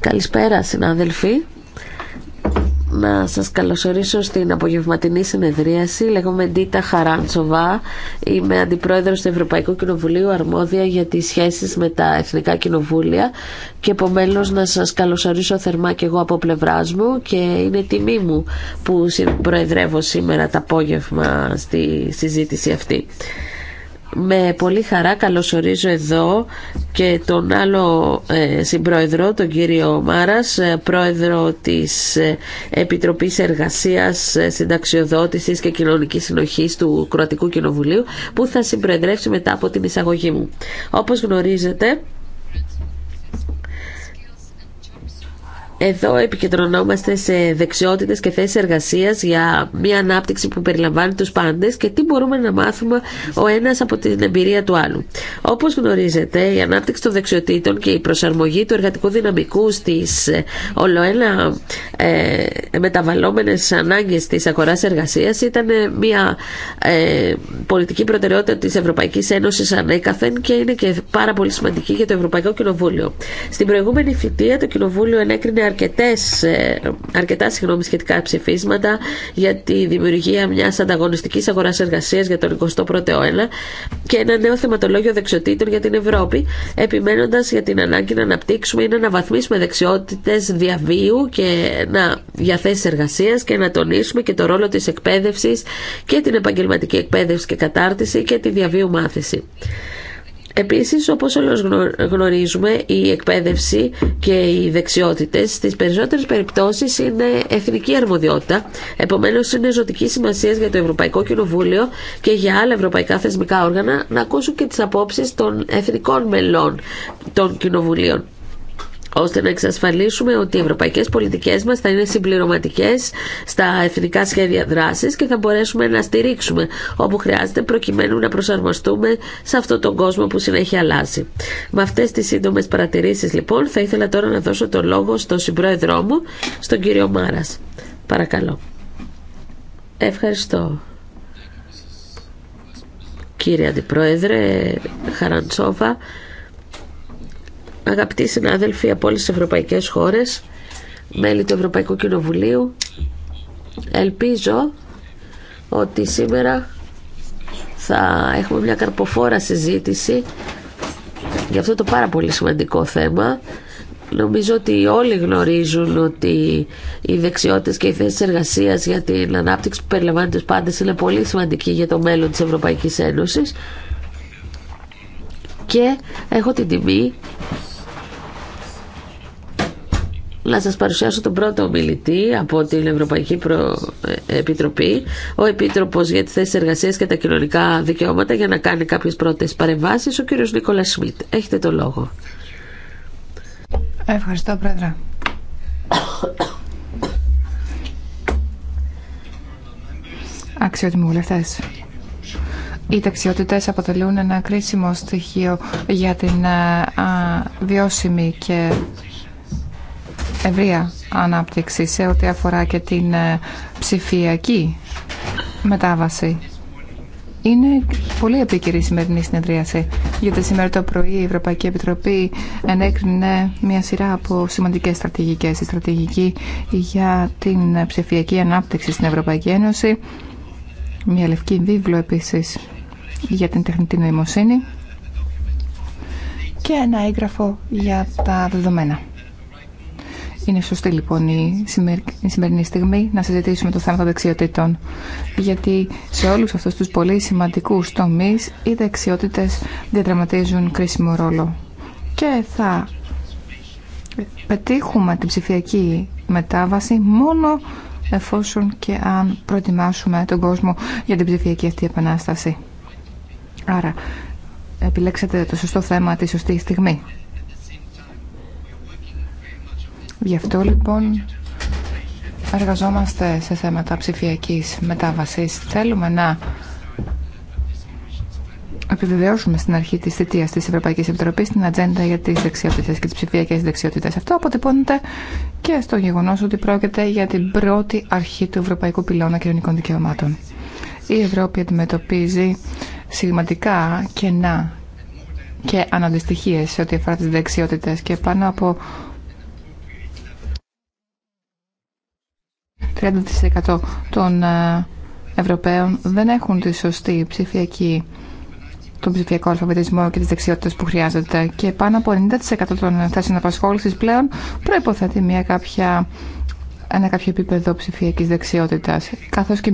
Καλησπέρα συνάδελφοι. Να σας καλωσορίσω στην απογευματινή συνεδρίαση. Λέγομαι Ντίτα Χαράντσοβα. Είμαι αντιπρόεδρος του Ευρωπαϊκού Κοινοβουλίου αρμόδια για τις σχέσεις με τα Εθνικά Κοινοβούλια και επομένω να σας καλωσορίσω θερμά και εγώ από πλευράς μου και είναι τιμή μου που προεδρεύω σήμερα το απόγευμα στη συζήτηση αυτή. Με πολύ χαρά καλωσορίζω εδώ και τον άλλο ε, συμπρόεδρο, τον κύριο Μάρας, ε, πρόεδρο της ε, Επιτροπής Εργασίας, Συνταξιοδότησης και Κοινωνικής Συνοχής του Κροατικού Κοινοβουλίου, που θα συμπροεδρεύσει μετά από την εισαγωγή μου. Όπως γνωρίζετε, Εδώ επικεντρωνόμαστε σε δεξιότητες και θέσεις εργασίας για μια ανάπτυξη που περιλαμβάνει τους πάντες και τι μπορούμε να μάθουμε ο ένας από την εμπειρία του άλλου. Όπως γνωρίζετε, η ανάπτυξη των δεξιοτήτων και η προσαρμογή του εργατικού δυναμικού στις ολοένα ε, μεταβαλλόμενες ανάγκες της αγοράς εργασίας ήταν ε, μια ε, πολιτική προτεραιότητα της Ευρωπαϊκής Ένωσης ανέκαθεν και είναι και πάρα πολύ σημαντική για το Ευρωπαϊκό Κοινοβούλιο. Στην προηγούμενη το Κοινοβούλιο ενέκρινε αρκετές, ε, αρκετά συγγνώμη, σχετικά ψηφίσματα για τη δημιουργία μιας ανταγωνιστικής αγοράς εργασίας για τον 21ο αιώνα και ένα νέο θεματολόγιο δεξιοτήτων για την Ευρώπη, επιμένοντας για την ανάγκη να αναπτύξουμε ή να αναβαθμίσουμε δεξιότητες διαβίου και να, για θέσεις εργασίας και να τονίσουμε και το ρόλο της εκπαίδευσης και την επαγγελματική εκπαίδευση και κατάρτιση και τη διαβίου μάθηση. Επίσης, όπως όλοι γνωρίζουμε, η εκπαίδευση και οι δεξιότητες στις περισσότερες περιπτώσεις είναι εθνική αρμοδιότητα. Επομένως, είναι ζωτική σημασία για το Ευρωπαϊκό Κοινοβούλιο και για άλλα ευρωπαϊκά θεσμικά όργανα να ακούσουν και τις απόψεις των εθνικών μελών των κοινοβουλίων ώστε να εξασφαλίσουμε ότι οι ευρωπαϊκές πολιτικές μας θα είναι συμπληρωματικέ στα εθνικά σχέδια δράσης και θα μπορέσουμε να στηρίξουμε όπου χρειάζεται προκειμένου να προσαρμοστούμε σε αυτόν τον κόσμο που συνέχεια αλλάζει. Με αυτές τις σύντομε παρατηρήσεις λοιπόν θα ήθελα τώρα να δώσω το λόγο στον συμπρόεδρό μου, στον κύριο Μάρα. Παρακαλώ. Ευχαριστώ. Κύριε Αντιπρόεδρε Χαραντσόβα, Αγαπητοί συνάδελφοι από όλες τις ευρωπαϊκές χώρες, μέλη του Ευρωπαϊκού Κοινοβουλίου, ελπίζω ότι σήμερα θα έχουμε μια καρποφόρα συζήτηση για αυτό το πάρα πολύ σημαντικό θέμα. Νομίζω ότι όλοι γνωρίζουν ότι οι δεξιότητες και οι θέσεις εργασίας για την ανάπτυξη που περιλαμβάνει τους πάντες είναι πολύ σημαντική για το μέλλον της Ευρωπαϊκής Ένωσης και έχω την τιμή να σας παρουσιάσω τον πρώτο ομιλητή από την Ευρωπαϊκή ε, Επιτροπή, ο Επίτροπος για τις θέσεις εργασίας και τα κοινωνικά δικαιώματα για να κάνει κάποιες πρώτες παρεμβάσεις, ο κύριος Νίκολας Σμιτ. Έχετε το λόγο. Ευχαριστώ, Πρόεδρε. Αξιότιμοι βουλευτές. Οι ταξιότητε αποτελούν ένα κρίσιμο στοιχείο για την ε, βιώσιμη και ευρεία ανάπτυξη σε ό,τι αφορά και την ε, ψηφιακή μετάβαση. Είναι πολύ επίκαιρη η σημερινή συνεδρίαση, γιατί σήμερα το πρωί η Ευρωπαϊκή Επιτροπή ενέκρινε μια σειρά από σημαντικές στρατηγικές. Η στρατηγική για την ψηφιακή ανάπτυξη στην Ευρωπαϊκή Ένωση, μια λευκή βίβλο επίσης για την τεχνητή νοημοσύνη και ένα έγγραφο για τα δεδομένα. Είναι σωστή λοιπόν η σημερινή στιγμή να συζητήσουμε το θέμα των δεξιοτήτων. Γιατί σε όλους αυτούς τους πολύ σημαντικούς τομείς οι δεξιότητες διαδραματίζουν κρίσιμο ρόλο. Και θα πετύχουμε την ψηφιακή μετάβαση μόνο εφόσον και αν προετοιμάσουμε τον κόσμο για την ψηφιακή αυτή επανάσταση. Άρα, επιλέξατε το σωστό θέμα τη σωστή στιγμή. Γι' αυτό λοιπόν εργαζόμαστε σε θέματα ψηφιακής μετάβασης. Θέλουμε να επιβεβαιώσουμε στην αρχή της θητείας της Ευρωπαϊκής Επιτροπής την ατζέντα για τις δεξιότητες και τις ψηφιακές δεξιότητες. Αυτό αποτυπώνεται και στο γεγονός ότι πρόκειται για την πρώτη αρχή του Ευρωπαϊκού Πυλώνα Κοινωνικών Δικαιωμάτων. Η Ευρώπη αντιμετωπίζει σημαντικά κενά και αναντιστοιχίες σε ό,τι αφορά τις δεξιότητες και πάνω από 30% των ε, Ευρωπαίων δεν έχουν τη σωστή ψηφιακή τον ψηφιακό αλφαβητισμό και τις δεξιότητες που χρειάζεται. Και πάνω από 90% των θέσεων απασχόλησης πλέον προϋποθέτει μια κάποια ένα κάποιο επίπεδο ψηφιακής δεξιότητας, καθώς και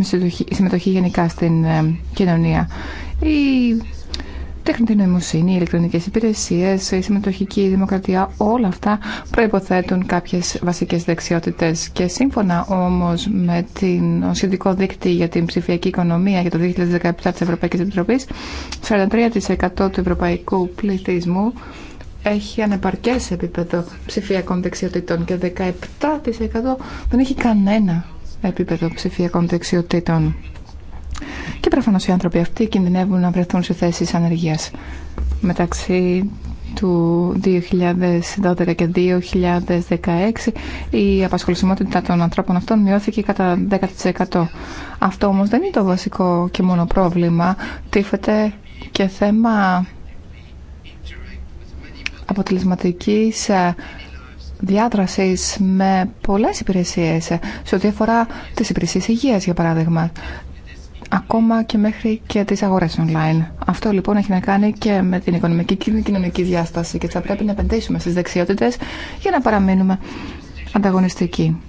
η συμμετοχή γενικά στην ε, κοινωνία τεχνητή νοημοσύνη, οι ηλεκτρονικές υπηρεσίες, η συμμετοχική δημοκρατία, όλα αυτά προποθέτουν κάποιε βασικέ δεξιότητέ. Και σύμφωνα όμω με την σχετικό δίκτυο για την ψηφιακή οικονομία για το 2017 τη Ευρωπαϊκή Επιτροπής, 43% του ευρωπαϊκού πληθυσμού έχει ανεπαρκές επίπεδο ψηφιακών δεξιοτήτων και 17% δεν έχει κανένα επίπεδο ψηφιακών δεξιοτήτων. Και προφανώ οι άνθρωποι αυτοί κινδυνεύουν να βρεθούν σε θέσεις ανεργίας. Μεταξύ του 2012 και 2016 η απασχολησιμότητα των ανθρώπων αυτών μειώθηκε κατά 10%. Αυτό όμως δεν είναι το βασικό και μόνο πρόβλημα. Τίφεται και θέμα αποτελεσματικής ε, διάδρασης με πολλές υπηρεσίες ε, σε ό,τι αφορά τις υπηρεσίες υγείας για παράδειγμα ακόμα και μέχρι και τις αγορές online. Αυτό λοιπόν έχει να κάνει και με την οικονομική και την κοινωνική διάσταση και θα πρέπει να επενδύσουμε στις δεξιότητες για να παραμείνουμε ανταγωνιστικοί.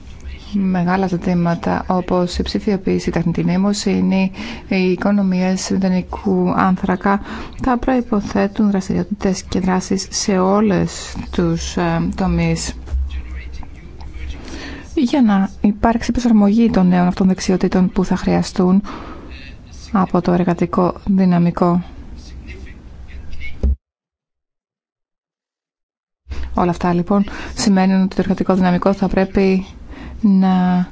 Μεγάλα ζητήματα όπως η ψηφιοποίηση, η τεχνητή νοημοσύνη, οι οικονομίες συνδενικού άνθρακα θα προϋποθέτουν δραστηριότητες και δράσεις σε όλες τους ε, τομείς για να υπάρξει προσαρμογή των νέων αυτών δεξιοτήτων που θα χρειαστούν από το εργατικό δυναμικό. Όλα αυτά λοιπόν σημαίνουν ότι το εργατικό δυναμικό θα πρέπει να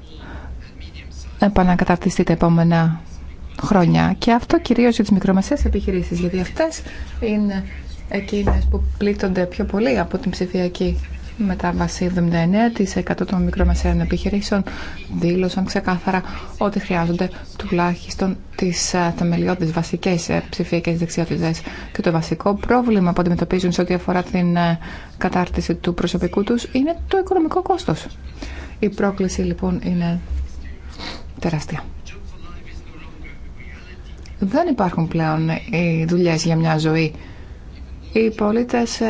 επανακαταρτιστεί τα επόμενα χρόνια. Και αυτό κυρίως για τις μικρομεσαίες επιχειρήσεις, γιατί αυτές είναι εκείνες που πλήττονται πιο πολύ από την ψηφιακή μετάβαση 79% των μικρομεσαίων επιχειρήσεων δήλωσαν ξεκάθαρα ότι χρειάζονται τουλάχιστον τις ε, θεμελιώδεις βασικές ε, ψηφιακές δεξιότητες και το βασικό πρόβλημα που αντιμετωπίζουν σε ό,τι αφορά την ε, κατάρτιση του προσωπικού τους είναι το οικονομικό κόστος. Η πρόκληση λοιπόν είναι τεράστια. Δεν υπάρχουν πλέον οι δουλειές για μια ζωή. Οι πολίτες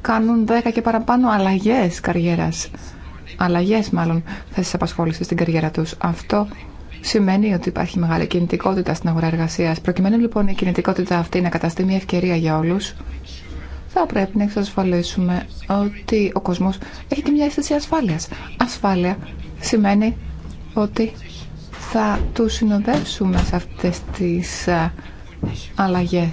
κάνουν 10 και παραπάνω αλλαγέ καριέρα. Αλλαγέ, μάλλον θέσεις απασχόληση στην καριέρα τους. Αυτό σημαίνει ότι υπάρχει μεγάλη κινητικότητα στην αγορά εργασία. Προκειμένου λοιπόν η κινητικότητα αυτή να καταστεί μια ευκαιρία για όλους, θα πρέπει να εξασφαλίσουμε ότι ο κόσμος έχει και μια αίσθηση ασφάλεια. Ασφάλεια σημαίνει ότι θα του συνοδεύσουμε σε αυτέ τι ε, αλλαγέ.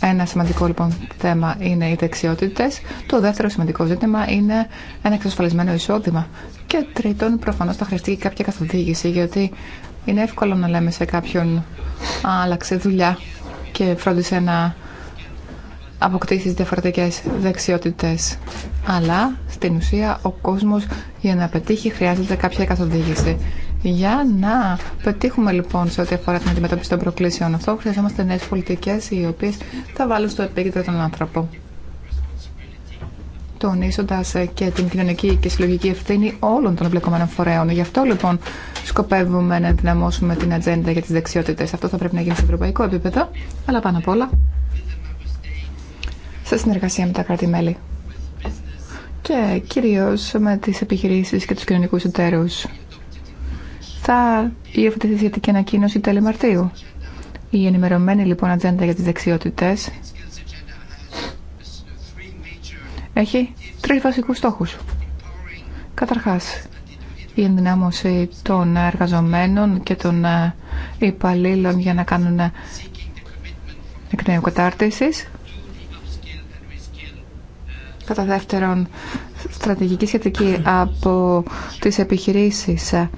Ένα σημαντικό λοιπόν θέμα είναι οι δεξιότητε. Το δεύτερο σημαντικό ζήτημα είναι ένα εξασφαλισμένο εισόδημα. Και τρίτον, προφανώ θα χρειαστεί και κάποια καθοδήγηση, γιατί είναι εύκολο να λέμε σε κάποιον άλλαξε δουλειά και φρόντισε να αποκτήσεις διαφορετικές δεξιότητες. Αλλά στην ουσία ο κόσμος για να πετύχει χρειάζεται κάποια καθοδήγηση. Για να πετύχουμε λοιπόν σε ό,τι αφορά την αντιμετώπιση των προκλήσεων αυτό, χρειαζόμαστε νέε πολιτικέ οι οποίε θα βάλουν στο επίκεντρο τον άνθρωπο. Τονίζοντα ε, και την κοινωνική και συλλογική ευθύνη όλων των εμπλεκομένων φορέων. Γι' αυτό λοιπόν σκοπεύουμε να ενδυναμώσουμε την ατζέντα για τι δεξιότητε. Αυτό θα πρέπει να γίνει σε ευρωπαϊκό επίπεδο, αλλά πάνω απ' όλα σε συνεργασία με τα κράτη-μέλη και κυρίως με τις επιχειρήσεις και τους κοινωνικούς εταίρους θα υιοθετηθεί σχετική ανακοίνωση τέλη Μαρτίου. Η ενημερωμένη λοιπόν ατζέντα για τις δεξιότητες έχει τρεις βασικούς στόχους. Καταρχάς, η ενδυνάμωση των εργαζομένων και των ε, υπαλλήλων για να κάνουν ε, εκ νέου κατάρτισης. Κατά δεύτερον, στρατηγική σχετική από τις επιχειρήσεις ε,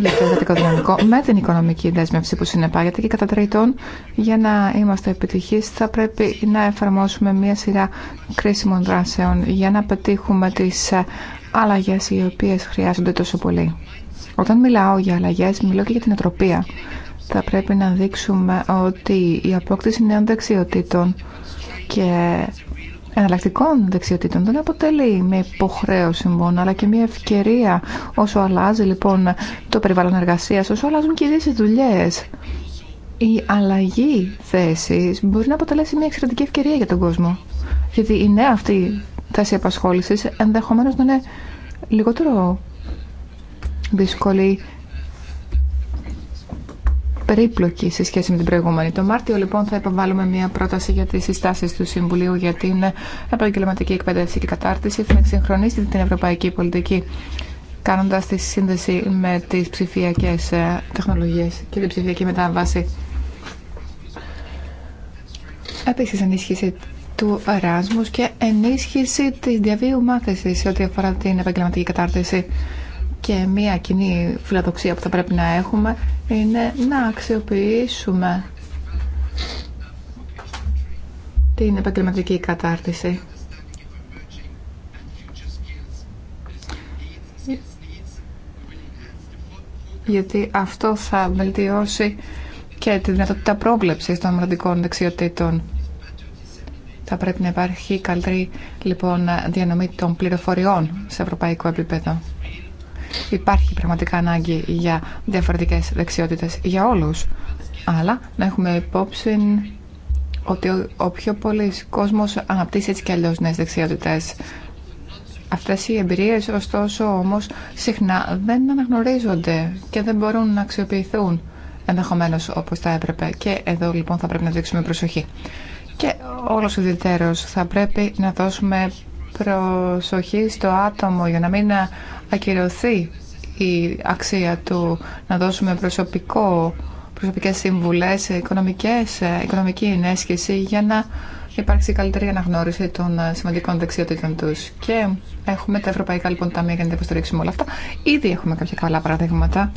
για το εργατικό δυναμικό με την οικονομική δέσμευση που συνεπάγεται και κατά τρίτον για να είμαστε επιτυχείς θα πρέπει να εφαρμόσουμε μια σειρά κρίσιμων δράσεων για να πετύχουμε τις ε, αλλαγές οι οποίες χρειάζονται τόσο πολύ. Όταν μιλάω για αλλαγές μιλώ και για την ατροπία. Θα πρέπει να δείξουμε ότι η απόκτηση νέων δεξιοτήτων και εναλλακτικών δεξιοτήτων δεν αποτελεί με υποχρέωση μόνο, αλλά και μια ευκαιρία όσο αλλάζει λοιπόν το περιβάλλον εργασία, όσο αλλάζουν και οι δουλειέ. Η αλλαγή θέση μπορεί να αποτελέσει μια εξαιρετική ευκαιρία για τον κόσμο. Γιατί η νέα αυτή θέση απασχόληση ενδεχομένω να είναι λιγότερο δύσκολη περίπλοκη σε σχέση με την προηγούμενη. Το Μάρτιο λοιπόν θα υποβάλουμε μια πρόταση για τις συστάσεις του Συμβουλίου για την επαγγελματική εκπαίδευση και κατάρτιση. Θα εξυγχρονίσει την ευρωπαϊκή πολιτική κάνοντας τη σύνδεση με τις ψηφιακές ε, τεχνολογίες και την ψηφιακή μετάβαση. Επίσης ενίσχυση του Εράσμους και ενίσχυση της διαβίου μάθησης σε ό,τι αφορά την επαγγελματική κατάρτιση. Και μία κοινή φιλοδοξία που θα πρέπει να έχουμε είναι να αξιοποιήσουμε την επαγγελματική κατάρτιση. Γιατί αυτό θα βελτιώσει και τη δυνατότητα πρόβλεψης των μελλοντικών δεξιοτήτων. Θα πρέπει να υπάρχει καλύτερη λοιπόν διανομή των πληροφοριών σε ευρωπαϊκό επίπεδο υπάρχει πραγματικά ανάγκη για διαφορετικές δεξιότητες για όλους. Αλλά να έχουμε υπόψη ότι ο πιο πολύ κόσμος αναπτύσσει έτσι κι αλλιώς νέες δεξιότητες. Αυτές οι εμπειρίες ωστόσο όμως συχνά δεν αναγνωρίζονται και δεν μπορούν να αξιοποιηθούν ενδεχομένως όπως θα έπρεπε. Και εδώ λοιπόν θα πρέπει να δείξουμε προσοχή. Και όλος ο θα πρέπει να δώσουμε προσοχή στο άτομο για να μην ακυρωθεί η αξία του να δώσουμε προσωπικό, προσωπικές συμβουλές, οικονομικές, ε, οικονομική ενέσχυση για να υπάρξει καλύτερη αναγνώριση των ε, σημαντικών δεξιότητων τους. Και έχουμε τα ευρωπαϊκά λοιπόν ταμεία για να τα υποστηρίξουμε όλα αυτά. Ήδη έχουμε κάποια καλά παραδείγματα.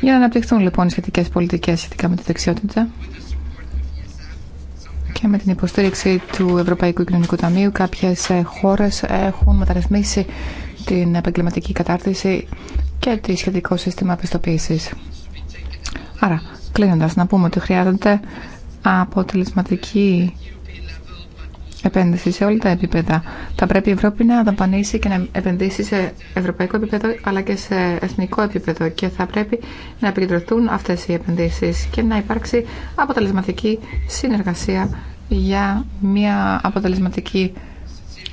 Για να αναπτυχθούν λοιπόν σχετικές πολιτικές σχετικά με τη δεξιότητα και με την υποστήριξη του Ευρωπαϊκού Κοινωνικού Ταμείου κάποιες ε, χώρες έχουν μεταρρυθμίσει την επαγγελματική κατάρτιση και το σχετικό σύστημα πιστοποίησης. Άρα, κλείνοντας, να πούμε ότι χρειάζεται αποτελεσματική επένδυση σε όλα τα επίπεδα. Θα πρέπει η Ευρώπη να δαπανίσει και να επενδύσει σε ευρωπαϊκό επίπεδο αλλά και σε εθνικό επίπεδο και θα πρέπει να επικεντρωθούν αυτές οι επενδύσεις και να υπάρξει αποτελεσματική συνεργασία για μια αποτελεσματική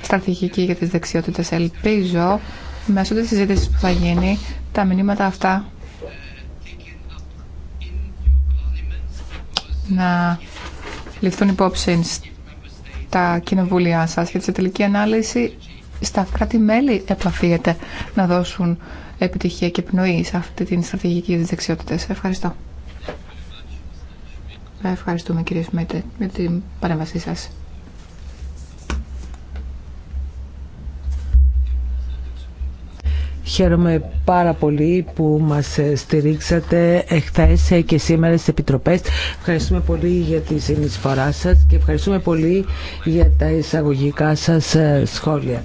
στρατηγική για τις δεξιότητες. Ελπίζω μέσω της συζήτησης που θα γίνει τα μηνύματα αυτά να ληφθούν υπόψη τα κοινοβούλια σας, γιατί σε τελική ανάλυση στα κράτη-μέλη επαφίεται να δώσουν επιτυχία και πνοή σε αυτή την στρατηγική της δεξιότητες. Ευχαριστώ. Ευχαριστούμε κύριε Σμέτε για την παρέμβασή σας. Χαίρομαι πάρα πολύ που μας ε, στηρίξατε εχθές ε, και σήμερα στις Επιτροπές. Ευχαριστούμε πολύ για τη συνεισφορά σας και ευχαριστούμε πολύ για τα εισαγωγικά σας ε, σχόλια.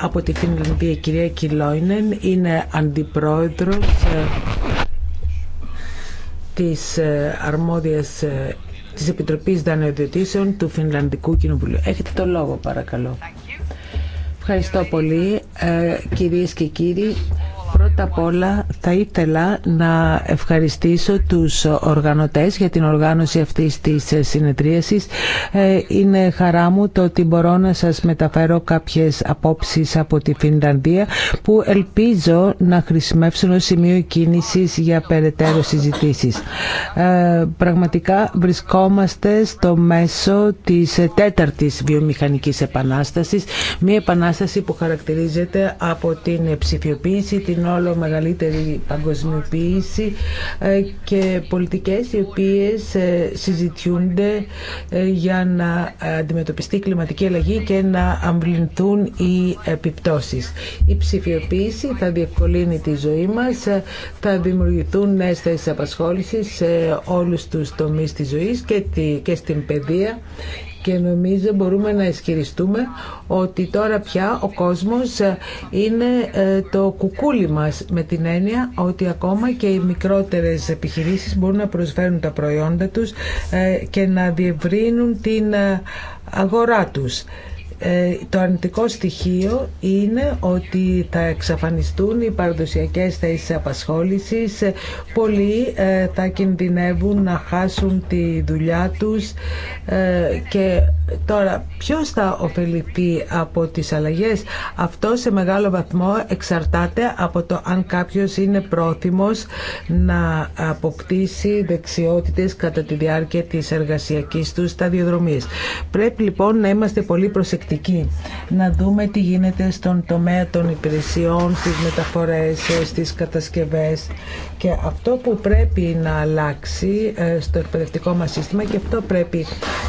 από τη Φινλανδία, η κυρία Κιλόινεν είναι αντιπρόεδρος της αρμόδιας της Επιτροπής Δανειοδοτήσεων του Φινλανδικού Κοινοβουλίου. Έχετε το λόγο παρακαλώ. Ευχαριστώ πολύ ε, κυρίες και κύριοι. Πρώτα απ' όλα θα ήθελα να ευχαριστήσω τους οργανωτές για την οργάνωση αυτής της συνεδρίασης. Ε, είναι χαρά μου το ότι μπορώ να σας μεταφέρω κάποιες απόψεις από τη Φινλανδία που ελπίζω να χρησιμεύσουν ως σημείο κίνησης για περαιτέρω συζητήσεις. Ε, πραγματικά βρισκόμαστε στο μέσο της τέταρτης βιομηχανικής επανάστασης, μια επανάσταση που χαρακτηρίζεται από την ψηφιοποίηση, την όλο μεγαλύτερη παγκοσμιοποίηση ε, και πολιτικές οι οποίες ε, συζητιούνται ε, για να αντιμετωπιστεί η κλιματική αλλαγή και να αμβληνθούν οι επιπτώσεις. Η ψηφιοποίηση θα διευκολύνει τη ζωή μας, θα δημιουργηθούν νέες θέσεις απασχόλησης σε όλους τους τομείς της ζωής και στην παιδεία και νομίζω μπορούμε να ισχυριστούμε ότι τώρα πια ο κόσμος είναι ε, το κουκούλι μας με την έννοια ότι ακόμα και οι μικρότερες επιχειρήσεις μπορούν να προσφέρουν τα προϊόντα τους ε, και να διευρύνουν την ε, αγορά τους. Ε, το αρνητικό στοιχείο είναι ότι θα εξαφανιστούν οι παραδοσιακές θέσει απασχόλησης. Πολλοί ε, θα κινδυνεύουν να χάσουν τη δουλειά τους ε, και Τώρα, ποιο θα ωφεληθεί από τις αλλαγέ, Αυτό σε μεγάλο βαθμό εξαρτάται από το αν κάποιο είναι πρόθυμος να αποκτήσει δεξιότητες κατά τη διάρκεια της εργασιακής του σταδιοδρομίας. Πρέπει λοιπόν να είμαστε πολύ προσεκτικοί, να δούμε τι γίνεται στον τομέα των υπηρεσιών, στις μεταφορές, στις κατασκευέ. και αυτό που πρέπει να αλλάξει ε, στο εκπαιδευτικό μα σύστημα και αυτό πρέπει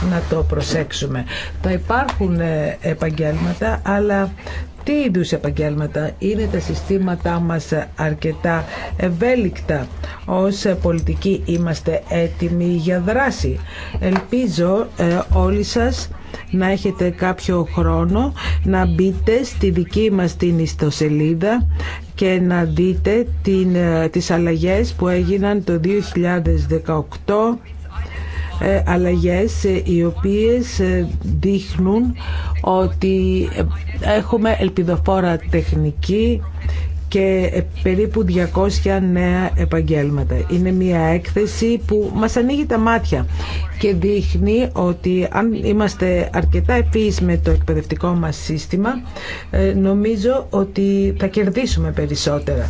να το προσέξουμε. Θα υπάρχουν ε, επαγγέλματα, αλλά τι είδους επαγγέλματα είναι τα συστήματά μας αρκετά ευέλικτα. Ως πολιτικοί είμαστε έτοιμοι για δράση. Ελπίζω ε, όλοι σας να έχετε κάποιο χρόνο να μπείτε στη δική μας την ιστοσελίδα και να δείτε την, ε, τις αλλαγές που έγιναν το 2018 ε, αλλαγές ε, οι οποίες ε, δείχνουν ότι έχουμε ελπιδοφόρα τεχνική και περίπου 200 νέα επαγγέλματα. Είναι μια έκθεση που μας ανοίγει τα μάτια και δείχνει ότι αν είμαστε αρκετά επίσης με το εκπαιδευτικό μας σύστημα νομίζω ότι θα κερδίσουμε περισσότερα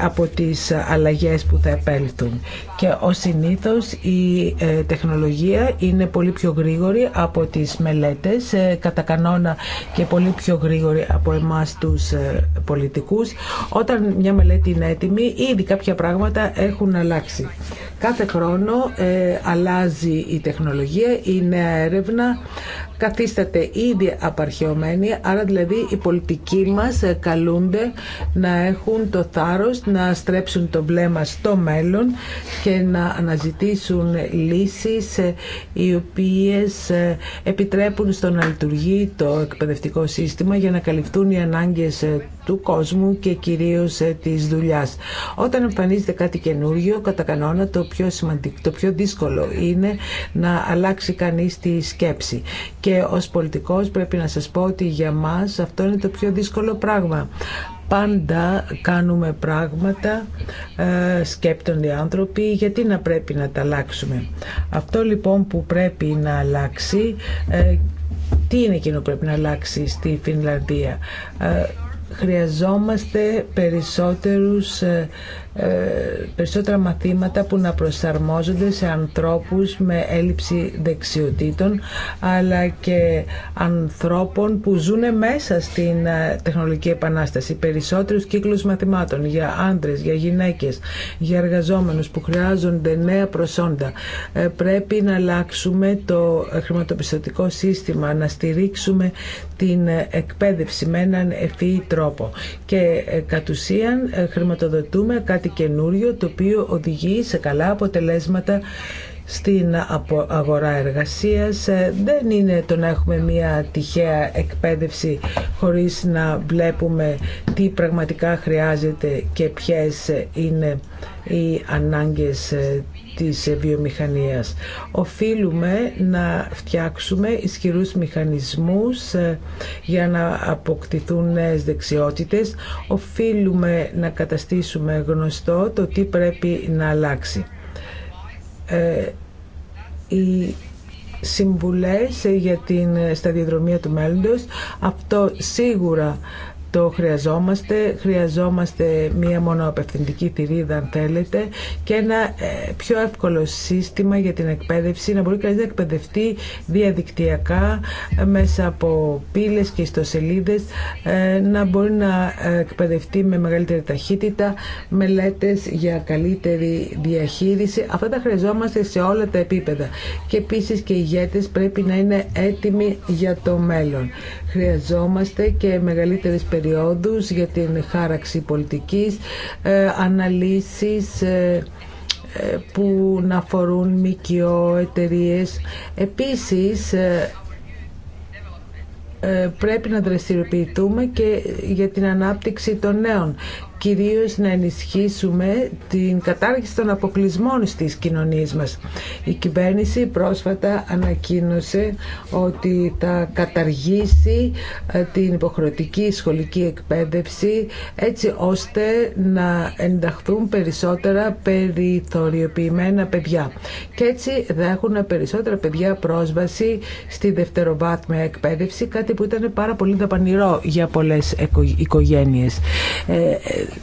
από τις αλλαγές που θα επέλθουν. Και ο συνήθως η ε, τεχνολογία είναι πολύ πιο γρήγορη από τις μελέτες, ε, κατά κανόνα και πολύ πιο γρήγορη από εμάς τους ε, πολιτικούς. Όταν μια μελέτη είναι έτοιμη, ήδη κάποια πράγματα έχουν αλλάξει. Κάθε χρόνο αλλάζει η τεχνολογία, η νέα έρευνα καθίσταται ήδη απαρχαιωμένη, άρα δηλαδή οι πολιτικοί μας ε, καλούνται να έχουν το θάρρος να στρέψουν το βλέμμα στο μέλλον και να αναζητήσουν λύσεις ε, οι οποίες ε, επιτρέπουν στο να λειτουργεί το εκπαιδευτικό σύστημα για να καλυφθούν οι ανάγκες του κόσμου και κυρίως ε, της δουλειάς. Όταν εμφανίζεται κάτι καινούργιο, κατά κανόνα το πιο, σημαντικό, το πιο δύσκολο είναι να αλλάξει κανείς τη σκέψη. Και ως πολιτικός πρέπει να σας πω ότι για μας αυτό είναι το πιο δύσκολο πράγμα πάντα κάνουμε πράγματα, ε, σκέπτονται οι άνθρωποι, γιατί να πρέπει να τα αλλάξουμε. Αυτό λοιπόν που πρέπει να αλλάξει, ε, τι είναι εκείνο που πρέπει να αλλάξει στη Φινλανδία χρειαζόμαστε περισσότερους ε, ε, περισσότερα μαθήματα που να προσαρμόζονται σε ανθρώπους με έλλειψη δεξιοτήτων αλλά και ανθρώπων που ζουν μέσα στην ε, τεχνολογική επανάσταση. Περισσότερους κύκλους μαθημάτων για άντρες, για γυναίκες, για εργαζόμενους που χρειάζονται νέα προσόντα. Ε, πρέπει να αλλάξουμε το χρηματοπιστωτικό σύστημα, να στηρίξουμε την εκπαίδευση με έναν ευφυή τρόπο. Και κατ' ουσίαν χρηματοδοτούμε κάτι καινούριο το οποίο οδηγεί σε καλά αποτελέσματα στην αγορά εργασίας. Ε, δεν είναι το να έχουμε μια τυχαία εκπαίδευση χωρίς να βλέπουμε τι πραγματικά χρειάζεται και ποιες είναι οι ανάγκες ε, της βιομηχανίας. Οφείλουμε να φτιάξουμε ισχυρούς μηχανισμούς ε, για να αποκτηθούν νέες δεξιότητες. Οφείλουμε να καταστήσουμε γνωστό το τι πρέπει να αλλάξει. Ε, οι συμβουλές για την ε, σταδιοδρομία του μέλλοντος. Αυτό σίγουρα το χρειαζόμαστε. Χρειαζόμαστε μία μονοαπευθυντική θηρίδα αν θέλετε και ένα ε, πιο εύκολο σύστημα για την εκπαίδευση να μπορεί κανείς να εκπαιδευτεί διαδικτυακά ε, μέσα από πύλες και ιστοσελίδες ε, να μπορεί να εκπαιδευτεί με μεγαλύτερη ταχύτητα μελέτες για καλύτερη διαχείριση. Αυτά τα χρειαζόμαστε σε όλα τα επίπεδα και επίσης και οι ηγέτες πρέπει να είναι έτοιμοι για το μέλλον. Χρειαζόμαστε και μεγαλύτερες περιόδους για την χάραξη πολιτικής, ε, αναλύσεις ε, ε, που να αφορούν ΜΚΟ, εταιρείε. Επίσης, πρέπει να δραστηριοποιηθούμε και για την ανάπτυξη των νέων κυρίως να ενισχύσουμε την κατάργηση των αποκλεισμών στις κοινωνίες μας. Η κυβέρνηση πρόσφατα ανακοίνωσε ότι θα καταργήσει ε, την υποχρεωτική σχολική εκπαίδευση έτσι ώστε να ενταχθούν περισσότερα περιθωριοποιημένα παιδιά. Και έτσι θα έχουν περισσότερα παιδιά πρόσβαση στη δευτεροβάθμια εκπαίδευση, κάτι που ήταν πάρα πολύ δαπανηρό για πολλές οικογένειες ε,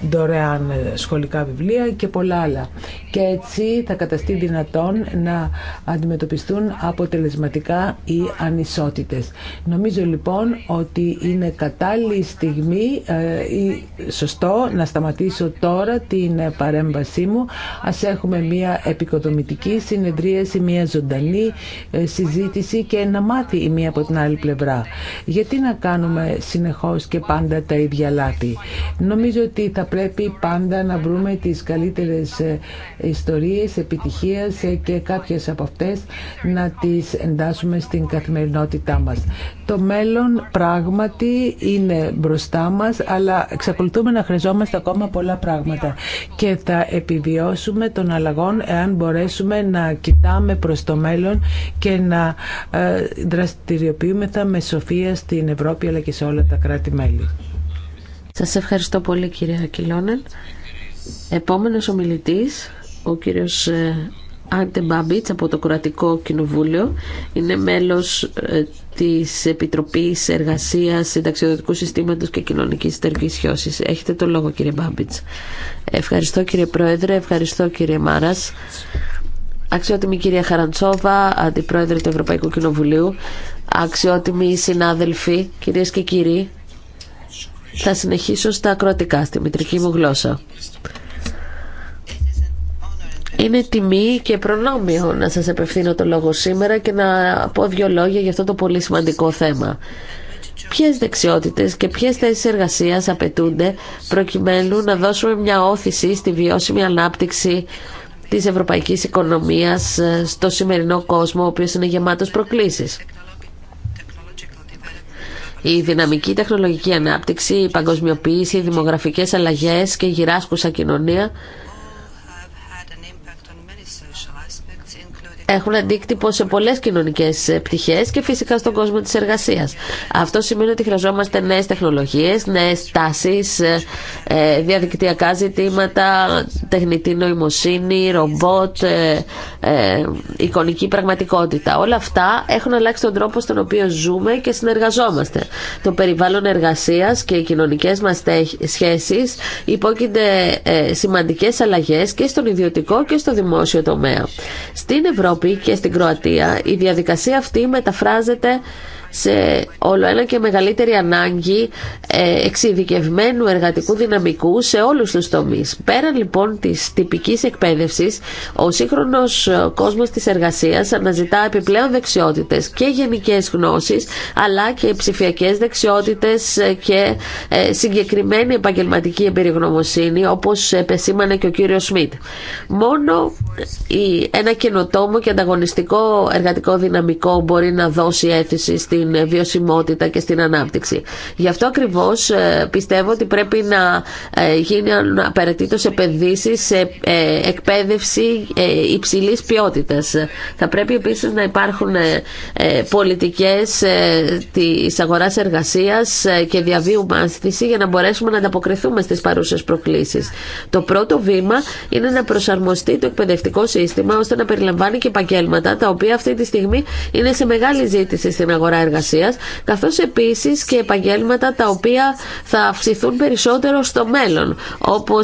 δωρεάν σχολικά βιβλία και πολλά άλλα. Και έτσι θα καταστεί δυνατόν να αντιμετωπιστούν αποτελεσματικά οι ανισότητες. Νομίζω λοιπόν ότι είναι κατάλληλη στιγμή ε, ή σωστό να σταματήσω τώρα την παρέμβασή μου. Ας έχουμε μια επικοδομητική συνεδρίαση, μια ζωντανή ε, συζήτηση και να μάθει η μία από την άλλη πλευρά. Γιατί να κάνουμε συνεχώς και πάντα τα ίδια λάθη. Νομίζω ότι θα πρέπει πάντα να βρούμε τις καλύτερες ε, ιστορίες επιτυχίας ε, και κάποιες από αυτές να τις εντάσσουμε στην καθημερινότητά μας. Το μέλλον πράγματι είναι μπροστά μας, αλλά εξακολουθούμε να χρειαζόμαστε ακόμα πολλά πράγματα και θα επιβιώσουμε των αλλαγών εάν μπορέσουμε να κοιτάμε προς το μέλλον και να ε, δραστηριοποιούμεθα με σοφία στην Ευρώπη αλλά και σε όλα τα κράτη-μέλη. Σας ευχαριστώ πολύ κύριε Ακυλώνεν. Επόμενος ομιλητής, ο κύριος ε, Άντε Μπάμπιτς από το Κρατικό Κοινοβούλιο είναι μέλος ε, της Επιτροπής Εργασίας Συνταξιοδοτικού Συστήματος και Κοινωνικής χιώσης Έχετε το λόγο κύριε Μπάμπιτς. Ευχαριστώ κύριε Πρόεδρε, ευχαριστώ κύριε Μάρας. Αξιότιμη κυρία Χαραντσόβα, Αντιπρόεδρε του Ευρωπαϊκού Κοινοβουλίου, αξιότιμοι συνάδελφοι, κυρίες και κύριοι, θα συνεχίσω στα ακροατικά, στη μητρική μου γλώσσα. Είναι τιμή και προνόμιο να σας απευθύνω το λόγο σήμερα και να πω δύο λόγια για αυτό το πολύ σημαντικό θέμα. Ποιες δεξιότητες και ποιες θέσεις εργασίας απαιτούνται προκειμένου να δώσουμε μια όθηση στη βιώσιμη ανάπτυξη της ευρωπαϊκής οικονομίας ε, στο σημερινό κόσμο, ο οποίος είναι γεμάτος προκλήσεις. Η δυναμική τεχνολογική ανάπτυξη, η παγκοσμιοποίηση, οι δημογραφικές αλλαγές και η γυράσκουσα κοινωνία έχουν αντίκτυπο σε πολλέ κοινωνικέ πτυχέ και φυσικά στον κόσμο τη εργασία. Αυτό σημαίνει ότι χρειαζόμαστε νέε τεχνολογίε, νέε τάσει, ε, ε, διαδικτυακά ζητήματα, τεχνητή νοημοσύνη, ρομπότ, ε, εικονική πραγματικότητα. Όλα αυτά έχουν αλλάξει τον τρόπο στον οποίο ζούμε και συνεργαζόμαστε. Το περιβάλλον εργασία και οι κοινωνικέ μα σχέσει υπόκεινται σημαντικέ αλλαγέ και στον ιδιωτικό και στο δημόσιο τομέα. Στην Ευρώπη και στην Κροατία, η διαδικασία αυτή μεταφράζεται σε όλο ένα και μεγαλύτερη ανάγκη ε, εξειδικευμένου εργατικού δυναμικού σε όλους τους τομείς. Πέραν λοιπόν της τυπικής εκπαίδευσης, ο σύγχρονος ε, κόσμος της εργασίας αναζητά επιπλέον δεξιότητες και γενικές γνώσεις, αλλά και ψηφιακές δεξιότητες ε, και συγκεκριμένη επαγγελματική εμπειρογνωμοσύνη, όπως επεσήμανε και ο κύριος Σμιτ. Μόνο ένα καινοτόμο και ανταγωνιστικό εργατικό δυναμικό μπορεί να δώσει στην βιωσιμότητα και στην ανάπτυξη. Γι' αυτό ακριβώς ε, πιστεύω ότι πρέπει να ε, γίνει απαραίτητο επενδύσει σε ε, εκπαίδευση υψηλή ποιότητα. Θα πρέπει επίση να υπάρχουν πολιτικές της αγοράς εργασίας και διαβίου μάθηση για να μπορέσουμε να ανταποκριθούμε στι παρούσε προκλήσει. Το πρώτο βήμα είναι να προσαρμοστεί το εκπαιδευτικό σύστημα ώστε να περιλαμβάνει και επαγγέλματα τα οποία αυτή τη στιγμή είναι σε μεγάλη ζήτηση στην αγορά εργασία. Καθώ καθώς επίσης και επαγγέλματα τα οποία θα αυξηθούν περισσότερο στο μέλλον, όπω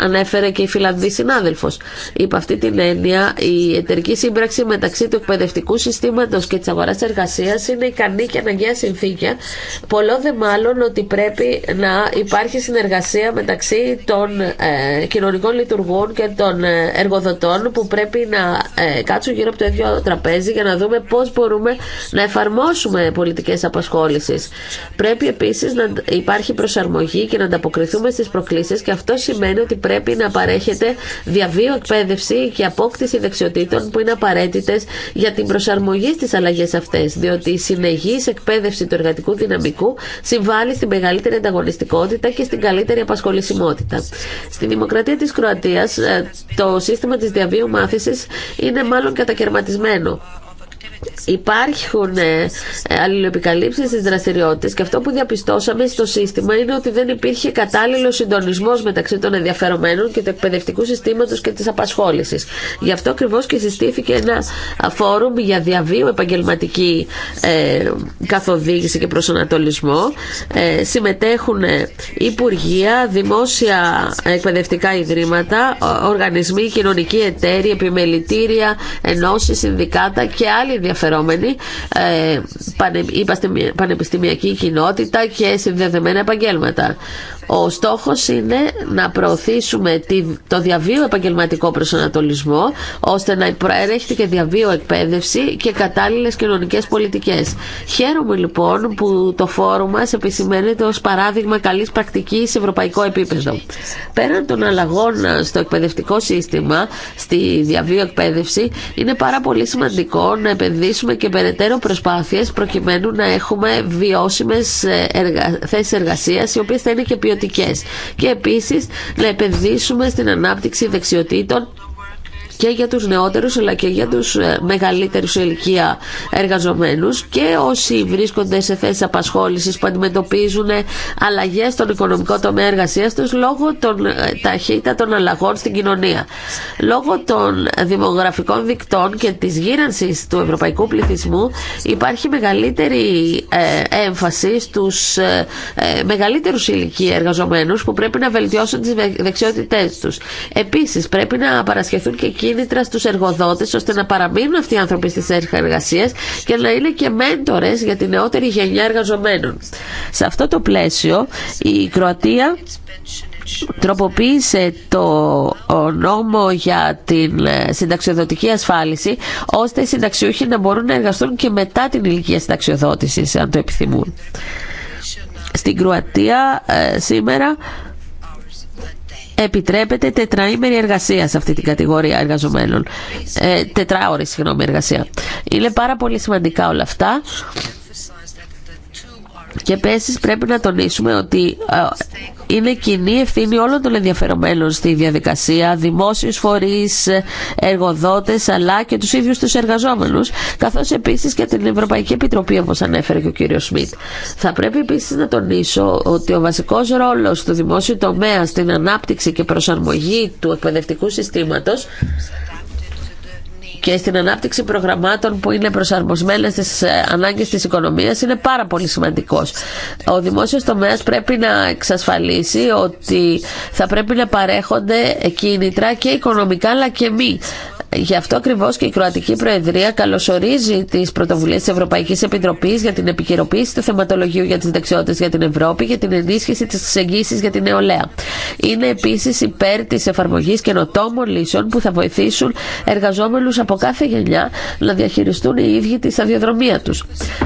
ανέφερε και η Φιλανδή συνάδελφο. Υπ' αυτή την έννοια, η εταιρική σύμπραξη μεταξύ του εκπαιδευτικού συστήματο και τη αγορά εργασία είναι ικανή και αναγκαία συνθήκια, πολλό δε μάλλον ότι πρέπει να υπάρχει συνεργασία μεταξύ των ε, κοινωνικών λειτουργών και των ε, εργοδοτών που πρέπει να ε, κάτσουν γύρω από το ίδιο τραπέζι για να δούμε πώς μπορούμε να εφαρμόσουμε πολιτικές απασχόλησης. Πρέπει επίσης να υπάρχει προσαρμογή και να ανταποκριθούμε στις προκλήσεις και αυτό σημαίνει ότι πρέπει να παρέχεται διαβίω εκπαίδευση και απόκτηση δεξιοτήτων που είναι απαραίτητες για την προσαρμογή στις αλλαγές αυτές, διότι η συνεγής εκπαίδευση του εργατικού δυναμικού συμβάλλει στην μεγαλύτερη ανταγωνιστικότητα και στην καλύτερη απασχολησιμότητα. Στη Δημοκρατία της Κροατίας ε, το σύστημα της διαβίου μάθησης είναι μάλλον κατακαιρματισμένο. Υπάρχουν ε, αλληλοεπικαλύψεις στι δραστηριότητε και αυτό που διαπιστώσαμε στο σύστημα είναι ότι δεν υπήρχε κατάλληλο συντονισμό μεταξύ των ενδιαφερομένων και του εκπαιδευτικού συστήματο και τη απασχόληση. Γι' αυτό ακριβώ και συστήθηκε ένα φόρουμ για διαβίου επαγγελματική ε, καθοδήγηση και προσανατολισμό. Ε, συμμετέχουν υπουργεία, δημόσια εκπαιδευτικά ιδρύματα, οργανισμοί, κοινωνικοί εταίροι, επιμελητήρια, ενώσει, συνδικάτα και άλλοι ενδιαφερόμενοι, ε, πανε, πανεπιστημιακή κοινότητα και συνδεδεμένα επαγγέλματα. Ο στόχο είναι να προωθήσουμε το διαβίω επαγγελματικό προσανατολισμό ώστε να προέρχεται και διαβίω εκπαίδευση και κατάλληλε κοινωνικέ πολιτικέ. Χαίρομαι λοιπόν που το φόρουμ μα επισημαίνεται ω παράδειγμα καλή πρακτική σε ευρωπαϊκό επίπεδο. Πέραν των αλλαγών στο εκπαιδευτικό σύστημα, στη διαβίω εκπαίδευση, είναι πάρα πολύ σημαντικό να επενδύσουμε και περαιτέρω προσπάθειες προκειμένου να έχουμε βιώσιμες ε, εργα... θέσεις οι οποίε θα είναι και και επίση να επενδύσουμε στην ανάπτυξη δεξιοτήτων και για τους νεότερους αλλά και για τους ε, μεγαλύτερους σε ηλικία εργαζομένους και όσοι βρίσκονται σε θέσεις απασχόλησης που αντιμετωπίζουν ε, αλλαγές στον οικονομικό τομέα εργασίας τους λόγω των ε, ταχύτητα των αλλαγών στην κοινωνία. Λόγω των δημογραφικών δικτών και της γύρανσης του ευρωπαϊκού πληθυσμού υπάρχει μεγαλύτερη έμφαση στους μεγαλύτερους ηλικία εργαζομένους που πρέπει να βελτιώσουν τις δεξιότητές τους. Επίσης πρέπει να παρασχεθούν και εκεί κίνητρα στους εργοδότες ώστε να παραμείνουν αυτοί οι άνθρωποι στις εργασίες και να είναι και μέντορες για τη νεότερη γενιά εργαζομένων. Σε αυτό το πλαίσιο η Κροατία τροποποίησε το νόμο για την ε, συνταξιοδοτική ασφάλιση ώστε οι συνταξιούχοι να μπορούν να εργαστούν και μετά την ηλικία συνταξιοδότησης αν το επιθυμούν. Στην Κροατία ε, σήμερα επιτρέπεται τετραήμερη εργασία σε αυτή την κατηγορία εργαζομένων. Ε, τετράωρη, συγγνώμη, εργασία. Είναι πάρα πολύ σημαντικά όλα αυτά και επίση πρέπει να τονίσουμε ότι ε, είναι κοινή ευθύνη όλων των ενδιαφερομένων στη διαδικασία, δημόσιου φορεί, εργοδότε, αλλά και του ίδιου του εργαζόμενου, καθώ επίση και την Ευρωπαϊκή Επιτροπή, όπω ανέφερε και ο κύριο Σμιτ. Θα πρέπει επίση να τονίσω ότι ο βασικό ρόλο του δημόσιου τομέα στην ανάπτυξη και προσαρμογή του εκπαιδευτικού συστήματο και στην ανάπτυξη προγραμμάτων που είναι προσαρμοσμένες στις ε, ανάγκες της οικονομίας είναι πάρα πολύ σημαντικός. Ο δημόσιος τομέας πρέπει να εξασφαλίσει ότι θα πρέπει να παρέχονται κίνητρα και οικονομικά αλλά και μη Γι' αυτό ακριβώ και η Κροατική Προεδρία καλωσορίζει τι πρωτοβουλίε τη Ευρωπαϊκή Επιτροπή για την επικαιροποίηση του θεματολογίου για τι δεξιότητε για την Ευρώπη για την ενίσχυση τη εγγύηση για την νεολαία. Είναι επίση υπέρ τη εφαρμογή καινοτόμων λύσεων που θα βοηθήσουν εργαζόμενου από κάθε γενιά να διαχειριστούν οι ίδιοι τη σταδιοδρομία του.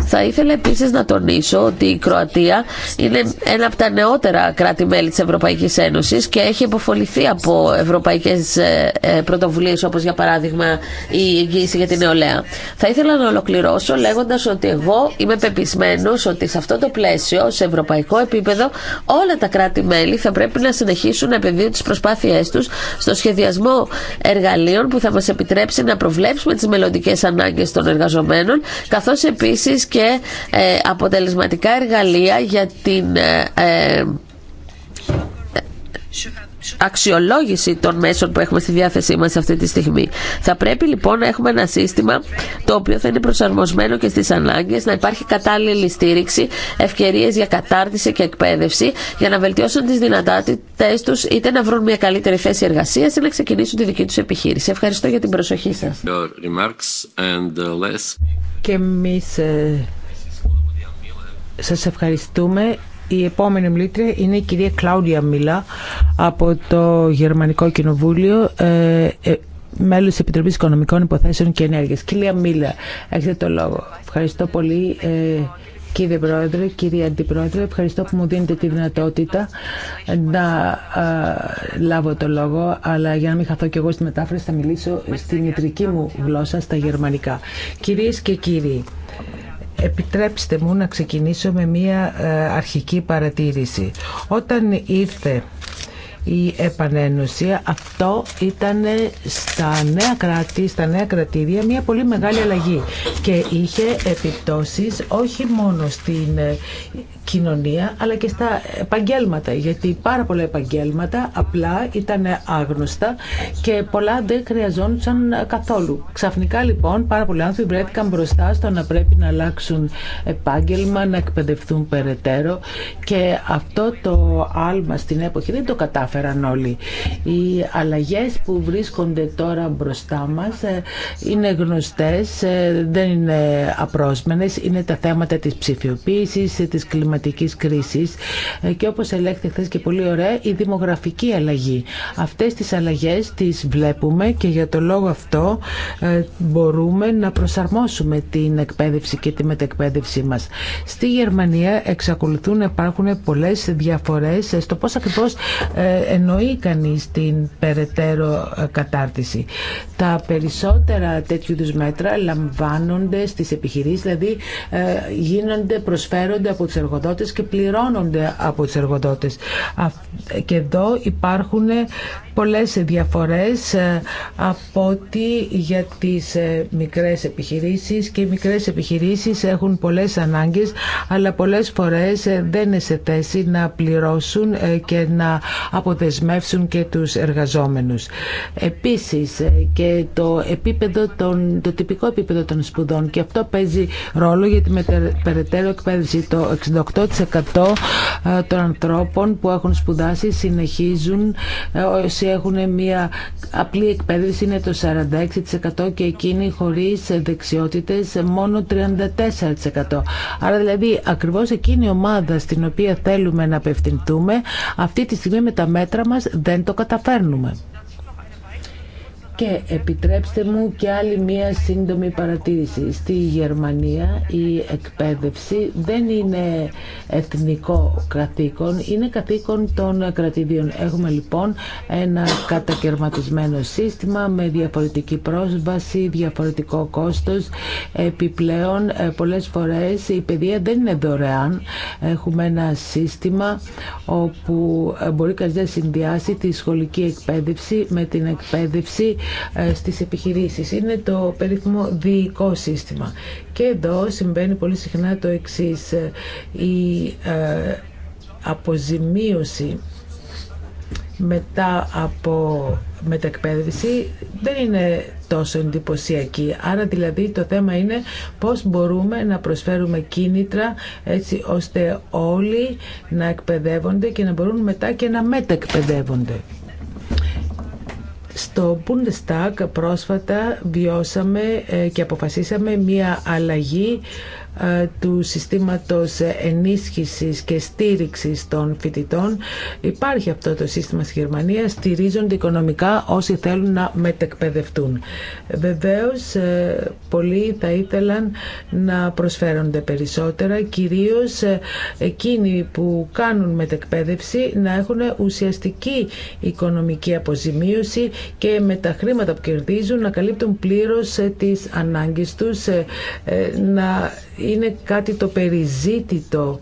Θα ήθελα επίση να τονίσω ότι η Κροατία είναι ένα από τα νεότερα κράτη-μέλη τη Ευρωπαϊκής και έχει υποφοληθεί από ευρωπαϊκέ, ε, ε, πρωτοβουλίες για παράδειγμα παράδειγμα, η εγγύηση για την νεολαία. Θα ήθελα να ολοκληρώσω λέγοντα ότι εγώ είμαι πεπισμένο ότι σε αυτό το πλαίσιο, σε ευρωπαϊκό επίπεδο, όλα τα κράτη-μέλη θα πρέπει να συνεχίσουν να επενδύουν τι προσπάθειέ του στο σχεδιασμό εργαλείων που θα μα επιτρέψει να προβλέψουμε τι μελλοντικέ ανάγκε των εργαζομένων, καθώ επίση και ε, αποτελεσματικά εργαλεία για την. Ε, ε, αξιολόγηση των μέσων που έχουμε στη διάθεσή μας αυτή τη στιγμή. Θα πρέπει λοιπόν να έχουμε ένα σύστημα το οποίο θα είναι προσαρμοσμένο και στις ανάγκες, να υπάρχει κατάλληλη στήριξη, ευκαιρίες για κατάρτιση και εκπαίδευση, για να βελτιώσουν τις δυνατότητες τους είτε να βρουν μια καλύτερη θέση εργασίας ή να ξεκινήσουν τη δική τους επιχείρηση. Ευχαριστώ για την προσοχή σας. Uh, και εμείς ε, σας ευχαριστούμε. Η επόμενη μιλήτρια είναι η κυρία Κλάουδια Μίλα από το Γερμανικό Κοινοβούλιο ε, ε, μέλο τη Επιτροπή Οικονομικών Υποθέσεων και Ενέργεια. Κυρία Μίλα, έχετε το λόγο. Ευχαριστώ πολύ. Ε, κύριε Πρόεδρε, κύριε Αντιπρόεδρε, ευχαριστώ που μου δίνετε τη δυνατότητα να λάβω το λόγο, αλλά για να μην χαθώ και εγώ στη μετάφραση θα μιλήσω στην μητρική μου γλώσσα, στα γερμανικά. Κυρίες και κύριοι, Επιτρέψτε μου να ξεκινήσω με μία ε, αρχική παρατήρηση. Όταν ήρθε η επανένωση, αυτό ήταν στα νέα κράτη, στα νέα κρατήρια μια πολύ μεγάλη αλλαγή και είχε επιπτώσεις όχι μόνο στην ε, κοινωνία αλλά και στα επαγγέλματα γιατί πάρα πολλά επαγγέλματα απλά ήταν άγνωστα και πολλά δεν χρειαζόντουσαν καθόλου. Ξαφνικά λοιπόν πάρα πολλοί άνθρωποι βρέθηκαν μπροστά στο να πρέπει να αλλάξουν επάγγελμα, να εκπαιδευτούν περαιτέρω και αυτό το άλμα στην εποχή δεν το κατάφεραν όλοι. Οι αλλαγές που βρίσκονται τώρα μπροστά μας ε, είναι γνωστές, ε, δεν είναι απρόσμενες, είναι τα θέματα της ψηφιοποίησης, ε, της κλιματικής κρίση. Ε, και όπως ελέγχθη χθε και πολύ ωραία η δημογραφική αλλαγή. Αυτές τις αλλαγές τις βλέπουμε και για το λόγο αυτό ε, μπορούμε να προσαρμόσουμε την εκπαίδευση και τη μετεκπαίδευση μας. Στη Γερμανία εξακολουθούν να υπάρχουν πολλές διαφορές στο πώς ακριβώ ε, εννοεί κανείς την περαιτέρω κατάρτιση. Τα περισσότερα τέτοιου μέτρα λαμβάνονται στις επιχειρήσει, δηλαδή γίνονται, προσφέρονται από τους εργοδότες και πληρώνονται από τους εργοδότες. Και εδώ υπάρχουν ε, πολλές διαφορές ε, από ότι για τις ε, μικρές επιχειρήσεις και οι μικρές επιχειρήσεις έχουν πολλές ανάγκες αλλά πολλές φορές δεν είναι σε θέση να πληρώσουν και να αποδεσμεύσουν και τους εργαζόμενους. Επίσης και το, επίπεδο των, το τυπικό επίπεδο των σπουδών και αυτό παίζει ρόλο για τη περαιτέρω εκπαίδευση. Το 98% των ανθρώπων που έχουν σπουδάσει συνεχίζουν ε, όσοι έχουν μια απλή εκπαίδευση είναι το 46% και εκείνοι χωρίς δεξιότητες μόνο 34%. Άρα δηλαδή ακριβώς εκείνη η ομάδα στην οποία θέλουμε να απευθυνθούμε αυτή τη στιγμή με τα μέτρα μας δεν το καταφέρνουμε. Και επιτρέψτε μου και άλλη μία σύντομη παρατήρηση. Στη Γερμανία η εκπαίδευση δεν είναι εθνικό καθήκον, είναι καθήκον των κρατηδίων. Έχουμε λοιπόν ένα κατακαιρματισμένο σύστημα με διαφορετική πρόσβαση, διαφορετικό κόστος. Επιπλέον ε, πολλές φορές η παιδεία δεν είναι δωρεάν. Έχουμε ένα σύστημα όπου ε, μπορεί κανείς να συνδυάσει τη σχολική εκπαίδευση με την εκπαίδευση ε, στις επιχειρήσεις. Είναι το περίφημο διοικό σύστημα. Και εδώ συμβαίνει πολύ συχνά το εξής. Ε, η ε, αποζημίωση μετά από μετακπαίδευση δεν είναι τόσο εντυπωσιακή. Άρα δηλαδή το θέμα είναι πώς μπορούμε να προσφέρουμε κίνητρα έτσι ώστε όλοι να εκπαιδεύονται και να μπορούν μετά και να μετακπαιδεύονται. Στο Bundestag πρόσφατα βιώσαμε ε, και αποφασίσαμε μία αλλαγή ε, του συστήματος ενίσχυσης και στήριξης των φοιτητών. Υπάρχει αυτό το σύστημα στη Γερμανία, στηρίζονται οικονομικά όσοι θέλουν να μετεκπαιδευτούν. Βεβαίως, ε, πολλοί θα ήθελαν να προσφέρονται περισσότερα, κυρίως ε, εκείνοι που κάνουν μετεκπαίδευση να έχουν ουσιαστική οικονομική αποζημίωση και με τα χρήματα που κερδίζουν να καλύπτουν πλήρως τις ανάγκες τους, να είναι κάτι το περιζήτητο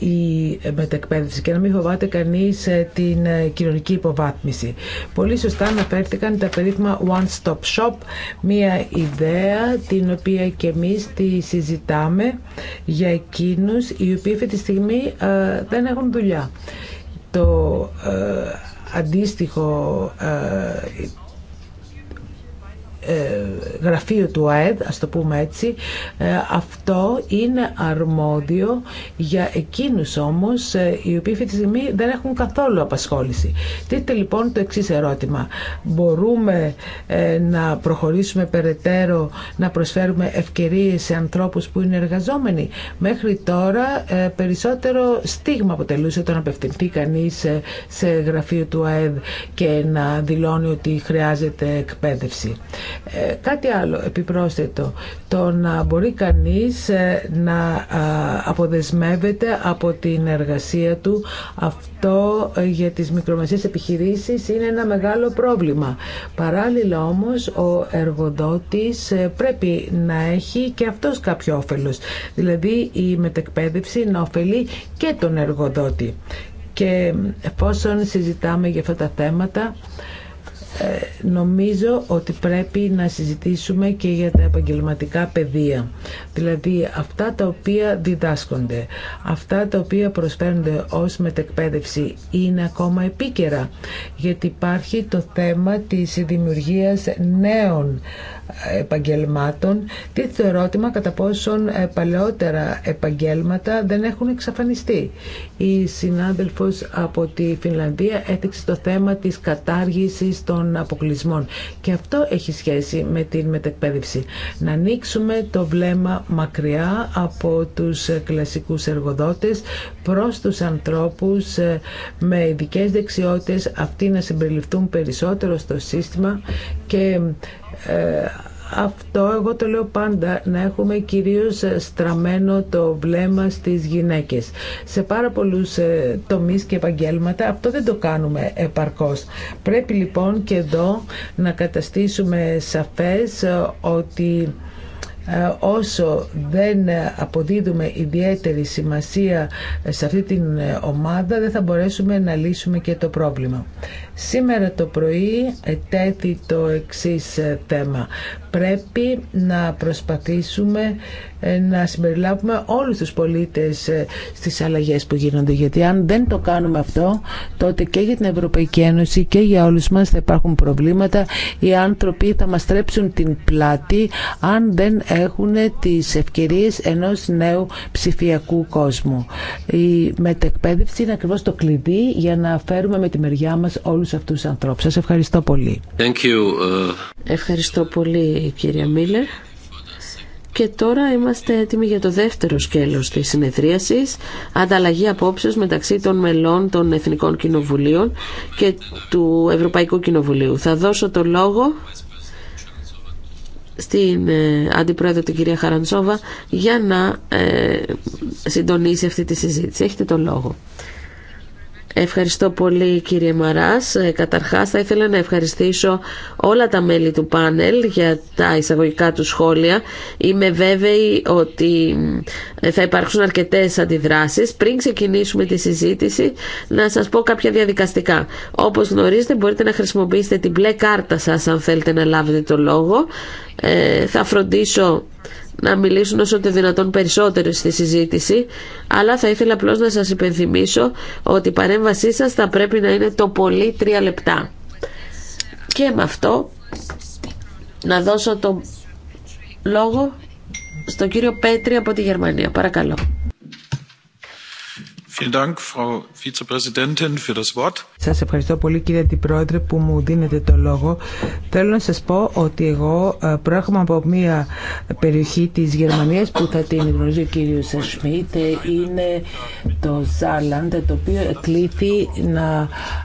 η μετεκπαίδευση και να μην φοβάται κανείς ε, την ε, κοινωνική υποβάθμιση. Πολύ σωστά αναφέρθηκαν τα περίφημα One Stop Shop, μία ιδέα την οποία και εμείς τη συζητάμε για εκείνους οι οποίοι αυτή τη στιγμή ε, δεν έχουν δουλειά. Το αντίστοιχο ε, γραφείο του ΑΕΔ, ας το πούμε έτσι, ε, αυτό είναι αρμόδιο για εκείνους όμως ε, οι οποίοι αυτή τη στιγμή δεν έχουν καθόλου απασχόληση. Τίθεται λοιπόν το εξή ερώτημα. Μπορούμε να προχωρήσουμε περαιτέρω, να προσφέρουμε ευκαιρίες σε ανθρώπους που είναι εργαζόμενοι. Μέχρι τώρα περισσότερο στίγμα αποτελούσε το να απευθυνθεί κανείς σε γραφείο του ΑΕΔ και να δηλώνει ότι χρειάζεται εκπαίδευση. Ε, κάτι άλλο επιπρόσθετο, το να μπορεί κανείς ε, να αποδεσμεύεται από την εργασία του, αυτό ε, για τις μικρομεσαίες επιχειρήσεις είναι ένα μεγάλο πρόβλημα. Παράλληλα όμως ο εργοδότης πρέπει να έχει και αυτός κάποιο όφελος, δηλαδή η μετεκπαίδευση να ωφελεί και τον εργοδότη. Και εφόσον συζητάμε για αυτά τα θέματα, ε, νομίζω ότι πρέπει να συζητήσουμε και για τα επαγγελματικά παιδεία. Δηλαδή αυτά τα οποία διδάσκονται, αυτά τα οποία προσφέρονται ως μετεκπαίδευση είναι ακόμα επίκαιρα. Γιατί υπάρχει το θέμα της δημιουργίας νέων επαγγελμάτων τίθεται το ερώτημα κατά πόσον ε, παλαιότερα επαγγέλματα δεν έχουν εξαφανιστεί. Η συνάδελφος από τη Φινλανδία έθιξε το θέμα της κατάργησης των αποκλεισμών και αυτό έχει σχέση με την μετεκπαίδευση. Να ανοίξουμε το βλέμμα μακριά από τους ε, κλασικούς εργοδότες προς τους ανθρώπους ε, με ειδικέ δεξιότητες αυτοί να συμπεριληφθούν περισσότερο στο σύστημα και ε, αυτό εγώ το λέω πάντα να έχουμε κυρίως ε, στραμμένο το βλέμμα στις γυναίκες σε πάρα πολλούς ε, τομείς και επαγγέλματα αυτό δεν το κάνουμε επαρκώς πρέπει λοιπόν και εδώ να καταστήσουμε σαφές ότι ε, όσο δεν αποδίδουμε ιδιαίτερη σημασία σε αυτή την ομάδα δεν θα μπορέσουμε να λύσουμε και το πρόβλημα. Σήμερα το πρωί ε, τέθη το εξής ε, θέμα. Πρέπει να προσπαθήσουμε ε, να συμπεριλάβουμε όλους τους πολίτες ε, στις αλλαγέ που γίνονται. Γιατί αν δεν το κάνουμε αυτό, τότε και για την Ευρωπαϊκή Ένωση και για όλους μας θα υπάρχουν προβλήματα. Οι άνθρωποι θα μας τρέψουν την πλάτη αν δεν έχουν τις ευκαιρίε ενός νέου ψηφιακού κόσμου. Η μετεκπαίδευση είναι ακριβώ το κλειδί για να φέρουμε με τη μεριά μα όλου αυτού του ανθρώπου. Σα ευχαριστώ πολύ. Thank you. Ε. Ευχαριστώ πολύ κύριε Μίλλερ. Και τώρα είμαστε έτοιμοι για το δεύτερο σκέλος της συνεδρίασης, ανταλλαγή απόψεως μεταξύ των μελών των Εθνικών Κοινοβουλίων και του Ευρωπαϊκού Κοινοβουλίου. Θα δώσω το λόγο στην ε, Αντιπρόεδρο την κυρία Χαραντσόβα για να ε, συντονίσει αυτή τη συζήτηση. Έχετε το λόγο. Ευχαριστώ πολύ κύριε Μαράς. Ε, καταρχάς θα ήθελα να ευχαριστήσω όλα τα μέλη του πάνελ για τα εισαγωγικά του σχόλια. Είμαι βέβαιη ότι ε, θα υπάρξουν αρκετές αντιδράσεις. Πριν ξεκινήσουμε τη συζήτηση να σας πω κάποια διαδικαστικά. Όπως γνωρίζετε μπορείτε να χρησιμοποιήσετε την μπλε κάρτα σας αν θέλετε να λάβετε το λόγο. Ε, θα φροντίσω να μιλήσουν όσο το δυνατόν περισσότερο στη συζήτηση, αλλά θα ήθελα απλώ να σας υπενθυμίσω ότι η παρέμβασή σας θα πρέπει να είναι το πολύ τρία λεπτά. Και με αυτό να δώσω το λόγο στον κύριο Πέτρη από τη Γερμανία. Παρακαλώ. Σας ευχαριστώ πολύ κύριε Αντιπρόεδρε που μου δίνετε το λόγο. Θέλω να σας πω ότι εγώ ε, προέρχομαι από μια περιοχή της Γερμανίας που θα την γνωρίζει ο κύριος Σμιτ. Είναι το Ζάρλαντ το οποίο εκλήθη να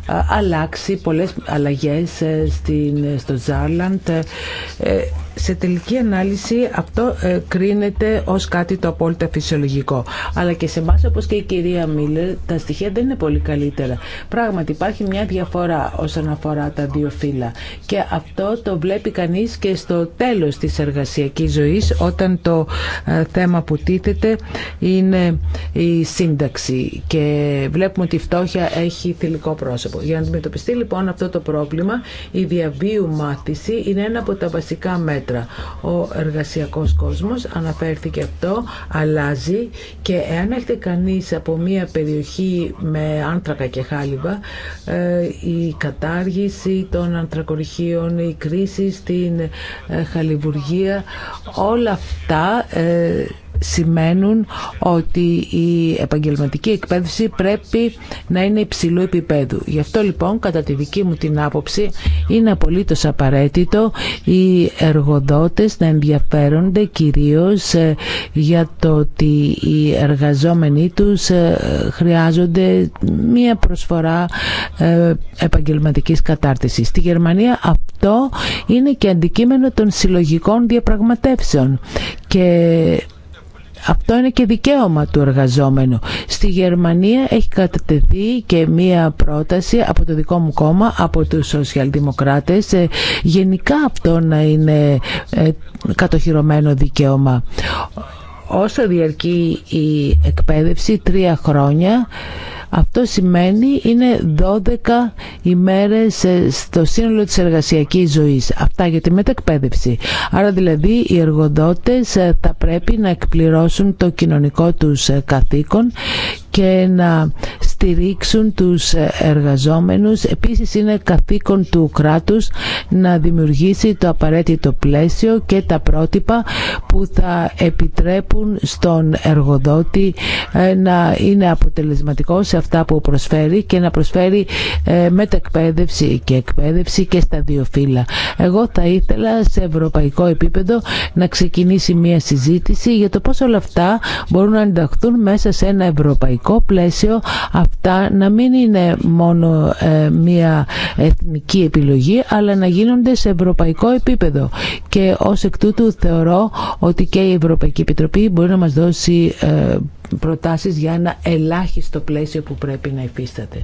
ε, αλλάξει πολλές αλλαγές ε, στο Ζάρλαντ σε τελική ανάλυση αυτό ε, κρίνεται ως κάτι το απόλυτα φυσιολογικό. Αλλά και σε εμά όπως και η κυρία Μίλλερ, τα στοιχεία δεν είναι πολύ καλύτερα. Πράγματι υπάρχει μια διαφορά όσον αφορά τα δύο φύλλα. Και αυτό το βλέπει κανείς και στο τέλος της εργασιακής ζωής, όταν το ε, θέμα που τίθεται είναι η σύνταξη. Και βλέπουμε ότι η φτώχεια έχει θηλυκό πρόσωπο. Για να αντιμετωπιστεί λοιπόν αυτό το πρόβλημα, η διαβίου μάθηση είναι ένα από τα βασικά μέτρα ο εργασιακός κόσμος αναφέρθηκε αυτό, αλλάζει και εάν έχετε κανείς από μια περιοχή με άνθρακα και χάλιβα, ε, η κατάργηση των ανθρακοριχείων, η κρίση στην ε, χαλιβουργία, όλα αυτά ε, σημαίνουν ότι η επαγγελματική εκπαίδευση πρέπει να είναι υψηλού επίπεδου. Γι' αυτό λοιπόν κατά τη δική μου την άποψη είναι απολύτως απαραίτητο οι εργοδότες να ενδιαφέρονται κυρίως ε, για το ότι οι εργαζόμενοι τους ε, χρειάζονται μία προσφορά ε, επαγγελματικής κατάρτισης. Στη Γερμανία αυτό είναι και αντικείμενο των συλλογικών διαπραγματεύσεων και αυτό είναι και δικαίωμα του εργαζόμενου. Στη Γερμανία έχει κατατεθεί και μία πρόταση από το δικό μου κόμμα, από τους σοσιαλδημοκράτες, ε, γενικά αυτό να είναι ε, κατοχυρωμένο δικαίωμα. Όσο διαρκεί η εκπαίδευση, τρία χρόνια, αυτό σημαίνει είναι 12 ημέρες ε, στο σύνολο της εργασιακής ζωής. Αυτά για τη μετακπαίδευση. Άρα δηλαδή οι εργοδότες ε, θα πρέπει να εκπληρώσουν το κοινωνικό τους ε, καθήκον και να στηρίξουν τους εργαζόμενους. Επίσης είναι καθήκον του κράτους να δημιουργήσει το απαραίτητο πλαίσιο και τα πρότυπα που θα επιτρέπουν στον εργοδότη ε, να είναι αποτελεσματικό σε αυτά που προσφέρει και να προσφέρει ε, μετακπαίδευση και εκπαίδευση και στα δύο φύλλα. Εγώ θα ήθελα σε ευρωπαϊκό επίπεδο να ξεκινήσει μια συζήτηση για το πώς όλα αυτά μπορούν να ενταχθούν μέσα σε ένα ευρωπαϊκό ευρωπαϊκό πλαίσιο αυτά να μην είναι μόνο ε, μια εθνική επιλογή αλλά να γίνονται σε ευρωπαϊκό επίπεδο. Και ως εκ τούτου θεωρώ ότι και η Ευρωπαϊκή Επιτροπή μπορεί να μας δώσει ε, προτάσεις για ένα ελάχιστο πλαίσιο που πρέπει να υφίσταται.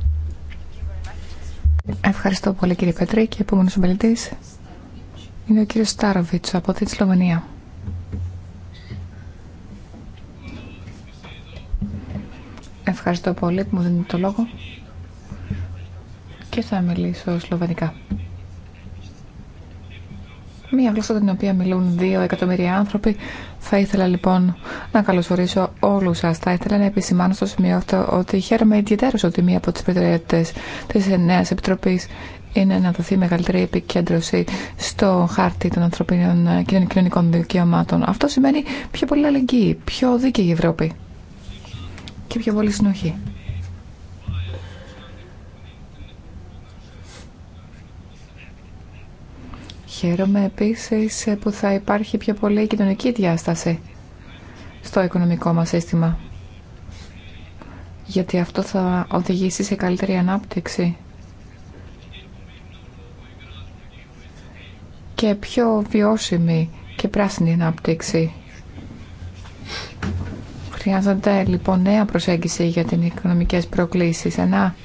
Ευχαριστώ πολύ κύριε Πέτρη και επόμενος είναι ο κύριος Στάροβιτς από τη Σλοβενία. Ευχαριστώ πολύ που μου δίνετε το λόγο και θα μιλήσω σλοβενικά. Μία γλώσσα την οποία μιλούν δύο εκατομμύρια άνθρωποι. Θα ήθελα λοιπόν να καλωσορίσω όλου σα. Θα ήθελα να επισημάνω στο σημείο αυτό ότι χαίρομαι ιδιαίτερω ότι μία από τι προτεραιότητε τη Νέα Επιτροπή είναι να δοθεί μεγαλύτερη επικέντρωση στο χάρτη των ανθρωπίνων κοινωνικών δικαιωμάτων. Αυτό σημαίνει πιο πολύ αλληλεγγύη, πιο δίκαιη η Ευρώπη και πιο πολύ συνοχή. Χαίρομαι επίσης που θα υπάρχει πιο πολύ κοινωνική διάσταση στο οικονομικό μας σύστημα. Γιατί αυτό θα οδηγήσει σε καλύτερη ανάπτυξη και πιο βιώσιμη και πράσινη ανάπτυξη. Χρειάζονται, λοιπόν νέα προσέγγιση για την οικονομικές προκλήσεις. Ένα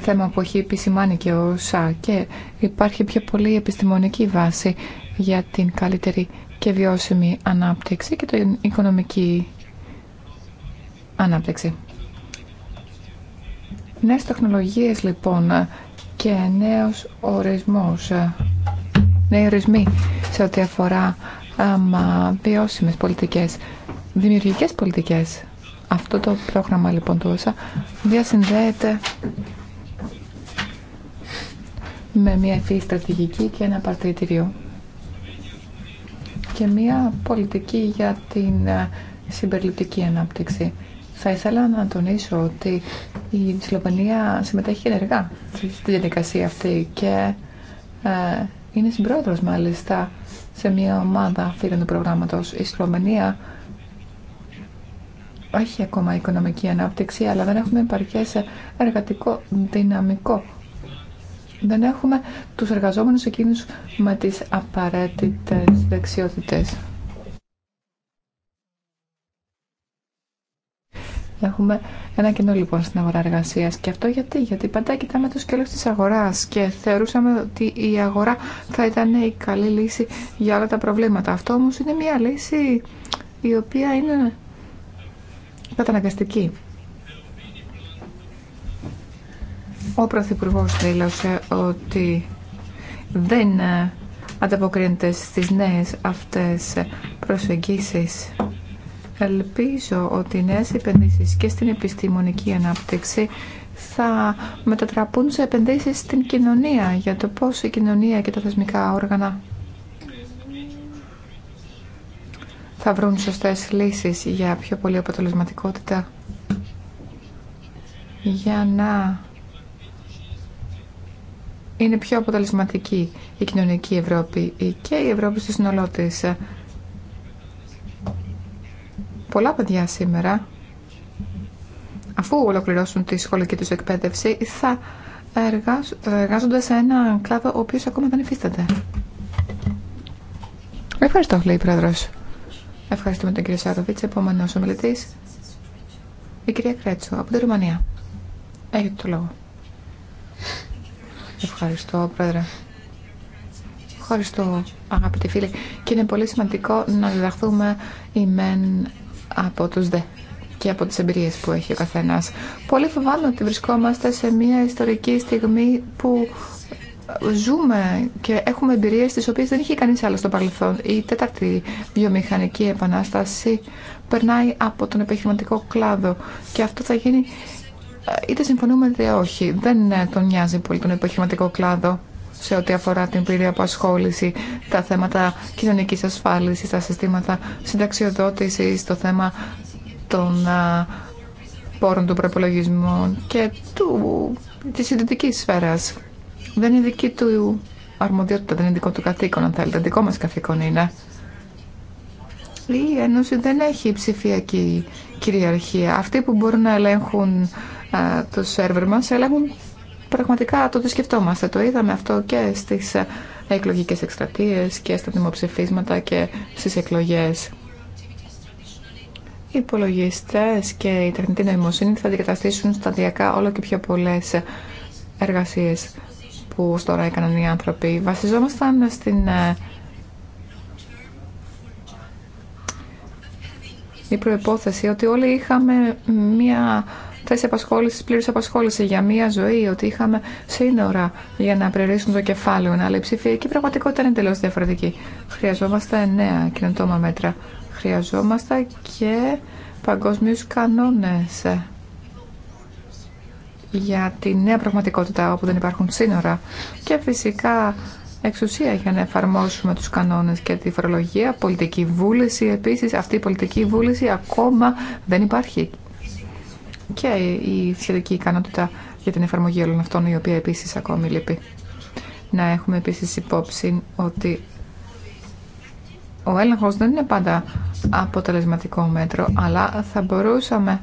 θέμα που έχει επισημάνει και ο ΣΑ και υπάρχει πιο πολύ επιστημονική βάση για την καλύτερη και βιώσιμη ανάπτυξη και την οικονομική ανάπτυξη. Νέες τεχνολογίες λοιπόν και νέος ορισμός, νέοι ορισμοί σε ό,τι αφορά βιώσιμες πολιτικές, δημιουργικές πολιτικές. Αυτό το πρόγραμμα λοιπόν του ΩΣΑ διασυνδέεται με μια ευθύ στρατηγική και ένα παρτιτήριο και μια πολιτική για την ε, συμπεριληπτική ανάπτυξη. Θα ήθελα να τονίσω ότι η Σλοβενία συμμετέχει ενεργά στη διαδικασία αυτή και ε, είναι συμπρόεδρος μάλιστα σε μια ομάδα φίλων του προγράμματος. Η Σλοβενία έχει ακόμα οικονομική ανάπτυξη, αλλά δεν έχουμε επαρκές εργατικό δυναμικό. Δεν έχουμε τους εργαζόμενους εκείνους με τις απαραίτητες δεξιότητες. Έχουμε ένα κενό λοιπόν στην αγορά εργασία. Και αυτό γιατί, γιατί πάντα κοιτάμε το σκέλο τη αγορά και θεωρούσαμε ότι η αγορά θα ήταν η καλή λύση για όλα τα προβλήματα. Αυτό όμω είναι μια λύση η οποία είναι καταναγκαστική. Ο Πρωθυπουργό δήλωσε ότι δεν ανταποκρίνεται στις νέες αυτές προσεγγίσεις Ελπίζω ότι οι νέες επενδύσεις και στην επιστημονική ανάπτυξη θα μετατραπούν σε επενδύσεις στην κοινωνία για το πώς η κοινωνία και τα θεσμικά όργανα θα βρουν σωστές λύσεις για πιο πολύ αποτελεσματικότητα για να είναι πιο αποτελεσματική η κοινωνική Ευρώπη και η Ευρώπη στο συνολό Πολλά παιδιά σήμερα, αφού ολοκληρώσουν τη σχολική τους εκπαίδευση, θα εργάζονται σε ένα κλάδο ο οποίος ακόμα δεν υφίσταται. Ευχαριστώ, λέει η Πρόεδρος. Ευχαριστούμε τον κύριο Σάροβιτς, επόμενος ομιλητής. Η κυρία Κρέτσο, από τη Ρουμανία. Έχετε το λόγο. Ευχαριστώ, Πρόεδρε. Ευχαριστώ, αγαπητοί φίλοι. Και είναι πολύ σημαντικό να διδαχθούμε οι μεν από τους δε και από τις εμπειρίες που έχει ο καθένας. Πολύ φοβάμαι ότι βρισκόμαστε σε μια ιστορική στιγμή που ζούμε και έχουμε εμπειρίες τις οποίες δεν είχε κανείς άλλο στο παρελθόν. Η τέταρτη βιομηχανική επανάσταση περνάει από τον επιχειρηματικό κλάδο και αυτό θα γίνει ε, είτε συμφωνούμε είτε όχι. Δεν ε, τον νοιάζει πολύ τον επιχειρηματικό κλάδο σε ό,τι αφορά την πλήρη απασχόληση, τα θέματα κοινωνική ασφάλιση, τα συστήματα συνταξιοδότηση το θέμα των πόρων του προπολογισμού και του, της ιδιωτικής σφαίρας. Δεν είναι δική του αρμοδιότητα, δεν είναι δικό του καθήκον, αν θέλετε. Δικό μας καθήκον είναι. Η Ένωση δεν έχει ψηφιακή κυριαρχία. Αυτοί που μπορούν να ελέγχουν το σερβερ μας ελέγχουν πραγματικά το σκεφτόμαστε. Το είδαμε αυτό και στις ε, εκλογικές εκστρατείες και στα δημοψηφίσματα και στις εκλογές. Οι υπολογιστέ και η τεχνητή νοημοσύνη θα αντικαταστήσουν σταδιακά όλο και πιο πολλέ εργασίε που τώρα έκαναν οι άνθρωποι. Βασιζόμασταν στην ε, η προϋπόθεση ότι όλοι είχαμε μία θέση απασχόληση, πλήρη απασχόληση για μία ζωή, ότι είχαμε σύνορα για να περιορίσουν το κεφάλαιο, αλλά η ψηφιακή πραγματικότητα είναι εντελώ διαφορετική. Χρειαζόμαστε νέα κοινοτόμα μέτρα. Χρειαζόμαστε και παγκοσμίου κανόνε για τη νέα πραγματικότητα όπου δεν υπάρχουν σύνορα και φυσικά εξουσία για να εφαρμόσουμε τους κανόνες και τη φορολογία, πολιτική βούληση επίσης. Αυτή η πολιτική βούληση ακόμα δεν υπάρχει και η σχετική ικανότητα για την εφαρμογή όλων αυτών, η οποία επίσης ακόμη λείπει. Να έχουμε επίσης υπόψη ότι ο έλεγχος δεν είναι πάντα αποτελεσματικό μέτρο, αλλά θα μπορούσαμε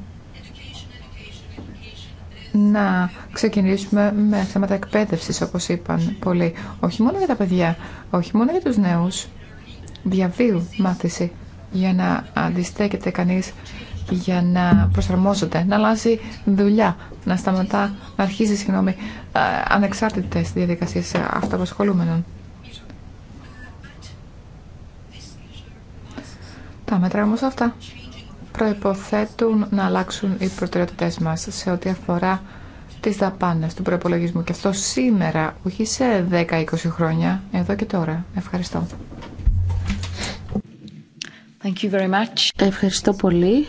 να ξεκινήσουμε με θέματα εκπαίδευση, όπως είπαν πολλοί. Όχι μόνο για τα παιδιά, όχι μόνο για τους νέους. Διαβίου μάθηση για να αντιστέκεται κανείς για να προσαρμόζονται, να αλλάζει δουλειά, να σταματά, να αρχίζει, συγγνώμη, ε, ανεξάρτητες διαδικασίες αυτοαπασχολούμενων. Τα μέτρα όμως αυτά προϋποθέτουν να αλλάξουν οι προτεραιότητές μας σε ό,τι αφορά τις δαπάνες του προϋπολογισμού. Και αυτό σήμερα, όχι σε 10-20 χρόνια, εδώ και τώρα. Ευχαριστώ. Ευχαριστώ πολύ.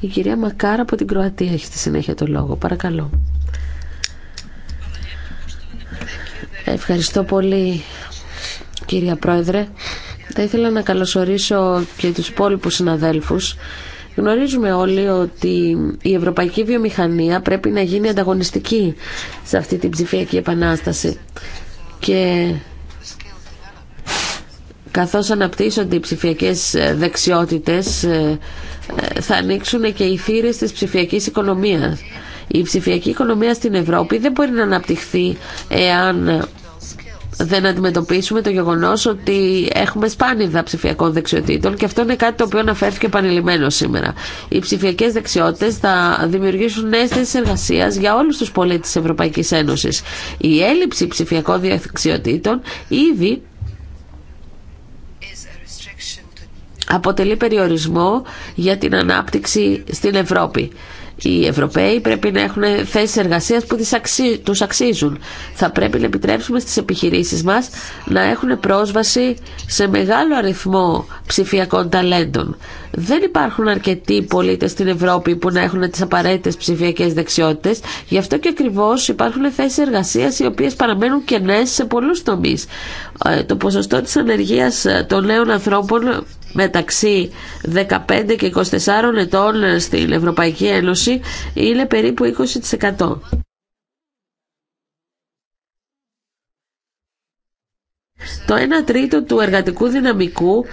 Η κυρία Μακάρα από την Κροατία έχει στη συνέχεια το λόγο. Παρακαλώ. Ευχαριστώ πολύ κυρία Πρόεδρε. Θα ήθελα να καλωσορίσω και τους υπόλοιπους συναδέλφους. Γνωρίζουμε όλοι ότι η ευρωπαϊκή βιομηχανία πρέπει να γίνει ανταγωνιστική σε αυτή την ψηφιακή επανάσταση. Και καθώς αναπτύσσονται οι ψηφιακές ε, δεξιότητες ε, ε, θα ανοίξουν και οι θύρες της ψηφιακής οικονομίας. Η ψηφιακή οικονομία στην Ευρώπη δεν μπορεί να αναπτυχθεί εάν δεν αντιμετωπίσουμε το γεγονό ότι έχουμε σπάνιδα ψηφιακών δεξιοτήτων και αυτό είναι κάτι το οποίο αναφέρθηκε επανειλημμένο σήμερα. Οι ψηφιακέ δεξιότητε θα δημιουργήσουν νέε θέσει εργασία για όλου του πολίτε τη Ευρωπαϊκή Ένωση. Η έλλειψη ψηφιακών δεξιοτήτων ήδη αποτελεί περιορισμό για την ανάπτυξη στην Ευρώπη οι Ευρωπαίοι πρέπει να έχουν θέσει εργασία που του αξίζουν. Θα πρέπει να επιτρέψουμε στι επιχειρήσει μα να έχουν πρόσβαση σε μεγάλο αριθμό ψηφιακών ταλέντων. Δεν υπάρχουν αρκετοί πολίτε στην Ευρώπη που να έχουν τι απαραίτητε ψηφιακέ δεξιότητε. Γι' αυτό και ακριβώ υπάρχουν θέσει εργασία οι οποίε παραμένουν κενέ σε πολλού τομεί. Ε, το ποσοστό τη ανεργία των νέων ανθρώπων μεταξύ 15 και 24 ετών στην Ευρωπαϊκή Ένωση είναι περίπου 20%. Το 1 τρίτο του εργατικού δυναμικού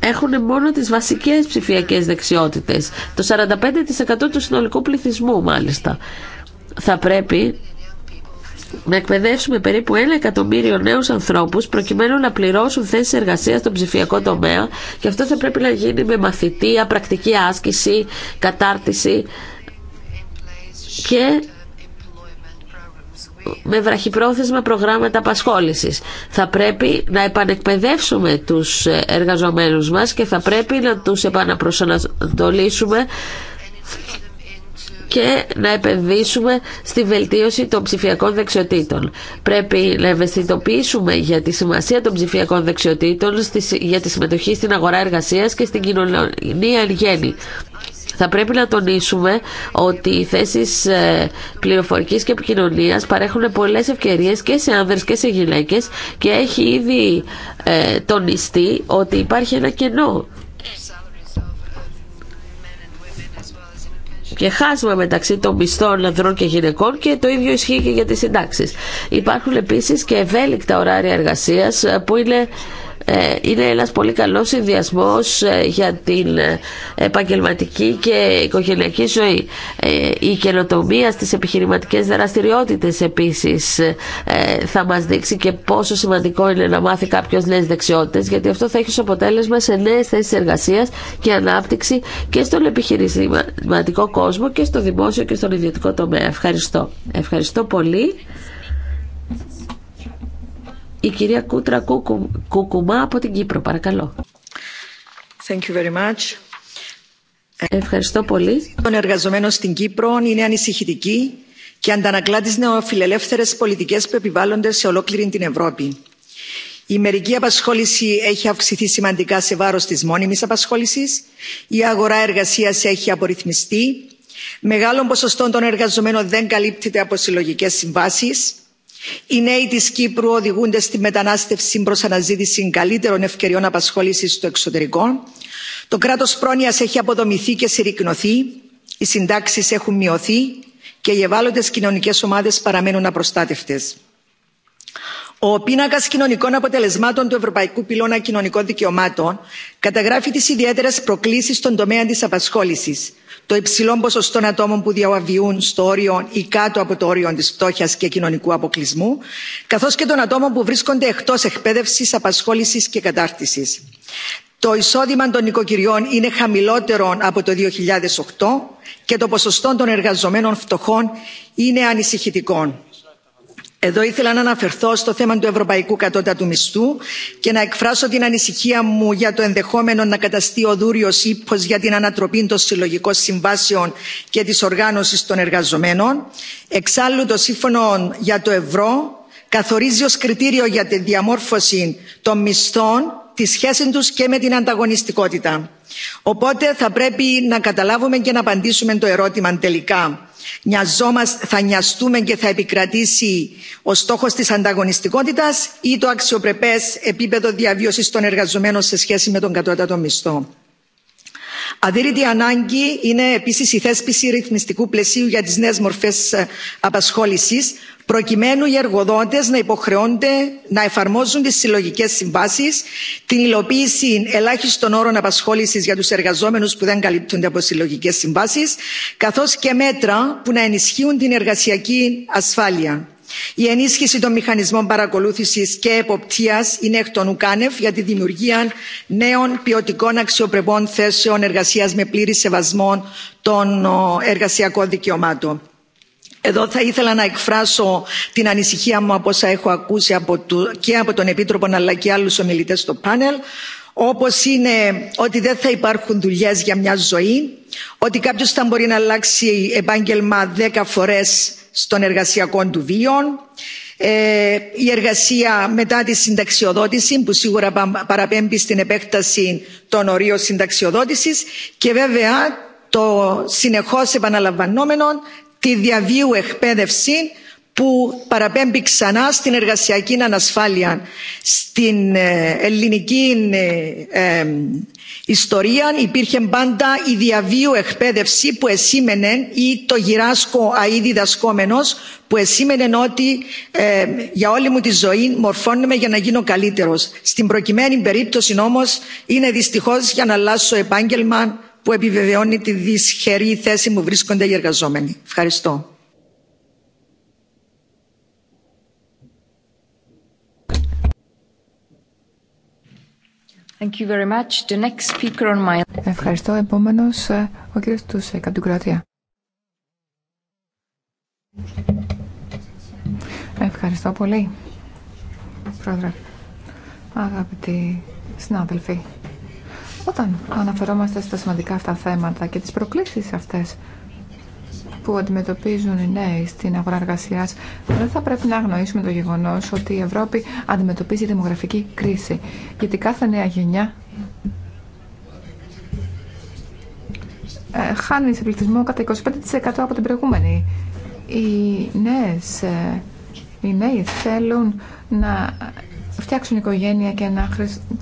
έχουν μόνο τις βασικές ψηφιακές δεξιότητες. Το 45% του συνολικού πληθυσμού μάλιστα. Θα πρέπει να εκπαιδεύσουμε περίπου 1 εκατομμύριο νέους ανθρώπους προκειμένου να πληρώσουν θέσει εργασία στον ψηφιακό τομέα και αυτό θα πρέπει να γίνει με μαθητεία, πρακτική άσκηση, κατάρτιση και με βραχυπρόθεσμα προγράμματα απασχόλησης. Θα πρέπει να επανεκπαιδεύσουμε τους εργαζομένους μας και θα πρέπει να τους επαναπροσανατολίσουμε και να επενδύσουμε στη βελτίωση των ψηφιακών δεξιοτήτων. Πρέπει να ευαισθητοποιήσουμε για τη σημασία των ψηφιακών δεξιοτήτων, για τη συμμετοχή στην αγορά εργασία και στην κοινωνία εν γέννη. Θα πρέπει να τονίσουμε ότι οι θέσει ε, πληροφορική και επικοινωνία παρέχουν πολλέ ευκαιρίε και σε άνδρες και σε γυναίκε και έχει ήδη ε, τονιστεί ότι υπάρχει ένα κενό και χάσμα μεταξύ των μισθών ανδρών και γυναικών και το ίδιο ισχύει και για τις συντάξεις. Υπάρχουν επίσης και ευέλικτα ωράρια εργασίας που είναι ε, είναι ένας πολύ καλός συνδυασμός ε, για την ε, επαγγελματική και οικογενειακή ζωή. Η καινοτομία στις επιχειρηματικές δραστηριότητες επίσης θα μας δείξει και πόσο σημαντικό είναι να μάθει κάποιος νέες δεξιότητες γιατί αυτό θα έχει ως αποτέλεσμα σε νέες θέσεις εργασίας και ανάπτυξη και στον επιχειρηματικό κόσμο και στο δημόσιο και στον ιδιωτικό τομέα. Ευχαριστώ. Ευχαριστώ πολύ. Η κυρία Κούτρα Κουκουμά από την Κύπρο, παρακαλώ. Ευχαριστώ πολύ. Των εργαζομένων στην Κύπρο είναι ανησυχητική και αντανακλά τι νεοφιλελεύθερε πολιτικέ που επιβάλλονται σε ολόκληρη την Ευρώπη. Η μερική απασχόληση έχει αυξηθεί σημαντικά σε βάρο τη μόνιμη απασχόληση, η αγορά εργασία έχει απορριθμιστεί, μεγάλων ποσοστών των εργαζομένων δεν καλύπτεται από συλλογικέ συμβάσει, οι νέοι της κύπρου οδηγούνται στη μετανάστευση προς αναζήτηση καλύτερων ευκαιριών απασχόλησης στο εξωτερικό το κράτος πρόνοιας έχει αποδομηθεί και συρρυκνωθεί. οι συντάξεις έχουν μειωθεί και οι ευάλωτες κοινωνικές ομάδες παραμένουν απροστάτευτες. Ο πίνακα κοινωνικών αποτελεσμάτων του Ευρωπαϊκού Πυλώνα Κοινωνικών Δικαιωμάτων καταγράφει τι ιδιαίτερε προκλήσει στον τομέα τη απασχόληση, το υψηλό ποσοστό ατόμων που διαβιούν στο όριο ή κάτω από το όριο τη φτώχεια και κοινωνικού αποκλεισμού καθώ και των ατόμων που βρίσκονται εκτό εκπαίδευση απασχόληση και κατάρτιση. το εισόδημα των νοικοκυριών είναι χαμηλότερο από το 2008 και το ποσοστό των εργαζομένων φτωχών είναι ανησυχητικό εδώ ήθελα να αναφερθώ στο θέμα του ευρωπαϊκού κατώτατου μισθού και να εκφράσω την ανησυχία μου για το ενδεχόμενο να καταστεί ο δούριο ύπο για την ανατροπή των συλλογικών συμβάσεων και τη οργάνωση των εργαζομένων. εξάλλου το σύμφωνο για το ευρώ καθορίζει ως κριτήριο για τη διαμόρφωση των μισθών τη σχέση τους και με την ανταγωνιστικότητα. οπότε θα πρέπει να καταλάβουμε και να απαντήσουμε το ερώτημα τελικά θα νοιαστούμε και θα επικρατήσει ο στόχος της ανταγωνιστικότητας ή το αξιοπρεπές επίπεδο διαβίωσης των εργαζομένων σε σχέση με τον κατώτατο μισθό αδύρυτη ανάγκη είναι επίσης η θέσπιση ρυθμιστικού πλαισίου για τις νέες μορφές ε, απασχόλησης προκειμένου οι εργοδότες να υποχρεώνται να εφαρμόζουν τις συλλογικές συμβάσεις την υλοποίηση ελάχιστων όρων απασχόλησης για τους εργαζόμενους που δεν καλύπτονται από συλλογικές συμβάσεις καθώς και μέτρα που να ενισχύουν την εργασιακή ασφάλεια η ενίσχυση των μηχανισμών παρακολούθησης και εποπτείας είναι εκ των ουκάνευ για τη δημιουργία νέων ποιοτικών αξιοπρεπών θέσεων εργασίας με πλήρη σεβασμό των εργασιακών δικαιωμάτων. Εδώ θα ήθελα να εκφράσω την ανησυχία μου από όσα έχω ακούσει και από τον Επίτροπο αλλά και άλλους ομιλητές στο πάνελ όπως είναι ότι δεν θα υπάρχουν δουλειές για μια ζωή, ότι κάποιος θα μπορεί να αλλάξει επάγγελμα δέκα φορές στον εργασιακό του βίο ε, η εργασία μετά τη συνταξιοδότηση που σίγουρα παραπέμπει στην επέκταση των ορίων συνταξιοδότησης και βέβαια το συνεχώς επαναλαμβανόμενο τη διαβίου εκπαίδευση που παραπέμπει ξανά στην εργασιακή ανασφάλεια στην ε, ελληνική ε, ιστορία υπήρχε πάντα η διαβίου εκπαίδευση που εσήμενε ή το γυράσκω αή διδασκόμενος που εσήμενε ότι ε, για όλη μου τη ζωή μορφώνομαι για να γίνω καλύτερος. Στην προκειμένη περίπτωση όμως είναι δυστυχώς για να αλλάσω επάγγελμα που επιβεβαιώνει τη δυσχερή θέση που βρίσκονται οι εργαζόμενοι. Ευχαριστώ. Thank you very much. The next speaker on my... Ευχαριστώ. Επόμενος, ε, ο κύριος Τούσεκ από την Κροατία. Ευχαριστώ πολύ, πρόεδρε. Αγαπητοί συνάδελφοι, όταν αναφερόμαστε στα σημαντικά αυτά θέματα και τις προκλήσεις αυτές που αντιμετωπίζουν οι νέοι στην αγορά εργασία, δεν θα πρέπει να αγνοήσουμε το γεγονό ότι η Ευρώπη αντιμετωπίζει δημογραφική κρίση. Γιατί κάθε νέα γενιά ε, χάνει σε πληθυσμό κατά 25% από την προηγούμενη. Οι, νέες, ε, οι νέοι θέλουν να φτιάξουν οικογένεια και να,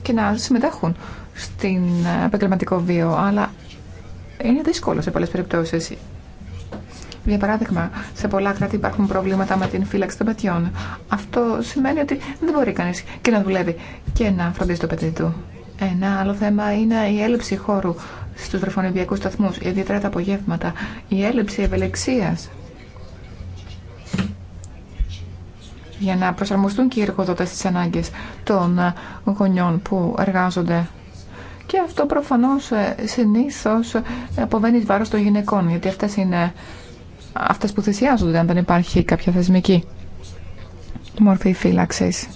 και να συμμετέχουν στην ε, επαγγελματικό βίο, αλλά είναι δύσκολο σε πολλές περιπτώσεις. Για παράδειγμα, σε πολλά κράτη υπάρχουν προβλήματα με την φύλαξη των παιδιών. Αυτό σημαίνει ότι δεν μπορεί κανεί και να δουλεύει και να φροντίζει το παιδί του. Ένα άλλο θέμα είναι η έλλειψη χώρου στου βρεφονιδιακού σταθμού, ιδιαίτερα τα απογεύματα, η έλλειψη ευελεξία. για να προσαρμοστούν και οι εργοδότες στις ανάγκες των γονιών που εργάζονται. Και αυτό προφανώς ε, συνήθως ε, αποβαίνει βάρος των γυναικών, γιατί αυτές είναι αυτές που θυσιάζονται αν δεν υπάρχει κάποια θεσμική μορφή φύλαξης.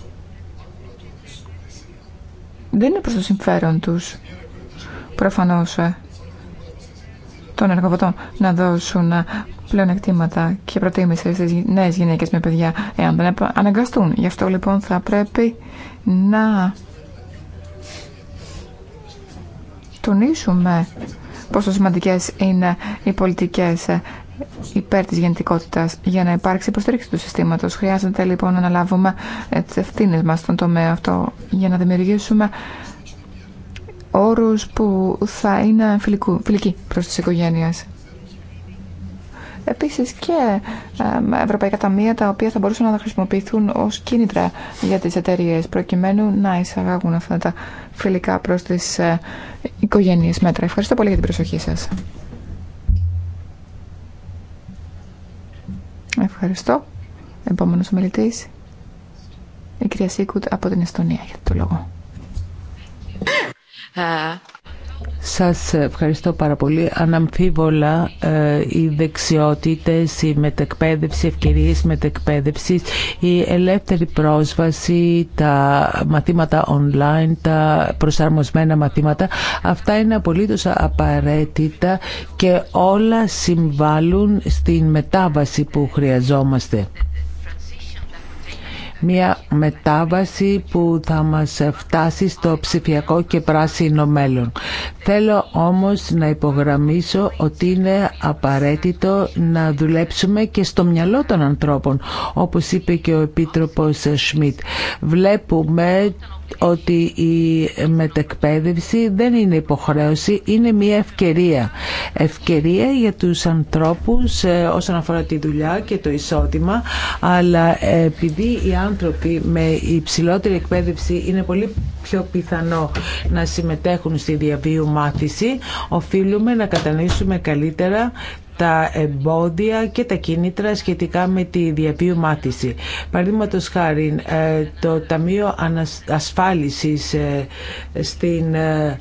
Δεν είναι προς το συμφέρον τους, προφανώς, ε, των εργοβατών να δώσουν ε, πλεονεκτήματα και προτίμηση στις νέες γυναίκες με παιδιά, εάν δεν αναγκαστούν. Γι' αυτό λοιπόν θα πρέπει να τονίσουμε πόσο σημαντικές είναι οι πολιτικές ε, υπέρ της γεννητικότητας για να υπάρξει υποστήριξη του συστήματος. Χρειάζεται λοιπόν να αναλάβουμε ε, τις ευθύνες μας στον τομέα αυτό για να δημιουργήσουμε όρους που θα είναι φιλικοί προς τις οικογένειες. Επίσης και ευρωπαϊκά ταμεία τα οποία θα μπορούσαν να χρησιμοποιηθούν ως κίνητρα για τις εταιρείε προκειμένου να εισαγάγουν αυτά τα φιλικά προς τις ε, οικογένειες μέτρα. Ευχαριστώ πολύ για την προσοχή σας. Ευχαριστώ. Επόμενος ομιλητής, η κυρία Σίκουτ από την Εστονία για το λόγο. Ε, σας ευχαριστώ πάρα πολύ. Αναμφίβολα ε, οι δεξιότητες, η μετεκπαίδευση, ευκαιρίες μετεκπαίδευσης, η ελεύθερη πρόσβαση, τα μαθήματα online, τα προσαρμοσμένα μαθήματα, αυτά είναι απολύτως απαραίτητα και όλα συμβάλλουν στην μετάβαση που χρειαζόμαστε μια μετάβαση που θα μας φτάσει στο ψηφιακό και πράσινο μέλλον. Θέλω όμως να υπογραμμίσω ότι είναι απαραίτητο να δουλέψουμε και στο μυαλό των ανθρώπων, όπως είπε και ο Επίτροπος Σμιτ. Βλέπουμε ότι η μετεκπαίδευση δεν είναι υποχρέωση, είναι μια ευκαιρία. Ευκαιρία για τους ανθρώπους ε, όσον αφορά τη δουλειά και το εισόδημα, αλλά ε, επειδή οι άνθρωποι με υψηλότερη εκπαίδευση είναι πολύ πιο πιθανό να συμμετέχουν στη διαβίου μάθηση, οφείλουμε να κατανοήσουμε καλύτερα τα εμπόδια και τα κίνητρα σχετικά με τη διαπίου μάθηση. Παραδείγματο χάρη, ε, το Ταμείο Ασφάλισης ε, στην, ε,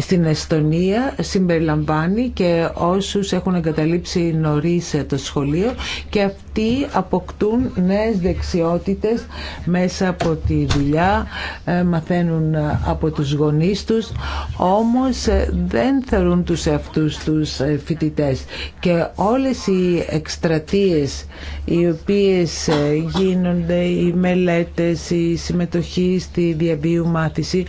στην Εστονία συμπεριλαμβάνει και όσους έχουν εγκαταλείψει νωρίς το σχολείο και τι αποκτούν νέες δεξιότητες μέσα από τη δουλειά, ε, μαθαίνουν ε, από τους γονείς τους, όμως ε, δεν θεωρούν τους αυτούς τους φοιτητές. Και όλες οι εκστρατείες οι οποίες γίνονται, οι μελέτες, η συμμετοχή στη διαβίου μάθηση,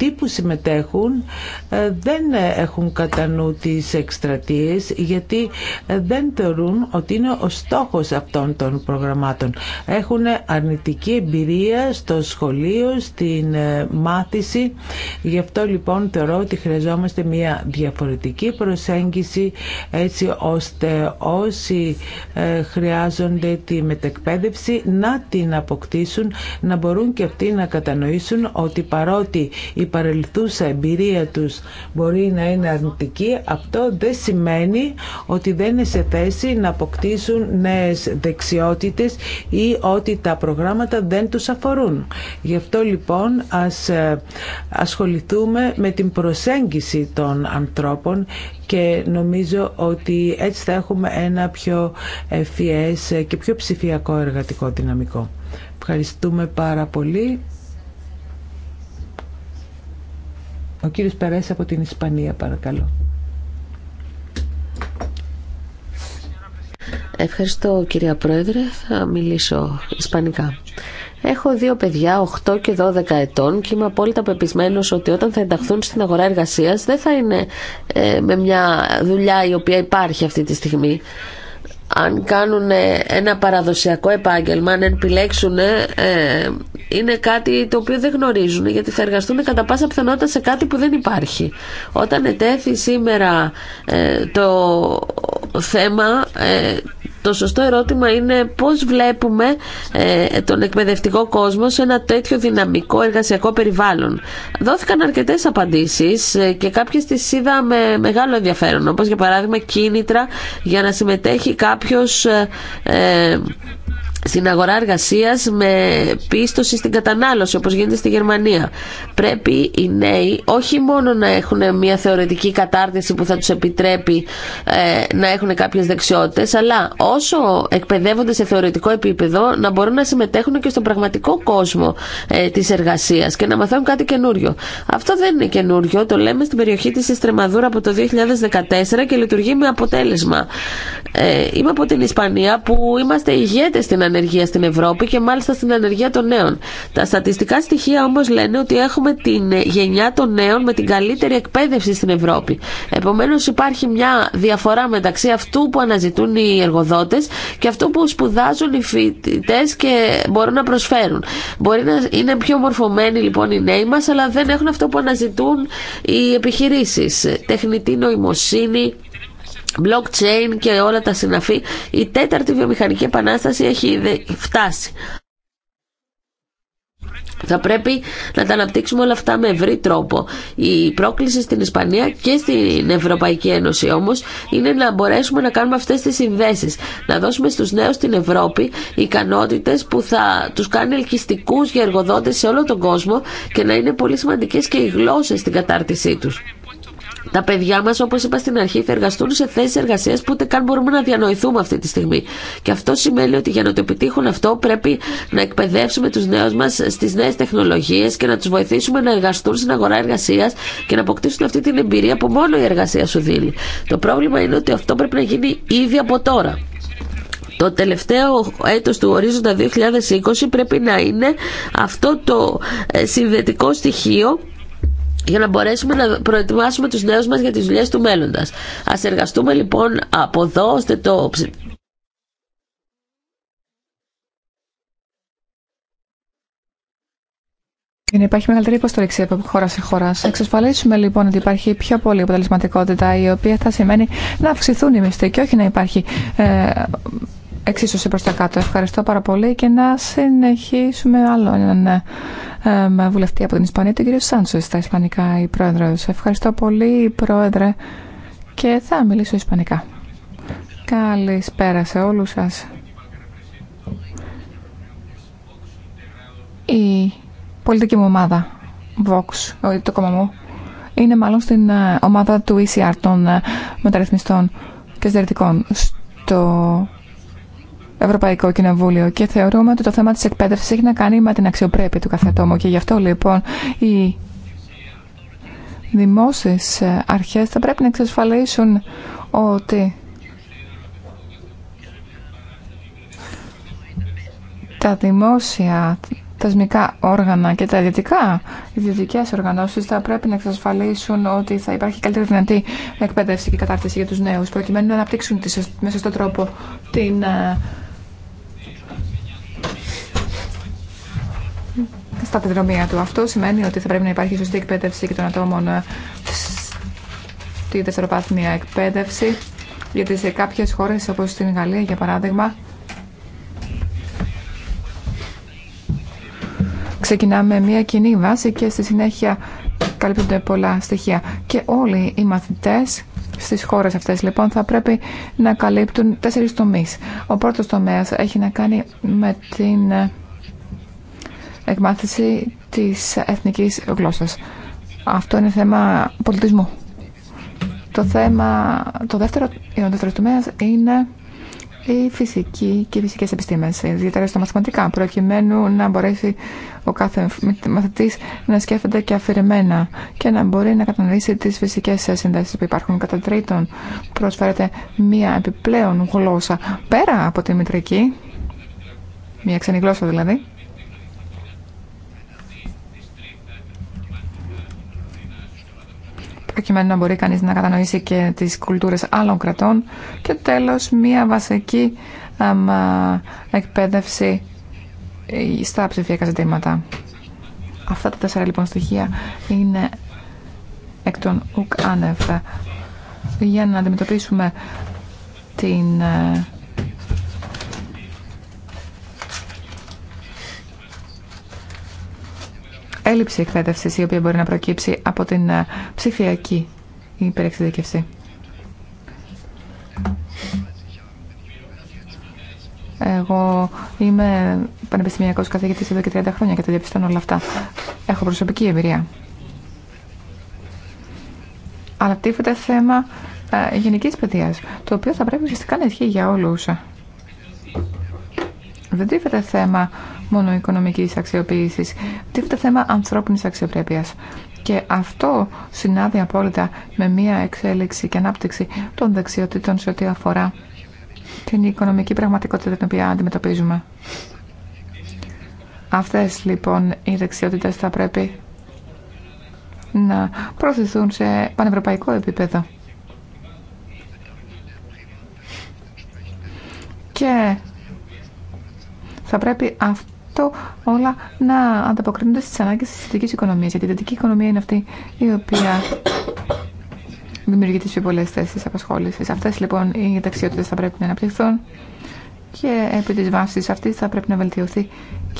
αυτοί που συμμετέχουν ε, δεν έχουν κατά νου τις εκστρατείες γιατί ε, δεν θεωρούν ότι είναι ο στόχος αυτών των προγραμμάτων. Έχουν αρνητική εμπειρία στο σχολείο, στην ε, μάθηση. Γι' αυτό λοιπόν θεωρώ ότι χρειαζόμαστε μια διαφορετική προσέγγιση έτσι ώστε όσοι χρειάζονται τη μετεκπαίδευση να την αποκτήσουν, να μπορούν και αυτοί να κατανοήσουν ότι παρότι παρελθούσα εμπειρία τους μπορεί να είναι αρνητική, αυτό δεν σημαίνει ότι δεν είναι σε θέση να αποκτήσουν νέες δεξιότητες ή ότι τα προγράμματα δεν τους αφορούν. Γι' αυτό λοιπόν ας ε, ασχοληθούμε με την προσέγγιση των ανθρώπων και νομίζω ότι έτσι θα έχουμε ένα πιο ευφυές και πιο ψηφιακό εργατικό δυναμικό. Ευχαριστούμε πάρα πολύ. Ο κύριος Περές από την Ισπανία, παρακαλώ. Ευχαριστώ κυρία Πρόεδρε, θα μιλήσω ισπανικά. Έχω δύο παιδιά, 8 και 12 ετών και είμαι απόλυτα πεπισμένο ότι όταν θα ενταχθούν στην αγορά εργασίας δεν θα είναι ε, με μια δουλειά η οποία υπάρχει αυτή τη στιγμή. Αν κάνουν ένα παραδοσιακό επάγγελμα, αν επιλέξουν ε, είναι κάτι το οποίο δεν γνωρίζουν γιατί θα εργαστούν κατά πάσα πιθανότητα σε κάτι που δεν υπάρχει. Όταν ετέθη σήμερα ε, το θέμα, ε, το σωστό ερώτημα είναι πώς βλέπουμε ε, τον εκπαιδευτικό κόσμο σε ένα τέτοιο δυναμικό εργασιακό περιβάλλον. Δόθηκαν αρκετές απαντήσεις και κάποιες τις είδα με μεγάλο ενδιαφέρον, όπως για παράδειγμα κίνητρα για να συμμετέχει κάποιος στην αγορά εργασία με πίστοση στην κατανάλωση, όπω γίνεται στη Γερμανία. Πρέπει οι νέοι όχι μόνο να έχουν μια θεωρητική κατάρτιση που θα του επιτρέπει ε, να έχουν κάποιε δεξιότητε, αλλά όσο εκπαιδεύονται σε θεωρητικό επίπεδο, να μπορούν να συμμετέχουν και στον πραγματικό κόσμο ε, τη εργασία και να μαθαίνουν κάτι καινούριο. Αυτό δεν είναι καινούριο. Το λέμε στην περιοχή τη Εστρεμαδούρα από το 2014 και λειτουργεί με αποτέλεσμα. Ε, είμαι από την Ισπανία που είμαστε ηγέτε στην ανεργία στην Ευρώπη και μάλιστα στην ανεργία των νέων. Τα στατιστικά στοιχεία όμως λένε ότι έχουμε την γενιά των νέων με την καλύτερη εκπαίδευση στην Ευρώπη. Επομένως υπάρχει μια διαφορά μεταξύ αυτού που αναζητούν οι εργοδότες και αυτού που σπουδάζουν οι φοιτητέ και μπορούν να προσφέρουν. Μπορεί να είναι πιο μορφωμένοι λοιπόν οι νέοι μα, αλλά δεν έχουν αυτό που αναζητούν οι επιχειρήσει. Τεχνητή νοημοσύνη, blockchain και όλα τα συναφή, η τέταρτη βιομηχανική επανάσταση έχει φτάσει. Θα πρέπει να τα αναπτύξουμε όλα αυτά με ευρύ τρόπο. Η πρόκληση στην Ισπανία και στην Ευρωπαϊκή Ένωση όμω είναι να μπορέσουμε να κάνουμε αυτέ τι συνδέσει. Να δώσουμε στου νέου στην Ευρώπη ικανότητε που θα τους κάνει ελκυστικού για εργοδότε σε όλο τον κόσμο και να είναι πολύ σημαντικέ και οι γλώσσε στην κατάρτισή του τα παιδιά μα, όπω είπα στην αρχή, θα εργαστούν σε θέσει εργασία που ούτε καν μπορούμε να διανοηθούμε αυτή τη στιγμή. Και αυτό σημαίνει ότι για να το επιτύχουν αυτό πρέπει να εκπαιδεύσουμε του νέου μα στι νέε τεχνολογίε και να του βοηθήσουμε να εργαστούν στην αγορά εργασία και να αποκτήσουν αυτή την εμπειρία που μόνο η εργασία σου δίνει. Το πρόβλημα είναι ότι αυτό πρέπει να γίνει ήδη από τώρα. Το τελευταίο έτος του ορίζοντα 2020 πρέπει να είναι αυτό το ε, συνδετικό στοιχείο για να μπορέσουμε να προετοιμάσουμε τους νέους μας για τις δουλειές του μέλλοντας. Ας εργαστούμε λοιπόν από εδώ ώστε το Είναι υπάρχει μεγαλύτερη υποστήριξη από χώρα σε χώρα. εξασφαλίσουμε λοιπόν ότι υπάρχει πιο πολύ αποτελεσματικότητα, η οποία θα σημαίνει να αυξηθούν οι μισθοί και όχι να υπάρχει ε, εξίσωση προς τα κάτω. Ευχαριστώ πάρα πολύ και να συνεχίσουμε άλλο έναν ε, βουλευτή από την Ισπανία, τον κύριο Σάντσο, στα Ισπανικά, η Πρόεδρος. Ευχαριστώ πολύ, Πρόεδρε, και θα μιλήσω Ισπανικά. Καλησπέρα σε όλους σας. Η πολιτική μου ομάδα, Vox, το κόμμα μου, είναι μάλλον στην ε, ομάδα του ECR των ε, μεταρρυθμιστών και στερετικών στο Ευρωπαϊκό Κοινοβούλιο και θεωρούμε ότι το θέμα της εκπαίδευσης έχει να κάνει με την αξιοπρέπεια του κάθε ατόμου και γι' αυτό λοιπόν οι δημόσιες ε, αρχές θα πρέπει να εξασφαλίσουν ότι τα δημόσια θεσμικά όργανα και τα ιδιωτικά, ιδιωτικέ οργανώσει θα πρέπει να εξασφαλίσουν ότι θα υπάρχει καλύτερη δυνατή εκπαίδευση και κατάρτιση για του νέου, προκειμένου να αναπτύξουν μέσα στον τρόπο την ε, τεδρομία του. Αυτό σημαίνει ότι θα πρέπει να υπάρχει σωστή εκπαίδευση και των ατόμων ε, στη δευτεροπάθμια εκπαίδευση, γιατί σε κάποιες χώρες όπως στην Γαλλία για παράδειγμα ξεκινάμε μια κοινή βάση και στη συνέχεια καλύπτονται πολλά στοιχεία. Και όλοι οι μαθητές στις χώρες αυτές λοιπόν θα πρέπει να καλύπτουν τέσσερις τομείς. Ο πρώτο τομέας έχει να κάνει με την ε, εκμάθηση της εθνικής γλώσσας. Αυτό είναι θέμα πολιτισμού. Το, θέμα, το δεύτερο, ο είναι οι φυσικη και οι φυσικές επιστήμες, ιδιαίτερα στα μαθηματικά, προκειμένου να μπορέσει ο κάθε μαθητής να σκέφτεται και αφηρημένα και να μπορεί να κατανοήσει τις φυσικές συνδέσεις που υπάρχουν. Κατά τρίτον, προσφέρεται μία επιπλέον γλώσσα πέρα από τη μητρική, μία ξένη γλώσσα δηλαδή, προκειμένου να μπορεί κανείς να κατανοήσει και τις κουλτούρες άλλων κρατών και τέλος μία βασική εκπαίδευση ε, στα ψηφιακά ζητήματα. Αυτά τα τέσσερα λοιπόν στοιχεία είναι εκ των ΟΚΑΝΕΦ. για να αντιμετωπίσουμε την ε, έλλειψη εκπαίδευση η οποία μπορεί να προκύψει από την ε, ψηφιακή υπερεξειδικευσή. Εγώ είμαι πανεπιστημιακό καθηγητή εδώ και 30 χρόνια και τα διαπιστώνω όλα αυτά. Έχω προσωπική εμπειρία. Αλλά τίθεται θέμα ε, γενική παιδεία, το οποίο θα πρέπει ουσιαστικά να ισχύει για όλου. Δεν τίθεται θέμα μόνο οικονομικής αξιοποίησης. Τίθεται θέμα ανθρώπινη αξιοπρέπειας. Και αυτό συνάδει απόλυτα με μια εξέλιξη και ανάπτυξη των δεξιοτήτων σε ό,τι αφορά την οικονομική πραγματικότητα την οποία αντιμετωπίζουμε. Αυτές λοιπόν οι δεξιότητες θα πρέπει να προωθηθούν σε πανευρωπαϊκό επίπεδο. Και θα πρέπει αυτό αυτό όλα να ανταποκρίνονται στις ανάγκες της δυτικής οικονομίας. Γιατί η δυτική οικονομία είναι αυτή η οποία δημιουργεί τις πιο πολλές θέσεις απασχόλησης. Αυτές λοιπόν οι δεξιότητες θα πρέπει να αναπτυχθούν και επί της βάσης αυτής θα πρέπει να βελτιωθεί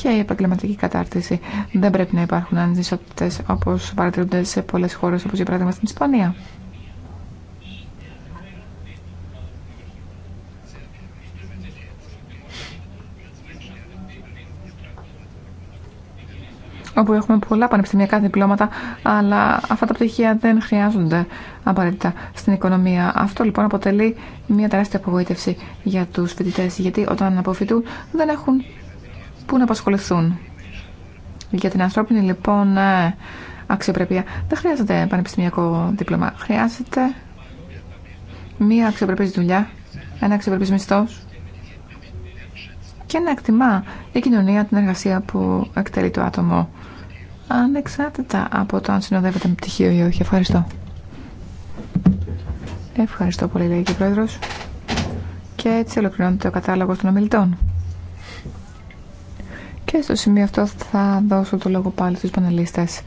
και η επαγγελματική κατάρτιση. Δεν πρέπει να υπάρχουν ανισότητες όπως παρατηρούνται σε πολλές χώρες όπως για παράδειγμα στην Ισπανία. όπου έχουμε πολλά πανεπιστημιακά διπλώματα, αλλά αυτά τα πτυχία δεν χρειάζονται απαραίτητα στην οικονομία. Αυτό λοιπόν αποτελεί μια τεράστια απογοήτευση για του φοιτητέ, γιατί όταν αποφοιτούν δεν έχουν πού να απασχοληθούν. Για την ανθρώπινη λοιπόν ε, αξιοπρέπεια δεν χρειάζεται πανεπιστημιακό δίπλωμα. Χρειάζεται μία αξιοπρεπή δουλειά, ένα αξιοπρεπή μισθό και να εκτιμά η κοινωνία την εργασία που εκτελεί το άτομο ανεξάρτητα από το αν συνοδεύεται με πτυχίο ή όχι. Ευχαριστώ. Ευχαριστώ πολύ, λέει και Και έτσι ολοκληρώνεται ο κατάλογο των ομιλητών. Και στο σημείο αυτό θα δώσω το λόγο πάλι στους πανελίστες.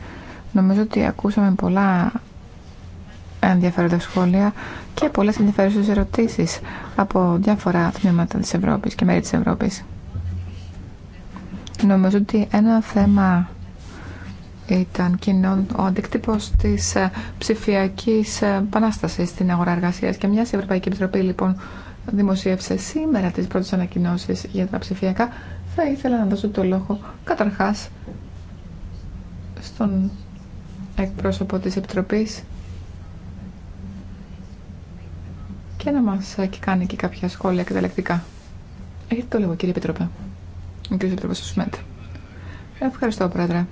Νομίζω ότι ακούσαμε πολλά ενδιαφέροντα σχόλια και πολλές ενδιαφέρουσες ερωτήσεις από διάφορα τμήματα της Ευρώπης και μέρη της Ευρώπης. Νομίζω ότι ένα θέμα ήταν κοινό ο αντίκτυπο τη ε, ψηφιακή ε, επανάσταση στην αγορά εργασία. Και μια η Ευρωπαϊκή Επιτροπή λοιπόν δημοσίευσε σήμερα τι πρώτε ανακοινώσει για τα ψηφιακά, θα ήθελα να δώσω το λόγο καταρχά στον εκπρόσωπο της Επιτροπής και να μας ε, κάνει και κάποια σχόλια καταλεκτικά. Έχετε το λόγο κύριε Επιτροπέ. Ο κύριος Ευχαριστώ πρόεδρε.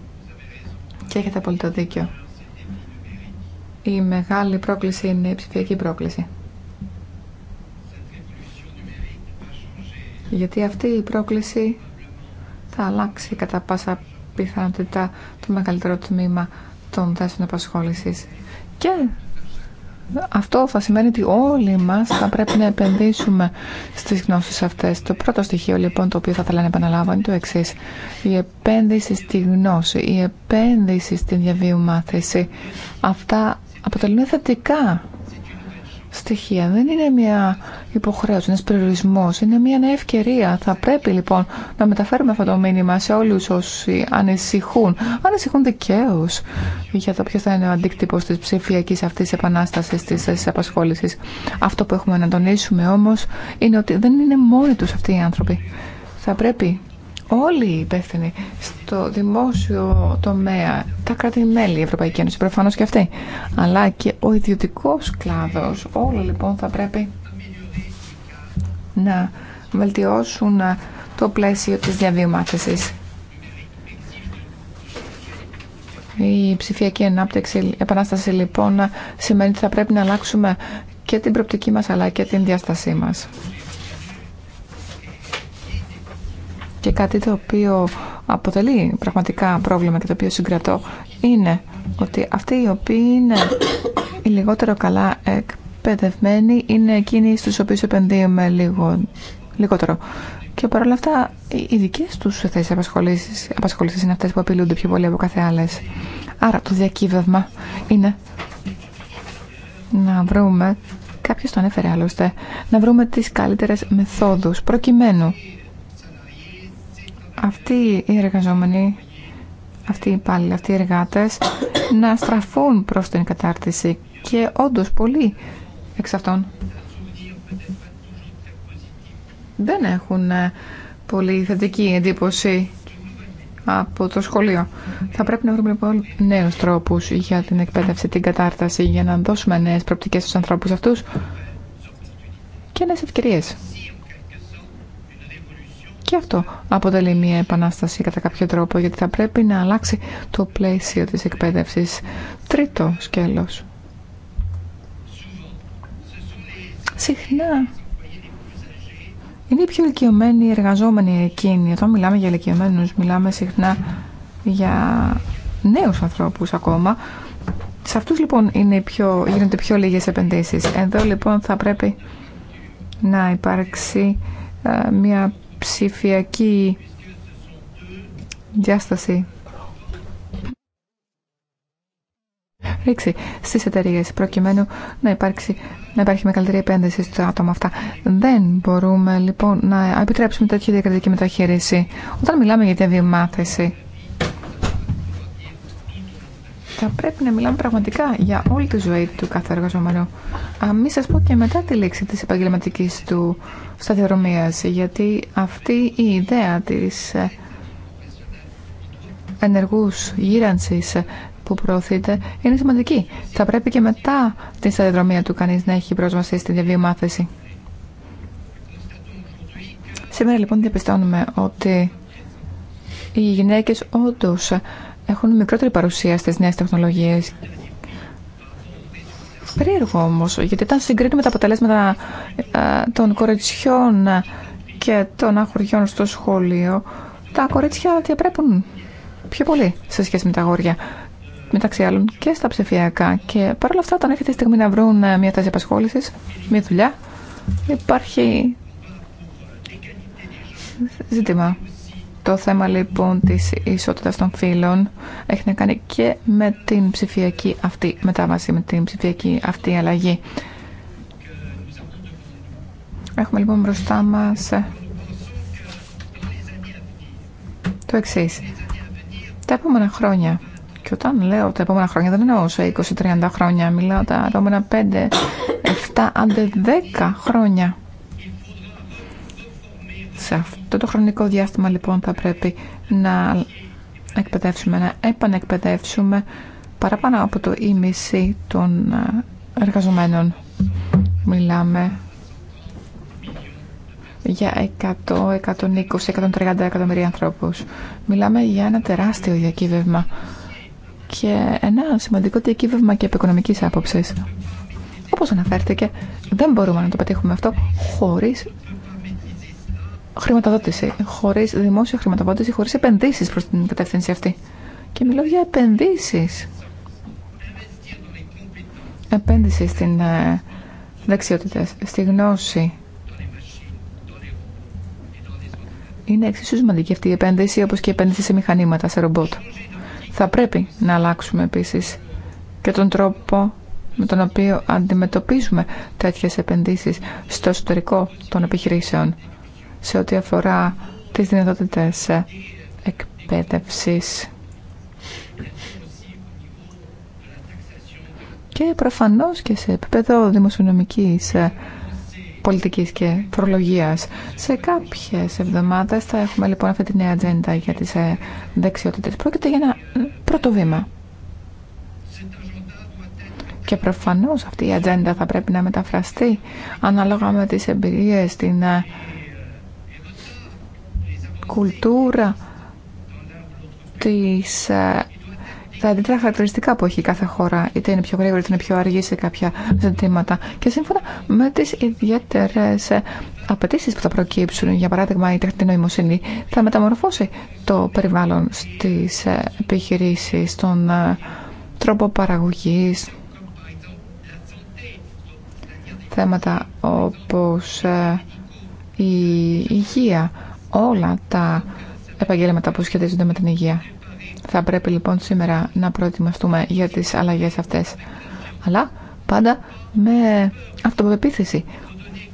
Και έχετε το δίκιο. Η μεγάλη πρόκληση είναι η ψηφιακή πρόκληση. Γιατί αυτή η πρόκληση θα αλλάξει κατά πάσα πιθανότητα το μεγαλύτερο τμήμα των θέσεων απασχόλησης. Και αυτό θα σημαίνει ότι όλοι μας θα πρέπει να επενδύσουμε στις γνώσεις αυτές. Το πρώτο στοιχείο λοιπόν το οποίο θα ήθελα να επαναλάβω είναι το εξή. Η επένδυση στη γνώση, η επένδυση στη διαβίου μάθηση, αυτά αποτελούν θετικά στοιχεία. Δεν είναι μια υποχρέωση, ένας περιορισμό, είναι μια νέα ευκαιρία. Θα πρέπει λοιπόν να μεταφέρουμε αυτό το μήνυμα σε όλου όσοι ανησυχούν, ανησυχούν δικαίω για το ποιο θα είναι ο αντίκτυπος της ψηφιακή αυτής επανάστασης τη της απασχόλησης. Αυτό που έχουμε να τονίσουμε όμως είναι ότι δεν είναι μόνοι του αυτοί οι άνθρωποι. Θα πρέπει όλοι οι υπεύθυνοι στο δημόσιο τομέα, τα κράτη-μέλη, η Ευρωπαϊκή Ένωση προφανώς και αυτή, αλλά και ο ιδιωτικός κλάδος, όλοι λοιπόν θα πρέπει να βελτιώσουν το πλαίσιο της διαβίωματισης. Η ψηφιακή ανάπτυξη, επανάσταση λοιπόν σημαίνει ότι θα πρέπει να αλλάξουμε και την προπτική μας αλλά και την διάστασή μας. και κάτι το οποίο αποτελεί πραγματικά πρόβλημα και το οποίο συγκρατώ είναι ότι αυτοί οι οποίοι είναι οι λιγότερο καλά εκπαιδευμένοι είναι εκείνοι στους οποίους επενδύουμε λίγο, λιγότερο. Και παρόλα αυτά, οι δικέ του θέσει απασχολήσεις είναι αυτές που απειλούνται πιο πολύ από κάθε άλλε. Άρα το διακύβευμα είναι να βρούμε, κάποιο το ανέφερε άλλωστε, να βρούμε τις καλύτερες μεθόδους προκειμένου αυτοί οι εργαζόμενοι, αυτοί οι υπάλληλοι, αυτοί οι εργάτες να στραφούν προς την κατάρτιση και όντως πολλοί εξ αυτών δεν έχουν ε, πολύ θετική εντύπωση από το σχολείο. Θα πρέπει να βρούμε λοιπόν νέους τρόπους για την εκπαίδευση, την κατάρταση, για να δώσουμε νέες προπτικές στους ανθρώπους αυτούς και νέες ευκαιρίες. Και αυτό αποτελεί μια επανάσταση κατά κάποιο τρόπο, γιατί θα πρέπει να αλλάξει το πλαίσιο της εκπαίδευσης. Τρίτο σκέλος. Συχνά είναι οι πιο ηλικιωμένοι εργαζόμενοι εκείνοι. Όταν μιλάμε για ηλικιωμένου, μιλάμε συχνά για νέους ανθρώπους ακόμα. Σε αυτούς λοιπόν είναι πιο, γίνονται πιο λίγες επενδύσεις. Εδώ λοιπόν θα πρέπει να υπάρξει ε, μια ψηφιακή διάσταση. Ρίξει στι εταιρείε προκειμένου να, υπάρξει, να υπάρχει μεγαλύτερη επένδυση στα άτομα αυτά. Δεν μπορούμε λοιπόν να επιτρέψουμε τέτοια διακριτική μεταχείριση. Όταν μιλάμε για διαβιμάθηση, θα πρέπει να μιλάμε πραγματικά για όλη τη ζωή του κάθε εργαζόμενου. Α, μη σας πω και μετά τη λήξη της επαγγελματική του σταθερομίας, γιατί αυτή η ιδέα της ε, ενεργούς γύρανσης ε, που προωθείται είναι σημαντική. Θα πρέπει και μετά τη σταδιοδρομία του κανείς να έχει πρόσβαση στη διαβίωμα Σήμερα λοιπόν διαπιστώνουμε ότι οι γυναίκες όντως έχουν μικρότερη παρουσία στις νέες τεχνολογίες. Περίεργο όμως, γιατί όταν συγκρίνουμε τα αποτελέσματα ε, των κοριτσιών και των αγοριών στο σχολείο, τα κορίτσια διαπρέπουν πιο πολύ σε σχέση με τα αγόρια μεταξύ άλλων και στα ψηφιακά. Και παρόλα αυτά, όταν έρχεται η στιγμή να βρουν ε, μια θέση απασχόληση, μια δουλειά, υπάρχει ζήτημα. Το θέμα λοιπόν της ισότητας των φύλων έχει να κάνει και με την ψηφιακή αυτή μετάβαση, με την ψηφιακή αυτή αλλαγή. Έχουμε λοιπόν μπροστά μας το εξή. Τα επόμενα χρόνια, και όταν λέω τα επόμενα χρόνια δεν εννοώ σε 20-30 χρόνια, μιλάω τα επόμενα 5, 7, άντε 10 χρόνια. Σε αυτό το χρονικό διάστημα λοιπόν θα πρέπει να εκπαιδεύσουμε, να επανεκπαιδεύσουμε παραπάνω από το ίμιση e των ε, εργαζομένων. Μιλάμε για 100, 120, 130 εκατομμύρια ανθρώπους. Μιλάμε για ένα τεράστιο διακύβευμα και ένα σημαντικό διακύβευμα και από οικονομικής άποψης. Όπως αναφέρθηκε, δεν μπορούμε να το πετύχουμε αυτό χωρίς χρηματοδότηση, χωρίς δημόσια χρηματοδότηση, χωρίς επενδύσεις προς την κατεύθυνση αυτή. Και μιλώ για επενδύσεις. Επένδυση στην ε, δεξιότητα, στη γνώση. Είναι εξίσου σημαντική αυτή η επένδυση, όπως και η επένδυση σε μηχανήματα, σε ρομπότ. Θα πρέπει να αλλάξουμε επίσης και τον τρόπο με τον οποίο αντιμετωπίζουμε τέτοιες επενδύσεις στο εσωτερικό των επιχειρήσεων σε ό,τι αφορά τις δυνατότητες εκπαίδευσης. Και προφανώς και σε επίπεδο δημοσιονομικής ε, πολιτικής και προλογίας. Σε κάποιες εβδομάδες θα έχουμε λοιπόν αυτή τη νέα ατζέντα για τις ε, δεξιότητες. Πρόκειται για ένα ε, πρώτο βήμα. Και προφανώς αυτή η ατζέντα θα πρέπει να μεταφραστεί ανάλογα με τις εμπειρίες, την κουλτούρα της ε, τα ιδιαίτερα χαρακτηριστικά που έχει κάθε χώρα, είτε είναι πιο γρήγορη, είτε είναι πιο αργή σε κάποια ζητήματα. Και σύμφωνα με τι ιδιαίτερε απαιτήσει που θα προκύψουν, για παράδειγμα η τεχνητή νοημοσύνη, θα μεταμορφώσει το περιβάλλον στι ε, επιχειρήσει, τον ε, τρόπο παραγωγή. Θέματα όπως η υγεία, όλα τα επαγγέλματα που σχετίζονται με την υγεία. Θα πρέπει λοιπόν σήμερα να προετοιμαστούμε για τις αλλαγές αυτές. Αλλά πάντα με αυτοπεποίθηση.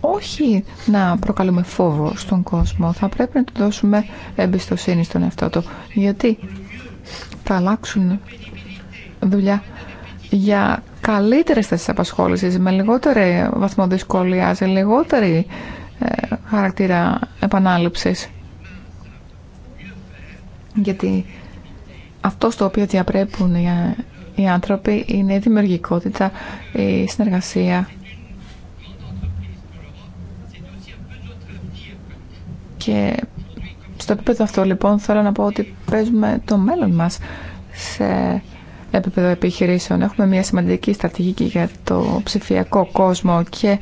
Όχι να προκαλούμε φόβο στον κόσμο. Θα πρέπει να του δώσουμε εμπιστοσύνη στον εαυτό του. Γιατί θα αλλάξουν δουλειά για καλύτερες θέσεις απασχόλησης, με λιγότερο βαθμό δυσκολία, σε λιγότερη ε, χαρακτήρα επανάληψης. Γιατί αυτό στο οποίο διαπρέπουν οι άνθρωποι είναι η δημιουργικότητα, η συνεργασία και στο επίπεδο αυτό λοιπόν θέλω να πω ότι παίζουμε το μέλλον μας σε επίπεδο επιχειρήσεων. Έχουμε μια σημαντική στρατηγική για το ψηφιακό κόσμο και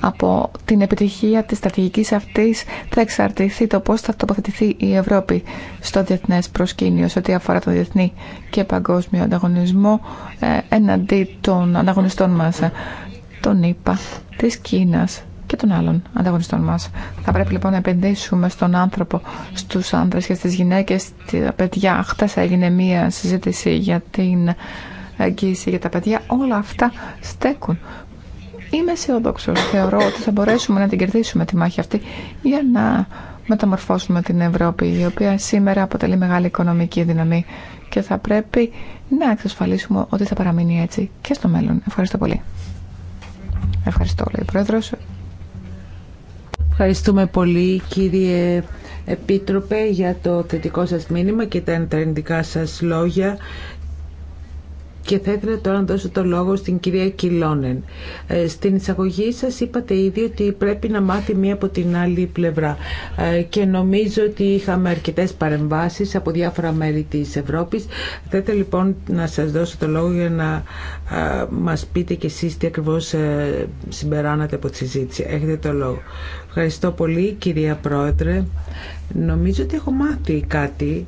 από την επιτυχία της στρατηγικής αυτής θα εξαρτηθεί το πώς θα τοποθετηθεί η Ευρώπη στο διεθνές προσκήνιο σε ό,τι αφορά το διεθνή και παγκόσμιο ανταγωνισμό ε, εναντί των ανταγωνιστών μας, ε, τον ΗΠΑ, της Κίνας, και των άλλων ανταγωνιστών μας. Θα πρέπει λοιπόν να επενδύσουμε στον άνθρωπο, στους άνδρες και στις γυναίκες, στα παιδιά. Χτες έγινε μία συζήτηση για την εγγύηση για τα παιδιά. Όλα αυτά στέκουν. Είμαι αισιοδόξο. Θεωρώ ότι θα μπορέσουμε να την κερδίσουμε τη μάχη αυτή για να μεταμορφώσουμε την Ευρώπη, η οποία σήμερα αποτελεί μεγάλη οικονομική δύναμη και θα πρέπει να εξασφαλίσουμε ότι θα παραμείνει έτσι και στο μέλλον. Ευχαριστώ πολύ. Ευχαριστώ, λέει ο Πρόεδρος. Ευχαριστούμε πολύ κύριε Επίτροπε για το θετικό σας μήνυμα και τα ενταρρυντικά σας λόγια και θα ήθελα τώρα να δώσω το λόγο στην κυρία Κιλόνεν. Ε, στην εισαγωγή σας είπατε ήδη ότι πρέπει να μάθει μία από την άλλη πλευρά ε, και νομίζω ότι είχαμε αρκετές παρεμβάσεις από διάφορα μέρη της Ευρώπης. Θα ήθελα λοιπόν να σας δώσω το λόγο για να ε, μας πείτε κι εσείς τι ακριβώς συμπεράνατε από τη συζήτηση. Έχετε το λόγο. Ευχαριστώ πολύ κυρία Πρόεδρε. Νομίζω ότι έχω μάθει κάτι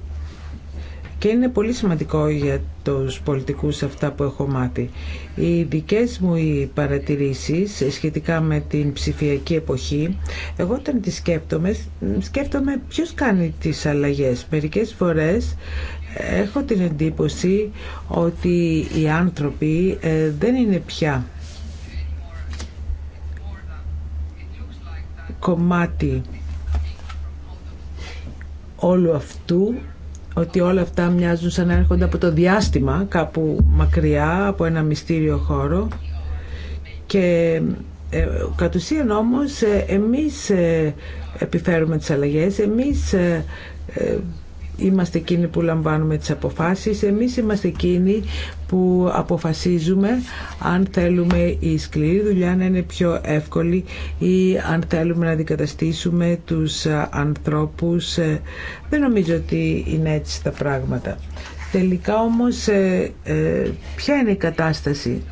και είναι πολύ σημαντικό για τους πολιτικούς αυτά που έχω μάθει. Οι δικές μου οι παρατηρήσεις σχετικά με την ψηφιακή εποχή, εγώ όταν τις σκέφτομαι, σκέφτομαι ποιος κάνει τις αλλαγές. Μερικές φορές ε, έχω την εντύπωση ότι οι άνθρωποι ε, δεν είναι πια κομμάτι όλου αυτού ότι όλα αυτά μοιάζουν σαν να έρχονται από το διάστημα κάπου μακριά από ένα μυστήριο χώρο και ε, κατ' ουσίαν όμως ε, εμείς ε, επιφέρουμε τις αλλαγές εμείς ε, είμαστε εκείνοι που λαμβάνουμε τις αποφάσεις, εμείς είμαστε εκείνοι που αποφασίζουμε αν θέλουμε η σκληρή δουλειά να είναι πιο εύκολη ή αν θέλουμε να αντικαταστήσουμε τους ανθρώπους. Δεν νομίζω ότι είναι έτσι τα πράγματα. Τελικά όμως ε, ε, ποια είναι η κατάσταση.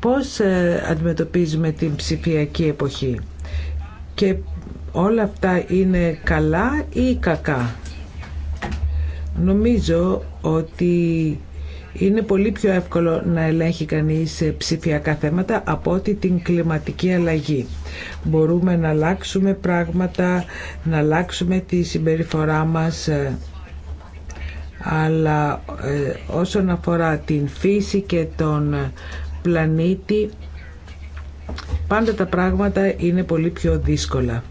Πώς ε, αντιμετωπίζουμε την ψηφιακή εποχή και όλα αυτά είναι καλά ή κακά. Νομίζω ότι είναι πολύ πιο εύκολο να ελέγχει κανείς ψηφιακά θέματα από ότι την κλιματική αλλαγή. Μπορούμε να αλλάξουμε πράγματα, να αλλάξουμε τη συμπεριφορά μας, ε, αλλά ε, όσον αφορά την φύση και τον πλανήτη, πάντα τα πράγματα είναι πολύ πιο δύσκολα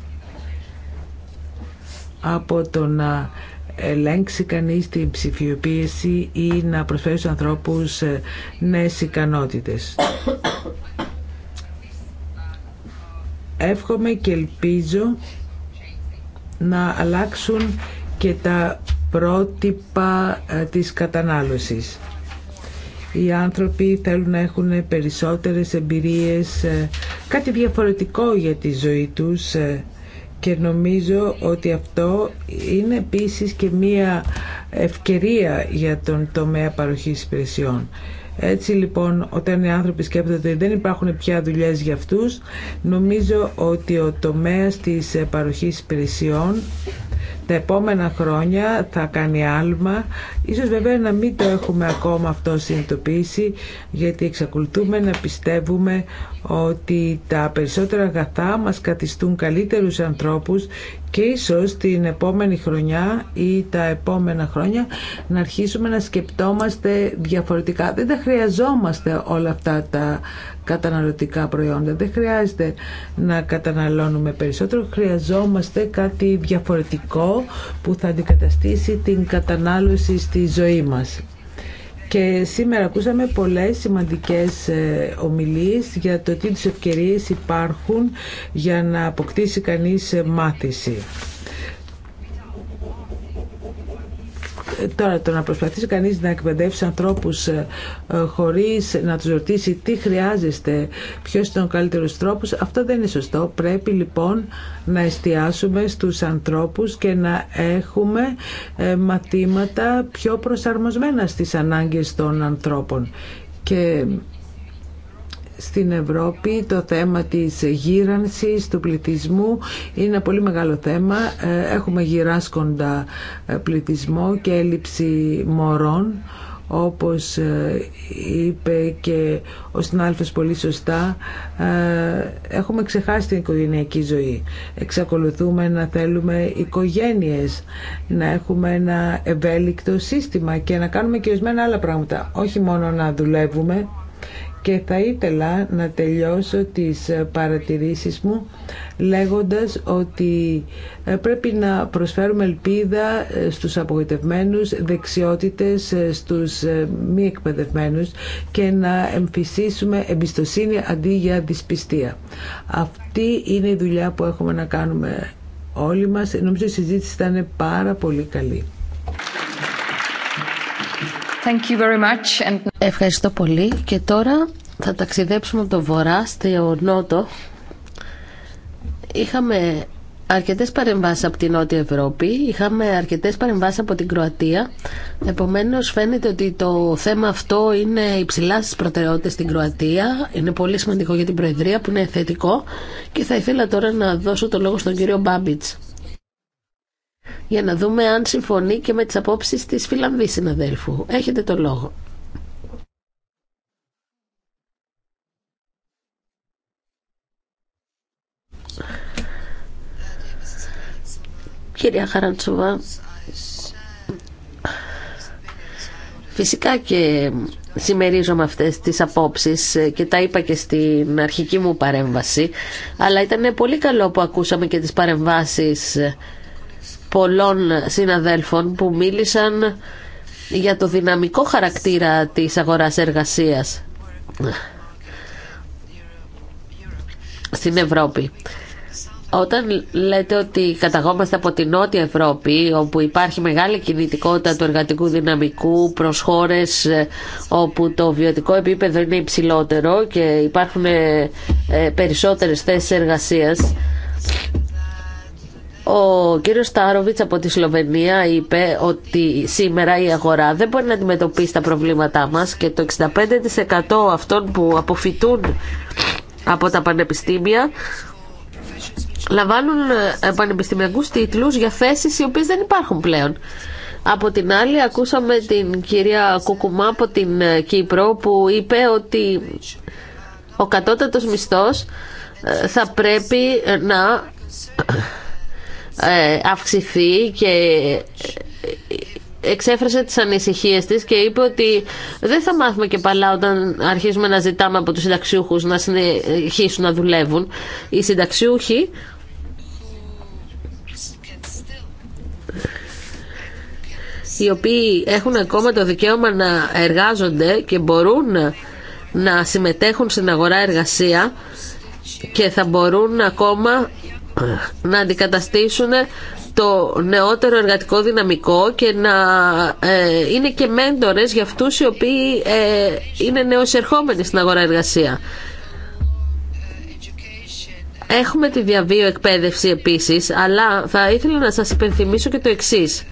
από το να ελέγξει κανείς την ψηφιοποίηση ή να προσφέρει στους ανθρώπους ε, νέες ικανότητες. Εύχομαι και ελπίζω να αλλάξουν και τα πρότυπα ε, της κατανάλωσης. Οι άνθρωποι θέλουν να έχουν περισσότερες εμπειρίες, ε, κάτι διαφορετικό για τη ζωή τους, και νομίζω ότι αυτό είναι επίσης και μία ευκαιρία για τον τομέα παροχής υπηρεσιών. Έτσι λοιπόν όταν οι άνθρωποι σκέπτονται ότι δεν υπάρχουν πια δουλειές για αυτούς νομίζω ότι ο τομέας της παροχής υπηρεσιών τα επόμενα χρόνια θα κάνει άλμα, ίσως βέβαια να μην το έχουμε ακόμα αυτό συνειδητοποιήσει, γιατί εξακολουθούμε να πιστεύουμε ότι τα περισσότερα αγαθά μας καθιστούν καλύτερους ανθρώπους και ίσως την επόμενη χρονιά ή τα επόμενα χρόνια να αρχίσουμε να σκεπτόμαστε διαφορετικά. Δεν τα χρειαζόμαστε όλα αυτά τα καταναλωτικά προϊόντα. Δεν χρειάζεται να καταναλώνουμε περισσότερο. Χρειαζόμαστε κάτι διαφορετικό που θα αντικαταστήσει την κατανάλωση στη ζωή μας. Και σήμερα ακούσαμε πολλές σημαντικές ε, ομιλίες για το τι τις ευκαιρίες υπάρχουν για να αποκτήσει κανείς ε, μάθηση. Τώρα το να προσπαθήσει κανείς να εκπαιδεύσει ανθρώπους ε, ε, χωρίς να τους ρωτήσει τι χρειάζεστε, ποιος είναι ο καλύτερος τρόπος, αυτό δεν είναι σωστό. Πρέπει λοιπόν να εστιάσουμε στους ανθρώπους και να έχουμε ε, μαθήματα πιο προσαρμοσμένα στις ανάγκες των ανθρώπων. Και στην Ευρώπη το θέμα της γύρανσης του πληθυσμού είναι πολύ μεγάλο θέμα. Ε, έχουμε γυράσκοντα ε, πληθυσμό και έλλειψη μωρών όπως ε, είπε και ο συνάδελφος πολύ σωστά έχουμε ξεχάσει την οικογενειακή ζωή εξακολουθούμε να θέλουμε οικογένειες να έχουμε ένα ευέλικτο σύστημα και να κάνουμε και ορισμένα άλλα πράγματα όχι μόνο να δουλεύουμε και θα ήθελα να τελειώσω τις παρατηρήσεις μου λέγοντας ότι ε, πρέπει να προσφέρουμε ελπίδα ε, στους απογοητευμένους, δεξιότητες ε, στους μη εκπαιδευμένους και να εμφυσίσουμε εμπιστοσύνη αντί για δυσπιστία. Αυτή είναι η δουλειά που έχουμε να κάνουμε όλοι μας. Νομίζω η συζήτηση είναι πάρα πολύ καλή. Ευχαριστώ πολύ και τώρα θα ταξιδέψουμε από το βορρά στο νότο. Είχαμε αρκετές παρεμβάσεις από την Νότια Ευρώπη, είχαμε αρκετές παρεμβάσεις από την Κροατία. Επομένως φαίνεται ότι το θέμα αυτό είναι υψηλά στις προτεραιότητες στην Κροατία. Είναι πολύ σημαντικό για την Προεδρία που είναι θετικό και θα ήθελα τώρα να δώσω το λόγο στον κύριο Μπάμπιτς για να δούμε αν συμφωνεί και με τις απόψεις της Φιλανδής συναδέλφου. Έχετε το λόγο. Κυρία Χαραντσοβά, φυσικά και συμμερίζομαι αυτές τις απόψεις και τα είπα και στην αρχική μου παρέμβαση, αλλά ήταν πολύ καλό που ακούσαμε και τις παρεμβάσεις πολλών συναδέλφων που μίλησαν για το δυναμικό χαρακτήρα της αγοράς εργασίας στην Ευρώπη. Όταν λέτε ότι καταγόμαστε από την Νότια Ευρώπη, όπου υπάρχει μεγάλη κινητικότητα του εργατικού δυναμικού προς χώρες ε, όπου το βιωτικό επίπεδο είναι υψηλότερο και υπάρχουν ε, ε, περισσότερες θέσεις εργασίας, ο κύριο Στάροβιτ από τη Σλοβενία είπε ότι σήμερα η αγορά δεν μπορεί να αντιμετωπίσει τα προβλήματά μας και το 65% αυτών που αποφυτούν από τα πανεπιστήμια λαμβάνουν ε, πανεπιστημιακούς τίτλους για θέσεις οι οποίες δεν υπάρχουν πλέον. Από την άλλη ακούσαμε την κυρία Κουκουμά από την ε, Κύπρο που είπε ότι ο κατώτατος μισθός ε, θα πρέπει να ε, αυξηθεί και εξέφρασε τις ανησυχίες της και είπε ότι δεν θα μάθουμε και παλά όταν αρχίζουμε να ζητάμε από τους συνταξιούχους να συνεχίσουν να δουλεύουν. Οι συνταξιούχοι οι οποίοι έχουν ακόμα το δικαίωμα να εργάζονται και μπορούν να συμμετέχουν στην αγορά εργασία και θα μπορούν ακόμα να αντικαταστήσουν το νεότερο εργατικό δυναμικό και να ε, είναι και μέντορες για αυτούς οι οποίοι ε, είναι νεοσερχόμενοι στην αγορά εργασία. Έχουμε τη διαβίω εκπαίδευση επίσης, αλλά θα ήθελα να σας υπενθυμίσω και το εξής.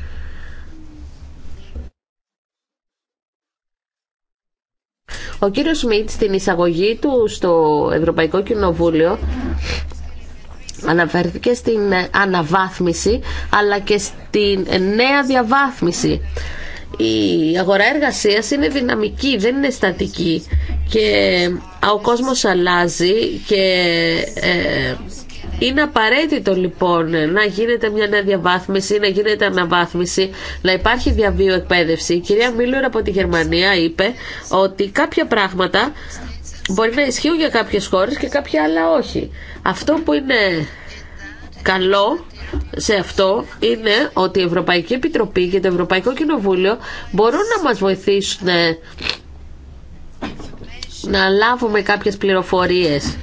Ο κύριος Σμιτ στην εισαγωγή του στο Ευρωπαϊκό Κοινοβούλιο Αναφέρθηκε στην αναβάθμιση αλλά και στην νέα διαβάθμιση. Η αγορά εργασίας είναι δυναμική, δεν είναι στατική και ο κόσμος αλλάζει και ε, είναι απαραίτητο λοιπόν να γίνεται μια νέα διαβάθμιση, να γίνεται αναβάθμιση, να υπάρχει διαβίου εκπαίδευση. Η κυρία Μίλουρ από τη Γερμανία είπε ότι κάποια πράγματα μπορεί να ισχύουν για κάποιες χώρες και κάποια άλλα όχι. Αυτό που είναι καλό σε αυτό είναι ότι η Ευρωπαϊκή Επιτροπή και το Ευρωπαϊκό Κοινοβούλιο μπορούν να μας βοηθήσουν να λάβουμε κάποιες πληροφορίες.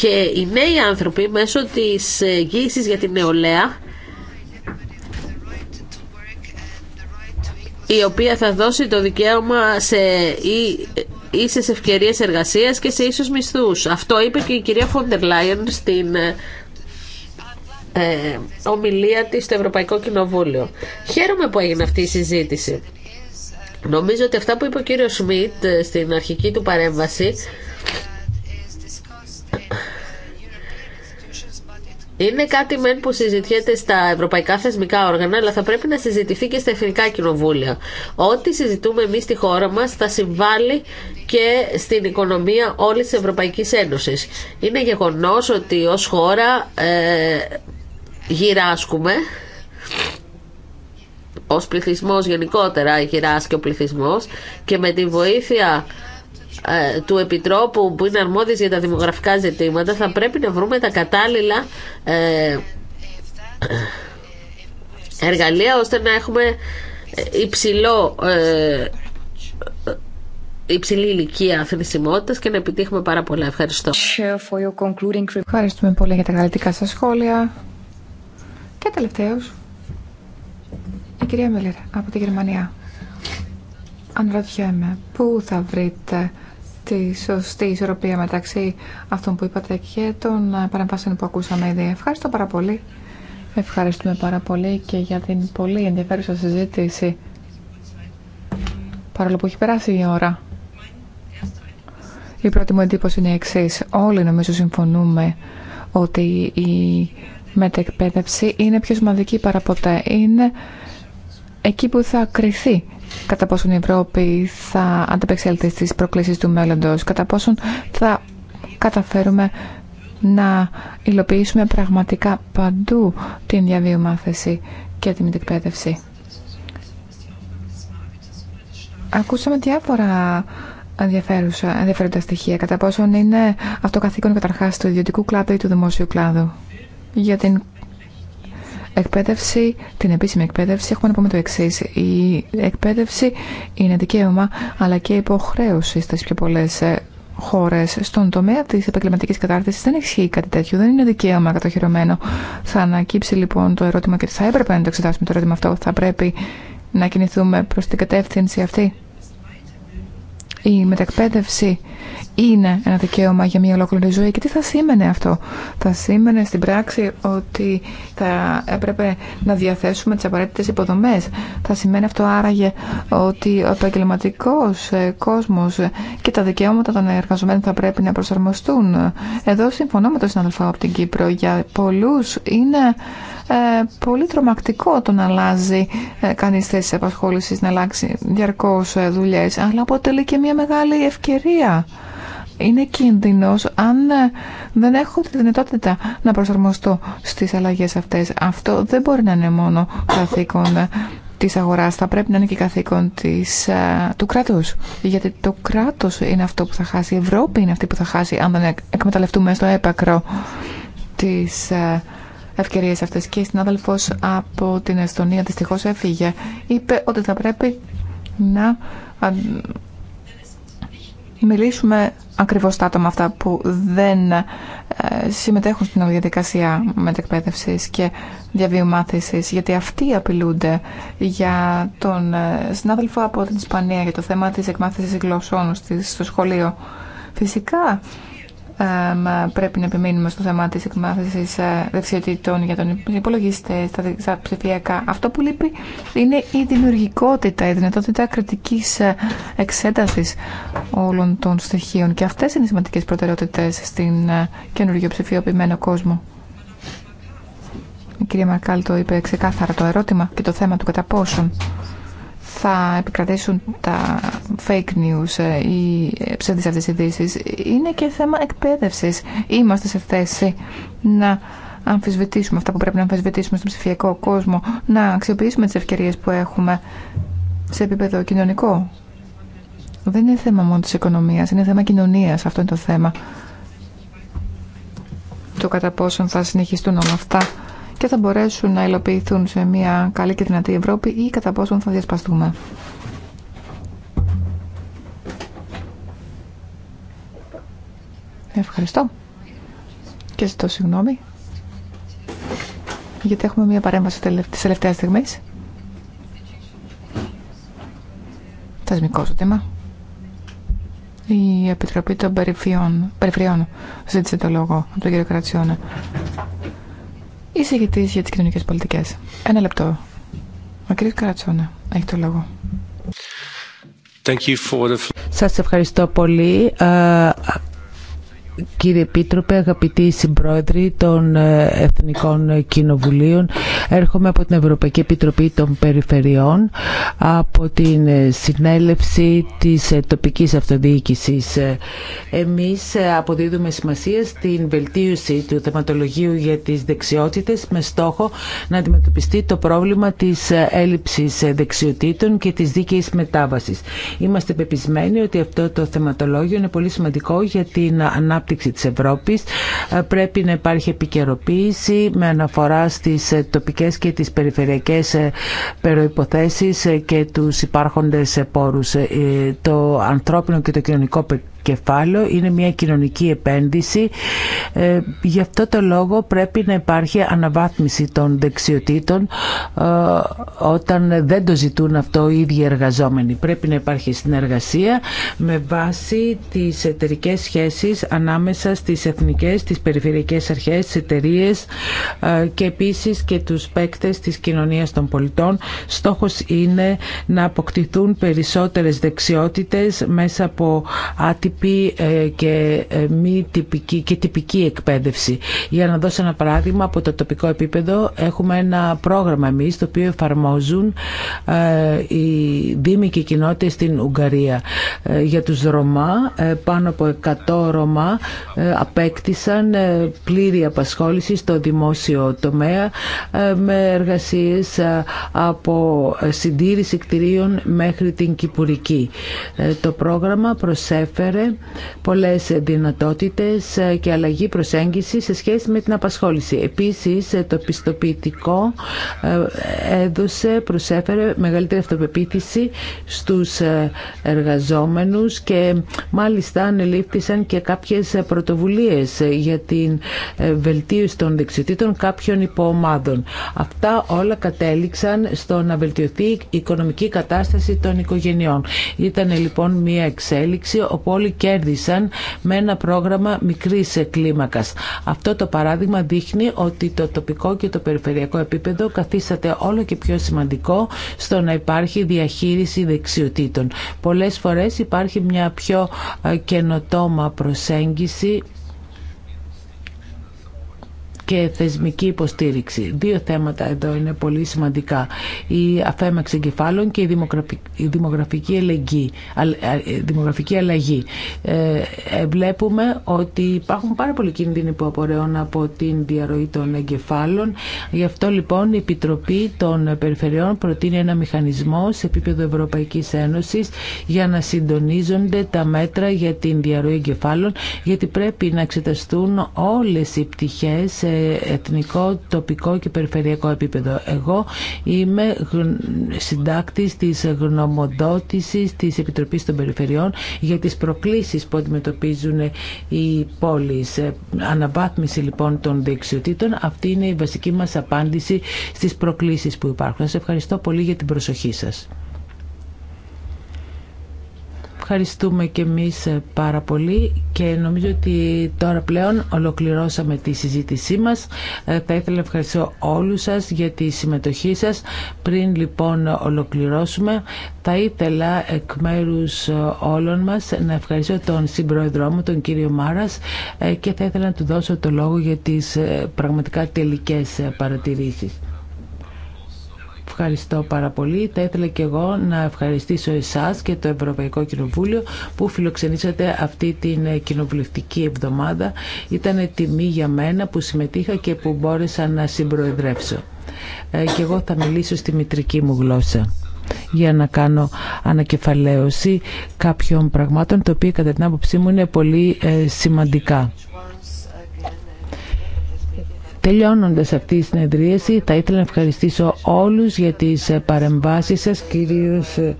Και οι νέοι άνθρωποι μέσω της εγγύησης για την νεολαία η οποία θα δώσει το δικαίωμα σε ίσες ευκαιρίες εργασίας και σε ίσους μισθούς. Αυτό είπε και η κυρία Φόντερ Λάιον στην ε, ομιλία της στο Ευρωπαϊκό Κοινοβούλιο. Χαίρομαι που έγινε αυτή η συζήτηση. Νομίζω ότι αυτά που είπε ο κύριος Σμιτ ε, στην αρχική του παρέμβαση Είναι κάτι μεν που συζητιέται στα ευρωπαϊκά θεσμικά όργανα, αλλά θα πρέπει να συζητηθεί και στα εθνικά κοινοβούλια. Ό,τι συζητούμε εμεί στη χώρα μα θα συμβάλλει και στην οικονομία όλη τη Ευρωπαϊκή Ένωση. Είναι γεγονό ότι ω χώρα ε, γυράσκουμε ως πληθυσμός γενικότερα γυράσκει ο πληθυσμό και με τη βοήθεια ε, του Επιτρόπου που είναι αρμόδιος για τα δημογραφικά ζητήματα θα πρέπει να βρούμε τα κατάλληλα ε, εργαλεία ώστε να έχουμε υψηλό ε, υψηλή ηλικία θνησιμότητας και να επιτύχουμε πάρα πολλά. Ευχαριστώ. Ευχαριστούμε πολύ για τα καλύτερα σας σχόλια. Και τελευταίος, η κυρία Μελίρα από τη Γερμανία. Αν ρωτιέμαι, πού θα βρείτε τη σωστή ισορροπία μεταξύ αυτών που είπατε και των παρεμβάσεων που ακούσαμε ήδη. Ευχαριστώ πάρα πολύ. Ευχαριστούμε πάρα πολύ και για την πολύ ενδιαφέρουσα συζήτηση. Παρόλο που έχει περάσει η ώρα. Η πρώτη μου εντύπωση είναι η εξή. Όλοι νομίζω συμφωνούμε ότι η μετεκπαίδευση είναι πιο σημαντική παραποτέ. Είναι εκεί που θα κρυθεί, κατά πόσον η Ευρώπη θα ανταπεξέλθει στις προκλήσεις του μέλλοντος, κατά πόσον θα καταφέρουμε να υλοποιήσουμε πραγματικά παντού την διαβίωμαθεση και την εκπαίδευση. Ακούσαμε διάφορα ενδιαφέροντα στοιχεία. Κατά πόσον είναι αυτό καθήκον καταρχάς του ιδιωτικού κλάδου ή του δημόσιου κλάδου για την εκπαίδευση, την επίσημη εκπαίδευση, έχουμε να πούμε το εξή. Η εκπαίδευση είναι δικαίωμα αλλά και υποχρέωση στι πιο πολλέ ε, χώρε. Στον τομέα τη επαγγελματική κατάρτιση δεν ισχύει κάτι τέτοιο, δεν είναι δικαίωμα κατοχυρωμένο. Θα ανακύψει λοιπόν το ερώτημα και θα έπρεπε να το εξετάσουμε το ερώτημα αυτό. Θα πρέπει να κινηθούμε προ την κατεύθυνση αυτή η μετακπαίδευση είναι ένα δικαίωμα για μια ολόκληρη ζωή και τι θα σήμαινε αυτό. Θα σήμαινε στην πράξη ότι θα έπρεπε να διαθέσουμε τις απαραίτητες υποδομές. Θα σημαίνει αυτό άραγε ότι ο επαγγελματικό ε, κόσμος και τα δικαιώματα των εργαζομένων θα πρέπει να προσαρμοστούν. Εδώ συμφωνώ με τον συναδελφό από την Κύπρο. Για πολλούς είναι ε, πολύ τρομακτικό το να αλλάζει ε, κανεί θέση απασχόληση, να αλλάξει διαρκώ ε, δουλειέ, αλλά αποτελεί και μια μεγάλη ευκαιρία. Είναι κίνδυνο. αν ε, δεν έχω τη δυνατότητα να προσαρμοστώ στις αλλαγέ αυτές. Αυτό δεν μπορεί να είναι μόνο καθήκον ε, της αγορά. θα πρέπει να είναι και καθήκον της, του κράτου. Γιατί το κράτος είναι αυτό που θα χάσει, η Ευρώπη είναι αυτή που θα χάσει αν δεν εκμεταλλευτούμε στο έπακρο τις ευκαιρίες αυτές και η συνάδελφος από την Εστονία δυστυχώς έφυγε. Είπε ότι θα πρέπει να μιλήσουμε ακριβώς τα άτομα αυτά που δεν ε, συμμετέχουν στην διαδικασία μετεκπαίδευση και διαβίου γιατί αυτοί απειλούνται για τον ε, συνάδελφο από την Ισπανία για το θέμα της εκμάθησης γλωσσών στο σχολείο. Φυσικά πρέπει να επιμείνουμε στο θέμα της εκμάθησης ε, δεξιοτήτων για τον υπολογιστή στα ψηφιακά. Αυτό που λείπει είναι η δημιουργικότητα, η δυνατότητα κριτικής ε, εξέτασης όλων των στοιχείων και αυτές είναι οι σημαντικές προτεραιότητες στην ε, καινούργιο ψηφιοποιημένο κόσμο. Η κυρία Μαρκάλ το είπε ξεκάθαρα το ερώτημα και το θέμα του κατά πόσον θα επικρατήσουν τα fake news, ή ε, ψεύδεις αυτές ειδήσει. είναι και θέμα εκπαίδευσης. Είμαστε σε θέση να αμφισβητήσουμε αυτά που πρέπει να αμφισβητήσουμε στον ψηφιακό κόσμο, να αξιοποιήσουμε τις ευκαιρίες που έχουμε σε επίπεδο κοινωνικό. Δεν είναι θέμα μόνο της οικονομίας, είναι θέμα κοινωνίας. Αυτό είναι το θέμα. Το κατά πόσον θα συνεχιστούν όλα αυτά και θα μπορέσουν να υλοποιηθούν σε μια καλή και δυνατή Ευρώπη ή κατά πόσον θα διασπαστούμε. Ευχαριστώ. Και ζητώ συγγνώμη. Γιατί έχουμε μια παρέμβαση της τελευταίας στιγμής. Θεσμικό ζήτημα. Η κατα ποσον θα διασπαστουμε ευχαριστω και ζητω συγγνωμη γιατι εχουμε μια παρεμβαση τη τελευταια στιγμη θεσμικο ζητημα η επιτροπη των Περιφερειών ζήτησε το λόγο από τον κύριο Κρατσιόνα εισηγητή για τι κοινωνικέ πολιτικέ. Ένα λεπτό. Ο κ. Καρατσόνα έχει το λόγο. Thank the... Σας ευχαριστώ πολύ. Κύριε Επίτροπε, αγαπητοί συμπρόεδροι των ε, Εθνικών Κοινοβουλίων, Έρχομαι από την Ευρωπαϊκή Επιτροπή των Περιφερειών, από την ε, συνέλευση της ε, τοπικής αυτοδιοίκησης. Ε, εμείς αποδίδουμε σημασία στην βελτίωση του θεματολογίου για τις δεξιότητες με στόχο να αντιμετωπιστεί το πρόβλημα της έλλειψης δεξιοτήτων και της δίκαιης μετάβασης. Είμαστε πεπισμένοι ότι αυτό το θεματολόγιο είναι πολύ σημαντικό για την ανάπτυξη της Ευρώπης. Πρέπει να υπάρχει επικαιροποίηση με αναφορά στις τοπικές και τις περιφερειακές ε, προϋποθέσεις ε, και τους υπάρχοντες ε, πόρους. Το ανθρώπινο και το κοινωνικό κεφάλαιο, είναι μια κοινωνική επένδυση. Ε, γι' αυτό το λόγο πρέπει να υπάρχει αναβάθμιση των δεξιοτήτων ε, όταν δεν το ζητούν αυτό οι ίδιοι εργαζόμενοι. Πρέπει να υπάρχει συνεργασία με βάση τις εταιρικέ σχέσεις ανάμεσα στις εθνικές, τις περιφερειακές αρχές, τις εταιρείε ε, και επίσης και τους παίκτες της κοινωνίας των πολιτών. Στόχος είναι να αποκτηθούν περισσότερες δεξιότητες μέσα από άτυπα ε, και, ε, μη τυπική, και τυπική εκπαίδευση. Για να δώσω ένα παράδειγμα, από το τοπικό επίπεδο έχουμε ένα πρόγραμμα εμεί το οποίο εφαρμόζουν ε, οι δήμοι και οι κοινότητες στην Ουγγαρία. Για τους Ρωμά, πάνω από 100 Ρωμά απέκτησαν πλήρη απασχόληση στο δημόσιο τομέα με εργασίες από συντήρηση κτηρίων μέχρι την Κυπουρική. Το πρόγραμμα προσέφερε πολλές δυνατότητες ε, και αλλαγή προσέγγιση σε σχέση με την απασχόληση. Επίσης, ε, το πιστοποιητικό ε, έδωσε, προσέφερε μεγαλύτερη αυτοπεποίθηση στους εργαζόμενους και μάλιστα ανελήφθησαν και κάποιες πρωτοβουλίες για την βελτίωση των δεξιοτήτων κάποιων υποομάδων. Αυτά όλα κατέληξαν στο να βελτιωθεί η οικονομική κατάσταση των οικογενειών. Ήταν λοιπόν μια εξέλιξη όπου όλοι κέρδισαν με ένα πρόγραμμα μικρής κλίμακας. Αυτό το παράδειγμα δείχνει ότι το τοπικό και το περιφερειακό επίπεδο καθίσταται όλο και πιο σημαντικό στο να υπάρχει διαχείριση δεξιοτήτων. Πολλές φορές υπάρχει μια πιο ε, καινοτόμα προσέγγιση και θεσμική υποστήριξη. Δύο θέματα εδώ είναι πολύ σημαντικά. Η αφέμαξη εγκεφάλων και η ε, δημογραφική, αλλαγή. δημογραφική ε, αλλαγή. Ε, βλέπουμε ότι υπάρχουν πάρα πολλοί κίνδυνοι που απορρέουν από την διαρροή των εγκεφάλων. Γι' αυτό λοιπόν η Επιτροπή των Περιφερειών προτείνει ένα μηχανισμό σε επίπεδο Ευρωπαϊκής Ένωσης για να συντονίζονται τα μέτρα για την διαρροή εγκεφάλων γιατί πρέπει να εξεταστούν όλες οι πτυχές εθνικό, τοπικό και περιφερειακό επίπεδο. Εγώ είμαι συντάκτης της γνωμοδότησης της Επιτροπής των Περιφερειών για τις προκλήσεις που αντιμετωπίζουν οι πόλεις. Ε, αναβάθμιση λοιπόν των δεξιοτήτων. Αυτή είναι η βασική μας απάντηση στις προκλήσεις που υπάρχουν. Σας ευχαριστώ πολύ για την προσοχή σας. Ευχαριστούμε και εμείς ε, πάρα πολύ και νομίζω ότι τώρα πλέον ολοκληρώσαμε τη συζήτησή μας. Ε, θα ήθελα να ευχαριστώ όλους σας για τη συμμετοχή σας. Πριν λοιπόν ολοκληρώσουμε θα ήθελα εκ μέρους ε, όλων μας να ευχαριστώ τον συμπρόεδρό μου, τον κύριο Μάρας και θα ήθελα να του δώσω το λόγο για τις πραγματικά τελικές παρατηρήσεις. Ευχαριστώ πάρα πολύ. Θα ήθελα και εγώ να ευχαριστήσω εσάς και το Ευρωπαϊκό Κοινοβούλιο που φιλοξενήσατε αυτή την κοινοβουλευτική εβδομάδα. Ήταν τιμή για μένα που συμμετείχα και που μπόρεσα να συμπροεδρεύσω. Ε, και εγώ θα μιλήσω στη μητρική μου γλώσσα για να κάνω ανακεφαλαίωση κάποιων πραγμάτων, τα οποία κατά την άποψή μου είναι πολύ ε, σημαντικά. Τελειώνοντας αυτή η συνεδρίαση θα ήθελα να ευχαριστήσω όλους για τις ε, παρεμβάσεις σας, κυρίως ε,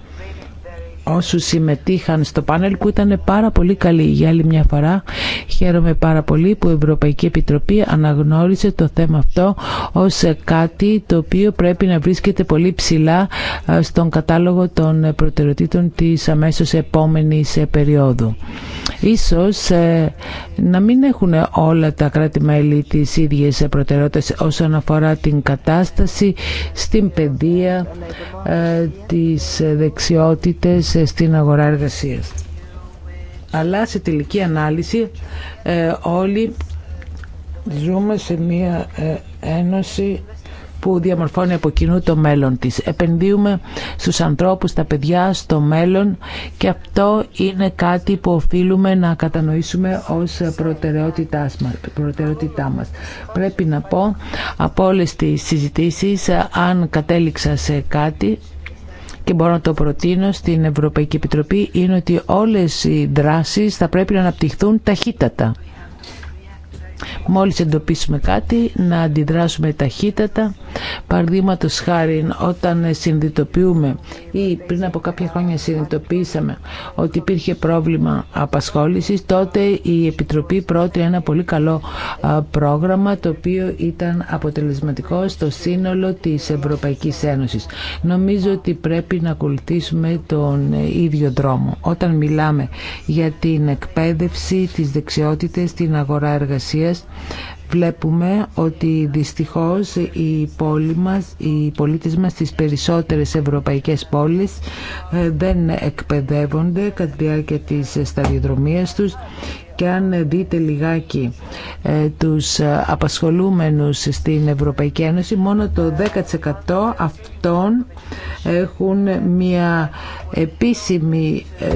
όσους συμμετείχαν στο πάνελ που ήταν πάρα πολύ καλή για άλλη μια φορά. Χαίρομαι πάρα πολύ που η Ευρωπαϊκή Επιτροπή αναγνώρισε το θέμα αυτό ως ε, κάτι το οποίο πρέπει να βρίσκεται πολύ ψηλά στον κατάλογο των προτεραιοτήτων της αμέσως επόμενης περίοδου. Ίσως να μην έχουν όλα τα κράτη-μέλη τις ίδιες προτεραιότητες όσον αφορά την κατάσταση στην παιδεία, ε, τις δεξιότητες ε, στην αγορά εργασίας. Αλλά σε τελική ανάλυση ε, όλοι ζούμε σε μία ένωση που διαμορφώνει από κοινού το μέλλον της. Επενδύουμε στους ανθρώπους, τα παιδιά, στο μέλλον και αυτό είναι κάτι που οφείλουμε να κατανοήσουμε ως προτεραιότητά μας. Πρέπει να πω από όλες τις συζητήσεις αν κατέληξα σε κάτι και μπορώ να το προτείνω στην Ευρωπαϊκή Επιτροπή είναι ότι όλες οι δράσεις θα πρέπει να αναπτυχθούν ταχύτατα. Μόλις εντοπίσουμε κάτι, να αντιδράσουμε ταχύτατα. Παραδείγματο χάρη, όταν συνειδητοποιούμε ή πριν από κάποια χρόνια συνειδητοποίησαμε ότι υπήρχε πρόβλημα απασχόλησης, τότε η Επιτροπή πρότεινε ένα πολύ καλό πρόγραμμα, το οποίο ήταν αποτελεσματικό στο σύνολο της Ευρωπαϊκής Ένωσης. Νομίζω ότι πρέπει να ακολουθήσουμε τον ε, ίδιο δρόμο. Όταν μιλάμε για την εκπαίδευση, τις δεξιότητες, την αγορά εργασία βλέπουμε ότι δυστυχώς οι, πόλη μας, οι πολίτες μας στις περισσότερες ευρωπαϊκές πόλεις ε, δεν εκπαιδεύονται κατά τη διάρκεια της σταδιοδρομίας τους και αν δείτε λιγάκι ε, τους ε, απασχολούμενους στην Ευρωπαϊκή Ένωση, μόνο το 10% αυτών έχουν μια επίσημη, ε,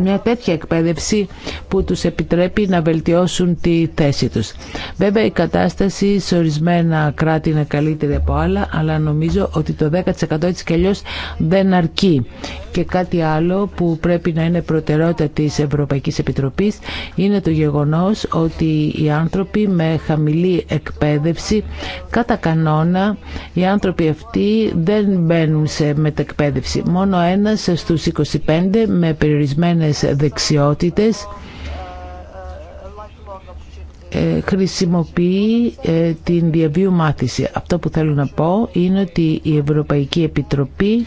μια τέτοια εκπαίδευση που τους επιτρέπει να βελτιώσουν τη θέση τους. Βέβαια η κατάσταση σε ορισμένα κράτη είναι καλύτερη από άλλα, αλλά νομίζω ότι το 10% έτσι κι δεν αρκεί και κάτι άλλο που πρέπει να είναι προτεραιότητα της Ευρωπαϊκής Επιτροπής είναι το γεγονός ότι οι άνθρωποι με χαμηλή εκπαίδευση κατά κανόνα οι άνθρωποι αυτοί δεν μπαίνουν σε μετεκπαίδευση. Μόνο ένας στους 25 με περιορισμένες δεξιότητες ε, χρησιμοποιεί ε, την διαβίου μάθηση. Αυτό που θέλω να πω είναι ότι η Ευρωπαϊκή Επιτροπή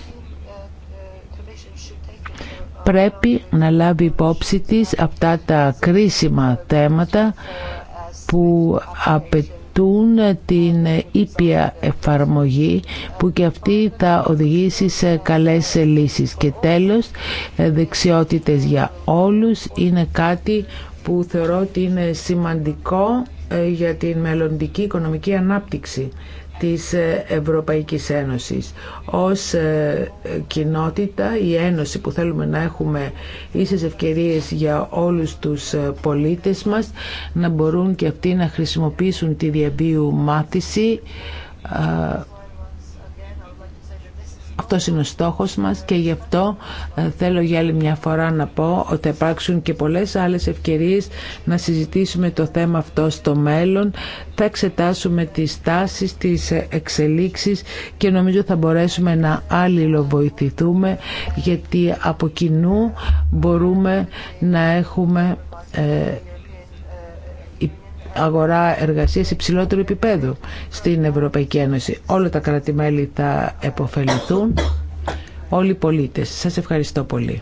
πρέπει να λάβει υπόψη της αυτά τα κρίσιμα θέματα που απαιτούν την ήπια εφαρμογή που και αυτή θα οδηγήσει σε καλές λύσεις. Και τέλος, δεξιότητες για όλους είναι κάτι που θεωρώ ότι είναι σημαντικό ε, για την μελλοντική οικονομική ανάπτυξη της ε, Ευρωπαϊκής Ένωσης. Ως ε, κοινότητα η Ένωση που θέλουμε να έχουμε ίσες ευκαιρίες για όλους τους ε, πολίτες μας να μπορούν και αυτοί να χρησιμοποιήσουν τη διαβίου μάθηση αυτός είναι ο στόχος μας και γι' αυτό ε, θέλω για άλλη μια φορά να πω ότι θα υπάρξουν και πολλές άλλες ευκαιρίες να συζητήσουμε το θέμα αυτό στο μέλλον. Θα εξετάσουμε τις τάσεις, τις εξελίξεις και νομίζω θα μπορέσουμε να αλληλοβοηθηθούμε γιατί από κοινού μπορούμε να έχουμε ε, αγορά εργασίας υψηλότερου επίπεδου στην Ευρωπαϊκή Ένωση. Όλα τα κράτη-μέλη θα επωφεληθούν, όλοι οι πολίτες. Σας ευχαριστώ πολύ.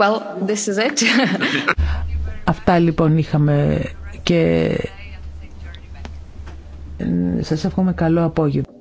Well, this is it. Αυτά λοιπόν είχαμε και σας εύχομαι καλό απόγευμα.